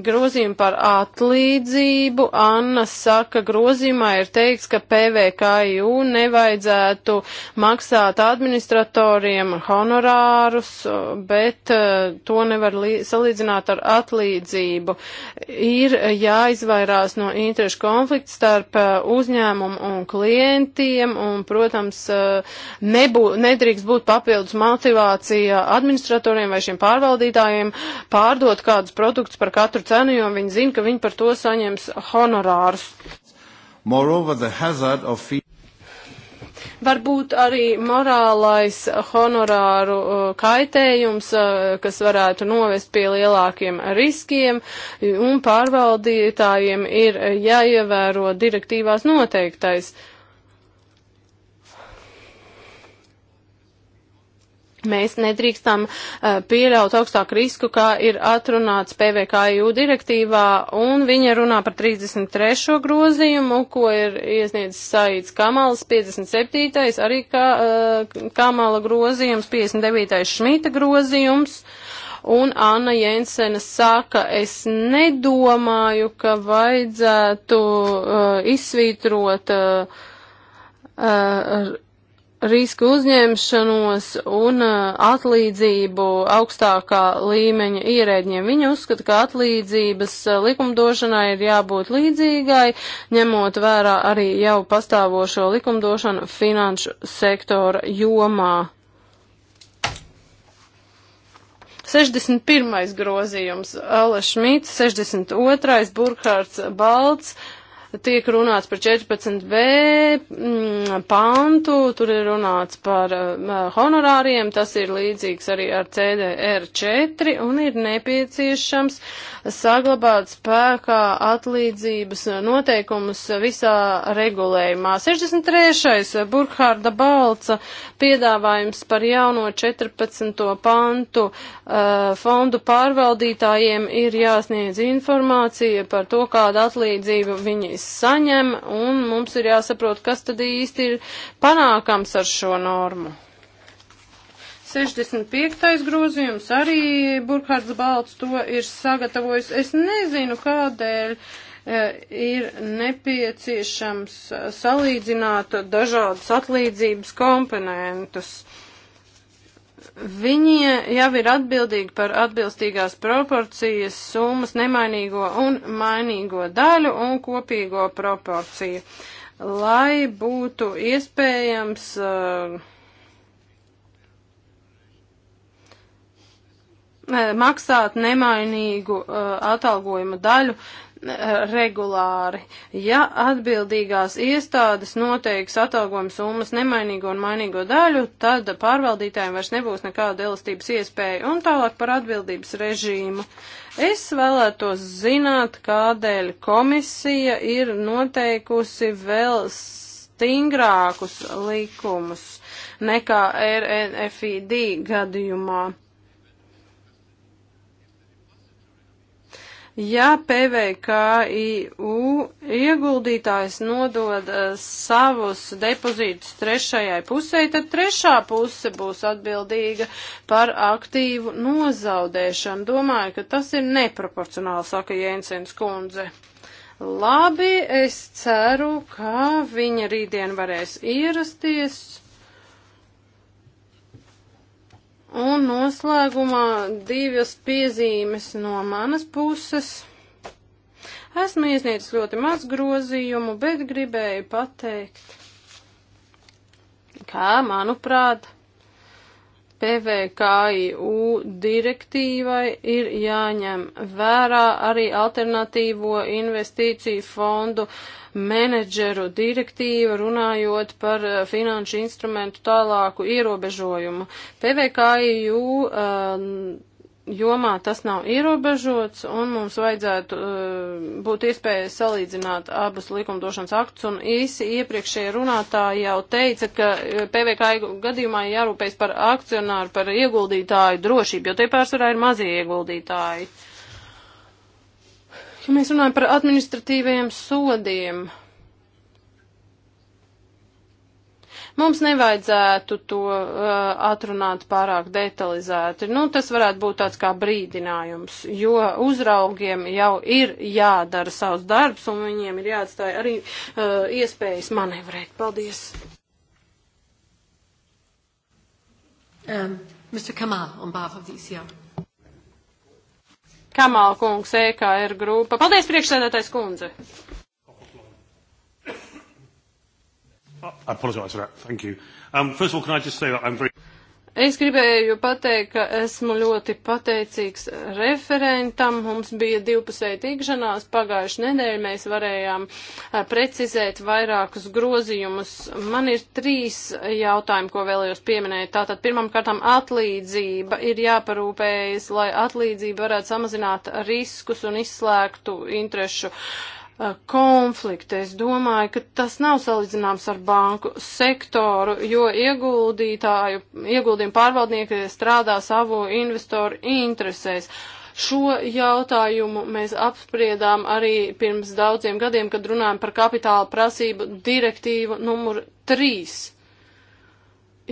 grozījumu par atlīdzību. Anna saka, grozījumā ir teikts, ka PVKU nevajadzētu maksāt administratoriem honorārus, bet eh, to nevar salīdzināt ar atlīdzību. Ir jāizvairās no interešu konflikta starp eh, uzņēmumu un klientiem, un, protams, eh, nebū, nedrīkst būt papildus motivācija administratoriem vai šiem pārvaldītājiem pārdot kādus produktus par katru par cenu, jo viņi zina, ka viņi par to saņems honorārus. Moreover, the hazard of fee varbūt arī morālais honorāru uh, kaitējums, uh, kas varētu novest pie lielākiem riskiem, un pārvaldītājiem ir jāievēro direktīvās noteiktais. Uh, Mēs nedrīkstam uh, pieļaut augstāku risku, kā ir atrunāts PVKU direktīvā, un viņa runā par 33. grozījumu, ko ir iesniedzis Saīts Kamals, 57. arī kā, uh, Kamala grozījums, 59. Šmita grozījums, un Anna Jensena saka, es nedomāju, ka vajadzētu uh, izsvītrot. Uh, uh, risku uzņemšanos un uh, atlīdzību augstākā līmeņa ierēģiem. Viņa uzskata, ka atlīdzības uh, likumdošanai ir jābūt līdzīgai, ņemot vērā arī jau pastāvošo likumdošanu finanšu sektora jomā. 61. grozījums Aleša Šmīts, 62. Burkhards Balts, tiek runāts par 14b mm, pantu, tur ir runāts par mm, honorāriem, tas ir līdzīgs arī ar CDR4 un ir nepieciešams saglabāt spēkā atlīdzības noteikumus visā regulējumā. 63. Burkhārda Balca piedāvājums par jauno 14. pantu eh, fondu pārvaldītājiem ir jāsniedz informācija par to, kāda atlīdzība viņi saņem, un mums ir jāsaprot, kas tad īsti ir panākams ar šo normu. 65. grozījums arī Burkhards Balts to ir sagatavojis. Es nezinu, kādēļ e, ir nepieciešams salīdzināt dažādas atlīdzības komponentus. Uh, Viņi jau ir atbildīgi par atbilstīgās proporcijas summas nemainīgo un mainīgo daļu un kopīgo proporciju, lai būtu iespējams uh, maksāt nemainīgu uh, atalgojuma daļu regulāri. Ja atbildīgās iestādes noteiks atalgojuma summas nemainīgo un mainīgo daļu, tad pārvaldītājiem vairs nebūs nekāda elastības iespēja. Un tālāk par atbildības režīmu. Es vēlētos zināt, kādēļ komisija ir noteikusi vēl stingrākus likumus nekā RNFID gadījumā. Ja PVKIU ieguldītājs nodod eh, savus depozītus trešajai pusē, tad trešā puse būs atbildīga par aktīvu nozaudēšanu. Domāju, ka tas ir neproporcionāli, saka Jensens kundze. Labi, es ceru, ka viņa rītdien varēs ierasties Un noslēgumā divas piezīmes no manas puses. Esmu iesniedzis ļoti maz grozījumu, bet gribēju pateikt, kā, manuprāt, PVKIU direktīvai ir jāņem vērā arī alternatīvo investīciju fondu menedžeru direktīva runājot par eh, finanšu instrumentu tālāku ierobežojumu. PVKIU uh, eh, jomā tas nav ierobežots, un mums vajadzētu uh, būt iespēja salīdzināt abus likumdošanas aktus, un īsi iepriekšējie runātāji jau teica, ka eh, PVK gadījumā jārūpējas par akcionāru, par ieguldītāju drošību, jo tie pārsvarā ir mazie ieguldītāji. Ja mēs runājam par administratīviem sodiem, uh, Mums nevajadzētu to uh, atrunāt pārāk detalizēti. Nu, tas varētu būt tāds kā brīdinājums, jo uzraugiem jau ir jādara savs darbs un viņiem ir jāatstāja arī uh, iespējas manevrēt. Paldies! Um, Mr. Kamal, on behalf of the ECR. Kamāla kungs, EKR grupa. Paldies, priekšsēdētājs kundze! Oh, I apologize for that. Thank you. Um, first of all, can I just say that I'm very... Es gribēju pateikt, ka esmu ļoti pateicīgs referentam. Mums bija divpusēja tikšanās pagājušajā nedēļā. Mēs varējām uh, precizēt vairākus grozījumus. Man ir trīs jautājumi, ko vēlējos pieminēt. Tātad pirmam kārtām atlīdzība ir jāparūpējas, lai atlīdzība varētu samazināt riskus un izslēgtu interešu uh, Uh, konflikti. Es domāju, ka tas nav salīdzināms ar banku sektoru, jo ieguldītāju, ieguldījumu pārvaldnieki strādā savu investoru interesēs. Šo jautājumu mēs apspriedām arī pirms daudziem gadiem, kad runājam par kapitāla prasību direktīvu numur 3.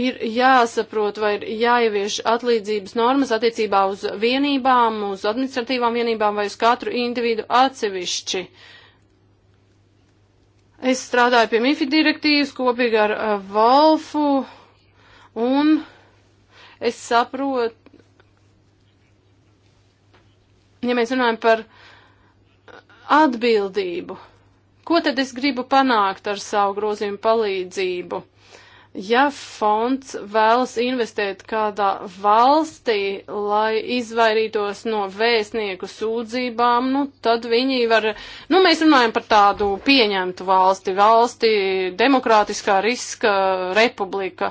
Ir jāsaprot vai ir jāievieš atlīdzības normas attiecībā uz vienībām, uz administratīvām vienībām vai uz katru individu atsevišķi. Uh, Es strādāju pie MIFI direktīvas kopīgi ar uh, Valfu, un es saprotu, ja mēs runājam par atbildību, ko tad es gribu panākt ar savu grozījumu palīdzību? Ja fonds vēlas investēt kādā valstī, lai izvairītos no vēstnieku sūdzībām, nu, tad viņi var, nu, mēs runājam par tādu pieņemtu valsti, valsti demokrātiskā riska republika.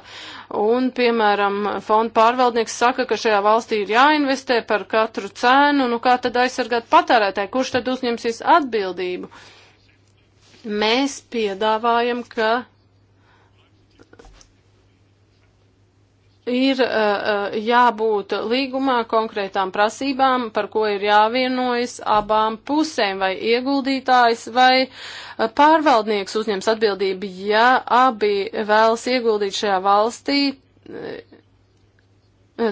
Un, piemēram, fonda pārvaldnieks saka, ka šajā valstī ir jāinvestē par katru cenu, nu, kā tad aizsargāt patērētāju, kurš tad uzņemsies atbildību? Mēs piedāvājam, ka ir uh, uh, jābūt līgumā konkrētām prasībām, par ko ir jāvienojas abām pusēm, vai ieguldītājs vai uh, pārvaldnieks uzņems atbildību, ja abi vēlas ieguldīt šajā valstī. Uh,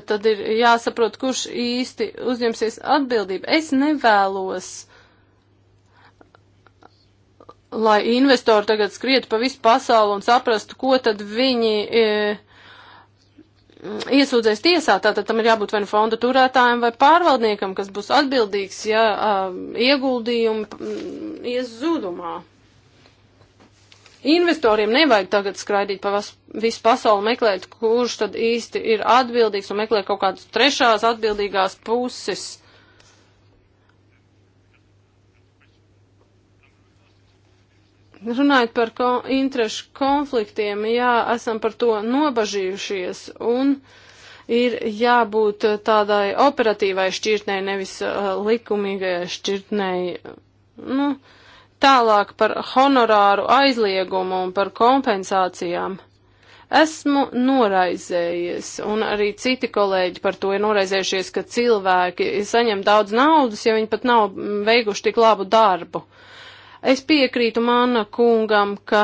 tad ir jāsaprot, kurš īsti uzņemsies atbildību. Es nevēlos uh, lai investori tagad skrietu pa visu pasauli un saprastu, ko tad viņi e, iesūdzēs tiesā, tātad tam ir jābūt vai nu fonda turētājiem vai pārvaldniekam, kas būs atbildīgs, ja uh, ieguldījumi mm, ies zudumā. Investoriem nevajag tagad skraidīt pa visu pasauli meklēt, kurš tad īsti ir atbildīgs un meklēt kaut kādas trešās atbildīgās puses. Runājot par ko, interešu konfliktiem, jā, esam par to nobažījušies un ir jābūt tādai operatīvai šķirtnei, nevis uh, likumīgai šķirtnei. Nu, tālāk par honorāru aizliegumu un par kompensācijām. Esmu noraizējies, un arī citi kolēģi par to ir noraizējušies, ka cilvēki saņem daudz naudas, ja viņi pat nav veikuši tik labu darbu. Uh, Es piekrītu mana kungam, ka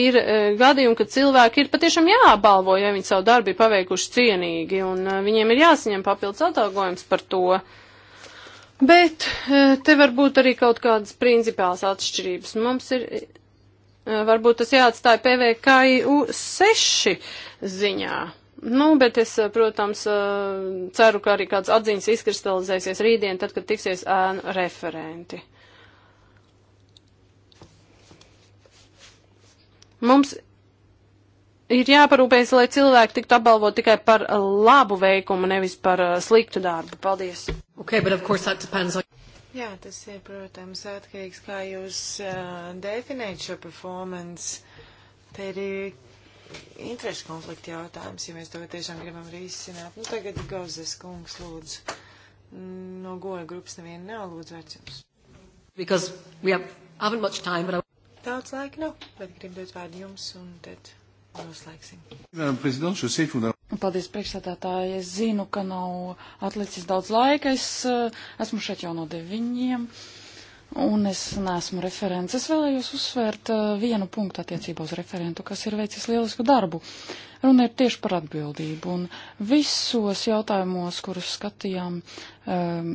ir e, gadījumi, kad cilvēki ir patiešām jābalvo, ja viņi savu darbu ir paveikuši cienīgi, un e, viņiem ir jāsaņem papildus atalgojums par to. Bet e, te var būt arī kaut kādas principāls atšķirības. Mums ir, e, varbūt tas jāatstāja PVKIU 6 ziņā. Nu, bet es, e, protams, e, ceru, ka arī kāds atziņas izkristalizēsies rītdien, tad, kad tiksies ēnu referenti. Mums ir jāparūpējas, lai cilvēki tiktu apbalvot tikai par labu veikumu, nevis par uh, sliktu darbu. Paldies! Okay, on... Jā, tas ir, protams, atkarīgs, kā jūs uh, definējat šo performance. Te ir interešu konflikta jautājums, ja mēs to tiešām gribam risināt. Nu, tagad Gozes kungs lūdzu. No goja grupas neviena nav lūdzu vērts jums. Because we have, haven't much time, but I daudz laika nav, bet gribu dot vārdu jums un tad noslēgsim. Paldies, priekšsēdētāji. Es zinu, ka nav atlicis daudz laika. Es eh, esmu šeit jau no deviņiem. Uh, un es neesmu referents. Es vēlējos uzsvērt uh, vienu punktu attiecībā uz referentu, kas ir veicis lielisku darbu. Runa ir tieši par atbildību, un visos jautājumos, kurus skatījām, um,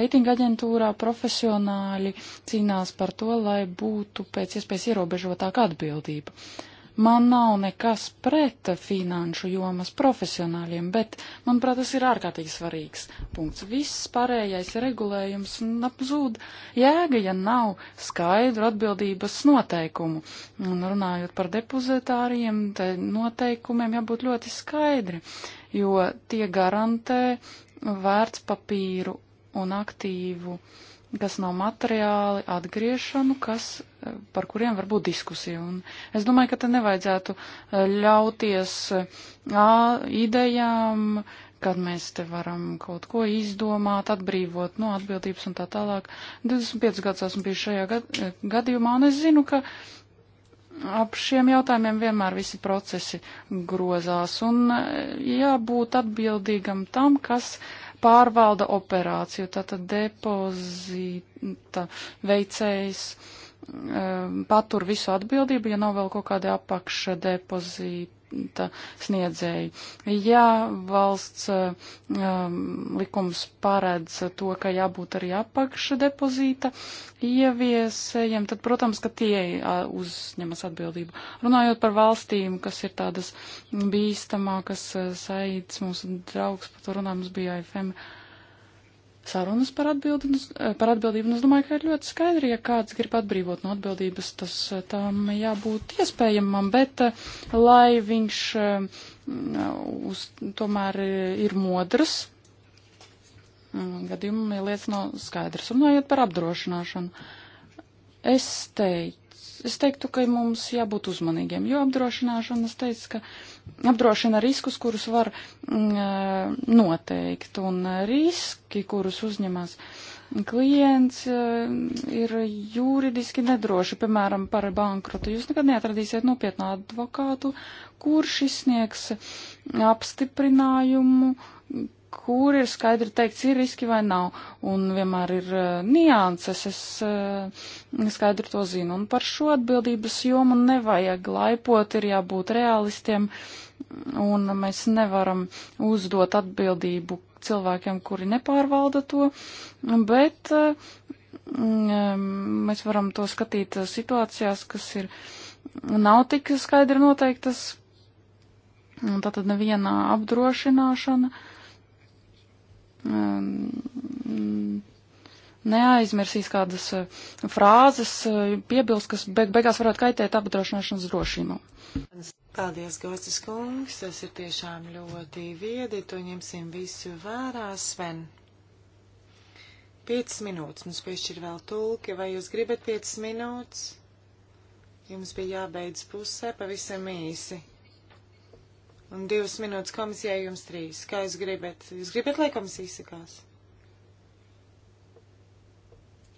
reitinga aģentūrā profesionāļi cīnās par to, lai būtu pēc iespējas ierobežotāka atbildība. Uh, Man nav nekas pret finanšu jomas profesionāļiem, bet, manuprāt, tas ir ārkārtīgi svarīgs punkts. Viss pārējais regulējums apzūd jēga, ja nav skaidru atbildības noteikumu. Un runājot par depozitāriem, te noteikumiem jābūt ļoti skaidri, jo tie garantē vērtspapīru un aktīvu uh, kas nav materiāli, atgriešanu, kas, eh, par kuriem var būt diskusija. Un es domāju, ka te nevajadzētu eh, ļauties ā, idejām, kad mēs te varam kaut ko izdomāt, atbrīvot no atbildības un tā tālāk. 25 gadus esmu bijis šajā gad, eh, gadījumā, un es zinu, ka ap šiem jautājumiem vienmēr visi procesi grozās, un jābūt atbildīgam tam, kas. Uh, pārvalda operāciju, tātad depozīta veicējs um, patur visu atbildību, ja nav vēl kaut kādi apakšdepozīti atbalsta sniedzēji. Ja valsts eh, um, likums paredz to, ka jābūt arī apakšdepozīta ieviesējiem, tad, protams, ka tie uzņemas atbildību. Runājot par valstīm, kas ir tādas bīstamākas eh, saites, mūsu draugs par to runā, mums bija AFM. Uh, sarunas par, atbildi, eh, par atbildību, un es domāju, ka ir ļoti skaidri, ja kāds grib atbrīvot no atbildības, tas eh, tam jābūt iespējamam, bet eh, lai viņš uz, tomēr ir modrs, mm, gadījumam lietas nav skaidrs, un lai iet par apdrošināšanu. Es teiktu, es teiktu, ka mums jābūt uzmanīgiem, jo apdrošināšanas teica, ka apdrošina riskus, kurus var mm, noteikt, un riski, kurus uzņemas klients, ir juridiski nedroši, piemēram, par bankrotu. Jūs nekad neatradīsiet nopietnu advokātu, kurš izsniegs apstiprinājumu, kur ir skaidri teikts, ir riski vai nav, un vienmēr ir uh, nianses, es uh, skaidri to zinu, un par šo atbildības jomu nevajag laipot, ir jābūt realistiem, un mēs nevaram uzdot atbildību cilvēkiem, kuri nepārvalda to, bet uh, mēs varam to skatīt situācijās, kas ir nav tik skaidri noteiktas, un tātad nevienā apdrošināšana. Uh, um, neaizmirsīs kādas eh, frāzes, eh, piebilst, kas beig beigās varētu kaitēt apdrošināšanas drošību. Paldies, Gostas kungs, tas ir tiešām ļoti viedi, to ņemsim visu vērā, Sven. 5 minūtes, mums piešķir vēl tulki, vai jūs gribat 5 minūtes? Jums bija jābeidz pusē pavisam īsi. Un divas minūtes komisijai jums trīs. Kā jūs gribat? Jūs gribat, lai komisija izsakās?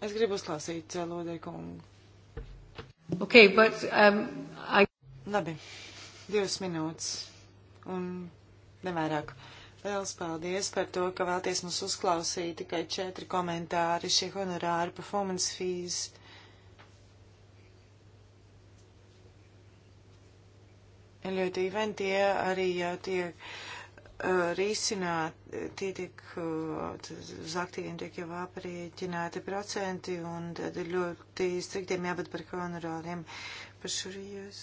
Es gribu uzklausīt eh, Lodei kungu. Ok, but um, I... Labi, divas minūtes un nevairāk. Liels paldies par to, ka vēlties mums uzklausīt tikai četri komentāri šie honorāri performance fees. Uh, ļoti īveni tie arī jau tiek uh, risināti, tie tiek, uh, uz aktīviem tiek jau aprieķināti procenti un tad ir ļoti striktiem jābūt par honorāriem par šurījus.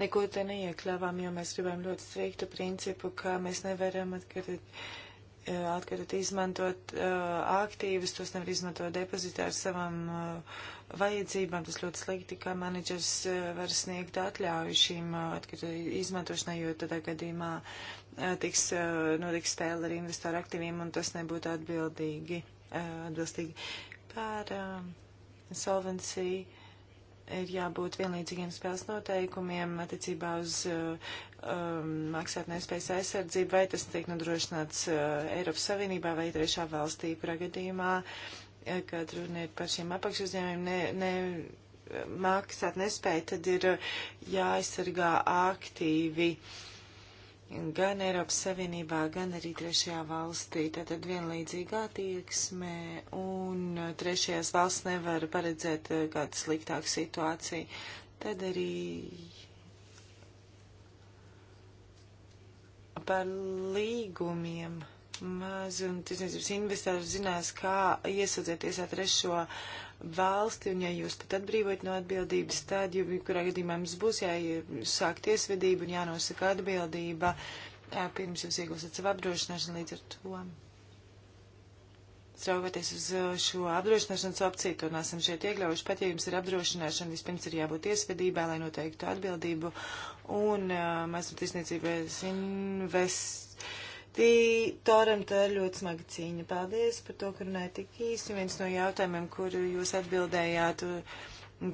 Neko te neiekļāvām, jo mēs gribējām ļoti striktu principu, ka mēs nevaram atkarīt E, atkritot izmantot e, aktīvus, tos nevar izmantot depozitā ar savam e, vajadzībām. Tas ļoti slikti, ka menedžers var sniegt atļauju šīm atkritot izmantošanai, jo tādā gadījumā tiks, notiks spēle ar investoru aktīviem un tas nebūtu atbildīgi, atbilstīgi. Par solvenciju ir jābūt vienlīdzīgiem spēles noteikumiem attiecībā uz uh, um, maksātnespējas aizsardzību, vai tas tiek nodrošināts uh, Eiropas Savienībā vai trešā valstī, kurā gadījumā, uh, kad runa ir par šiem apakšuzņēmumiem, ne, ne uh, maksātnespēja, tad ir uh, jāaizsargā aktīvi gan Eiropas Savienībā, gan arī trešajā valstī. Tātad vienlīdzīga attieksme un trešajās valsts nevar paredzēt uh, kādu sliktāku situāciju. Tad arī par līgumiem. Mazi un tiesniecības investori zinās, kā iesūdzēties ar trešo valsti, un ja jūs tad atbrīvojat no atbildības, tad, jo kurā gadījumā mums būs jāsāk tiesvedība un jānosaka atbildība, pirms jūs iegūstat savu apdrošināšanu līdz ar to. Saugoties uz uh, šo apdrošināšanas opciju, to nesam šeit iekļaujuši. Pat ja jums ir apdrošināšana, vispirms ir jābūt iesvedībai, lai noteiktu atbildību. Un uh, mazumtirdzniecības investītoram tā ir ļoti smaga cīņa. Paldies par to, ka runāja tik īsi. Viens no jautājumiem, kuru jūs atbildējāt,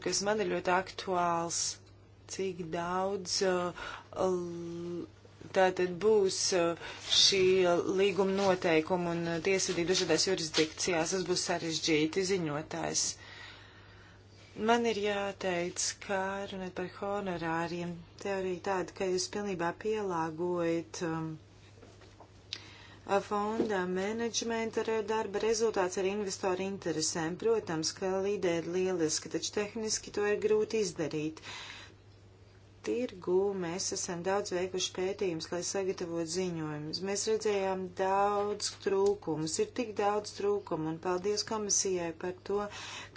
kas man ir ļoti aktuāls, cik daudz uh, tātad būs uh, šī līguma noteikuma un uh, tiesvedība dažādās jurisdikcijās. Tas būs sarežģīti ziņotājs. Man ir jāteic, ka runāt par honorāriem, teorija tāda, ka jūs pilnībā pielāgojat um, fonda menedžmenta darba rezultāts ar investoru interesēm. Protams, ka līdē ir lieliski, taču tehniski to ir grūti izdarīt. Uh, tirgu mēs esam daudz veikuši pētījumus, lai sagatavotu ziņojumus. Mēs redzējām daudz trūkumus, ir tik daudz trūkumu, un paldies komisijai par to,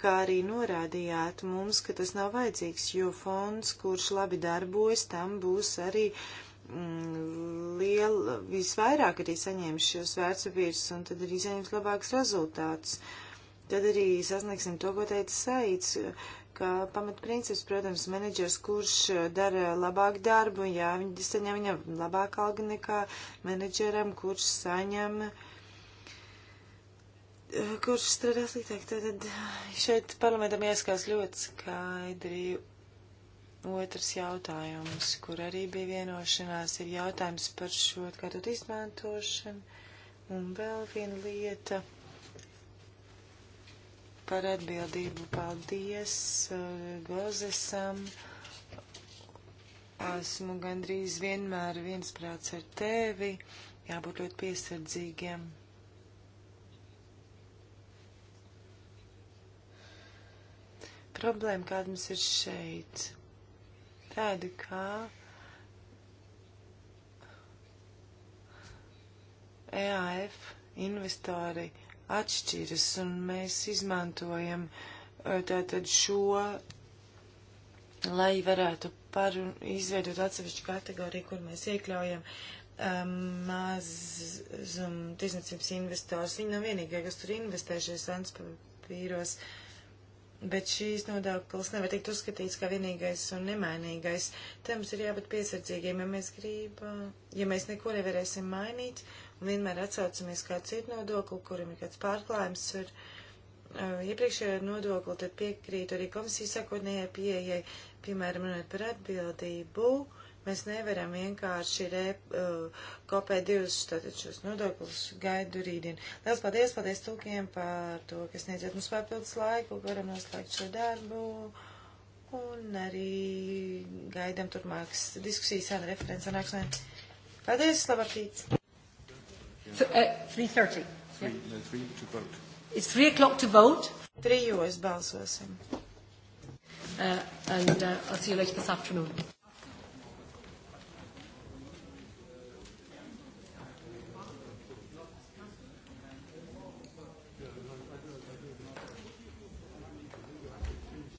kā arī norādījāt mums, ka tas nav vajadzīgs, jo fonds, kurš labi darbojas, tam būs arī mm, liela, visvairāk arī saņēmis šos vērtspapīrus, un tad arī saņems labāks rezultāts. Tad arī sasniegsim to, ko teica Saits ka pamatprincips, protams, menedžers, kurš eh, dara labāk darbu, jā, viņi saņem viņam labāk algu nekā menedžeram, kurš saņem uh, kurš strādā sliktāk, tad šeit parlamentam ieskās ļoti skaidri otrs jautājums, kur arī bija vienošanās, ir jautājums par šo atkārtot izmantošanu. Un vēl viena lieta par atbildību. Paldies eh, Gozesam. Esmu gandrīz vienmēr viensprāts ar tevi. Jābūt ļoti piesardzīgiem. problēma, kāda mums ir šeit, tāda kā EAF investori atšķiras, un mēs izmantojam e, tātad šo, lai varētu parun, izveidot atsevišķu kategoriju, kur mēs iekļaujam um, e, mazumtirdzniecības investors. Viņi nav vienīgie, kas tur investē šajos antspapīros, bet šīs nodoklis nevar tikt uzskatīts kā vienīgais un nemainīgais. Te mums ir jābūt piesardzīgiem, ja mēs gribam, ja mēs neko nevarēsim mainīt. Uh, un vienmēr atsaucamies kādu citu nodokli, kuram ir kāds pārklājums ar uh, iepriekšējo nodokli, tad piekrītu arī komisijas sākotnējai pieejai, piemēram, runāt par atbildību. Mēs nevaram vienkārši rep, uh, kopēt divus tātad šos nodokļus gaidu rītdien. Lielas paldies, paldies tūkiem par to, kas sniedzat mums papildus laiku, varam noslēgt šo darbu. Un arī gaidām turpmākas diskusijas ar referents sanāksmēm. Paldies, Slavakrīts! Th uh, 3.30. Three, yeah. no, three to vote. It's 3 o'clock to vote. Trijos balsosim. Uh, and uh, I'll see you later this afternoon.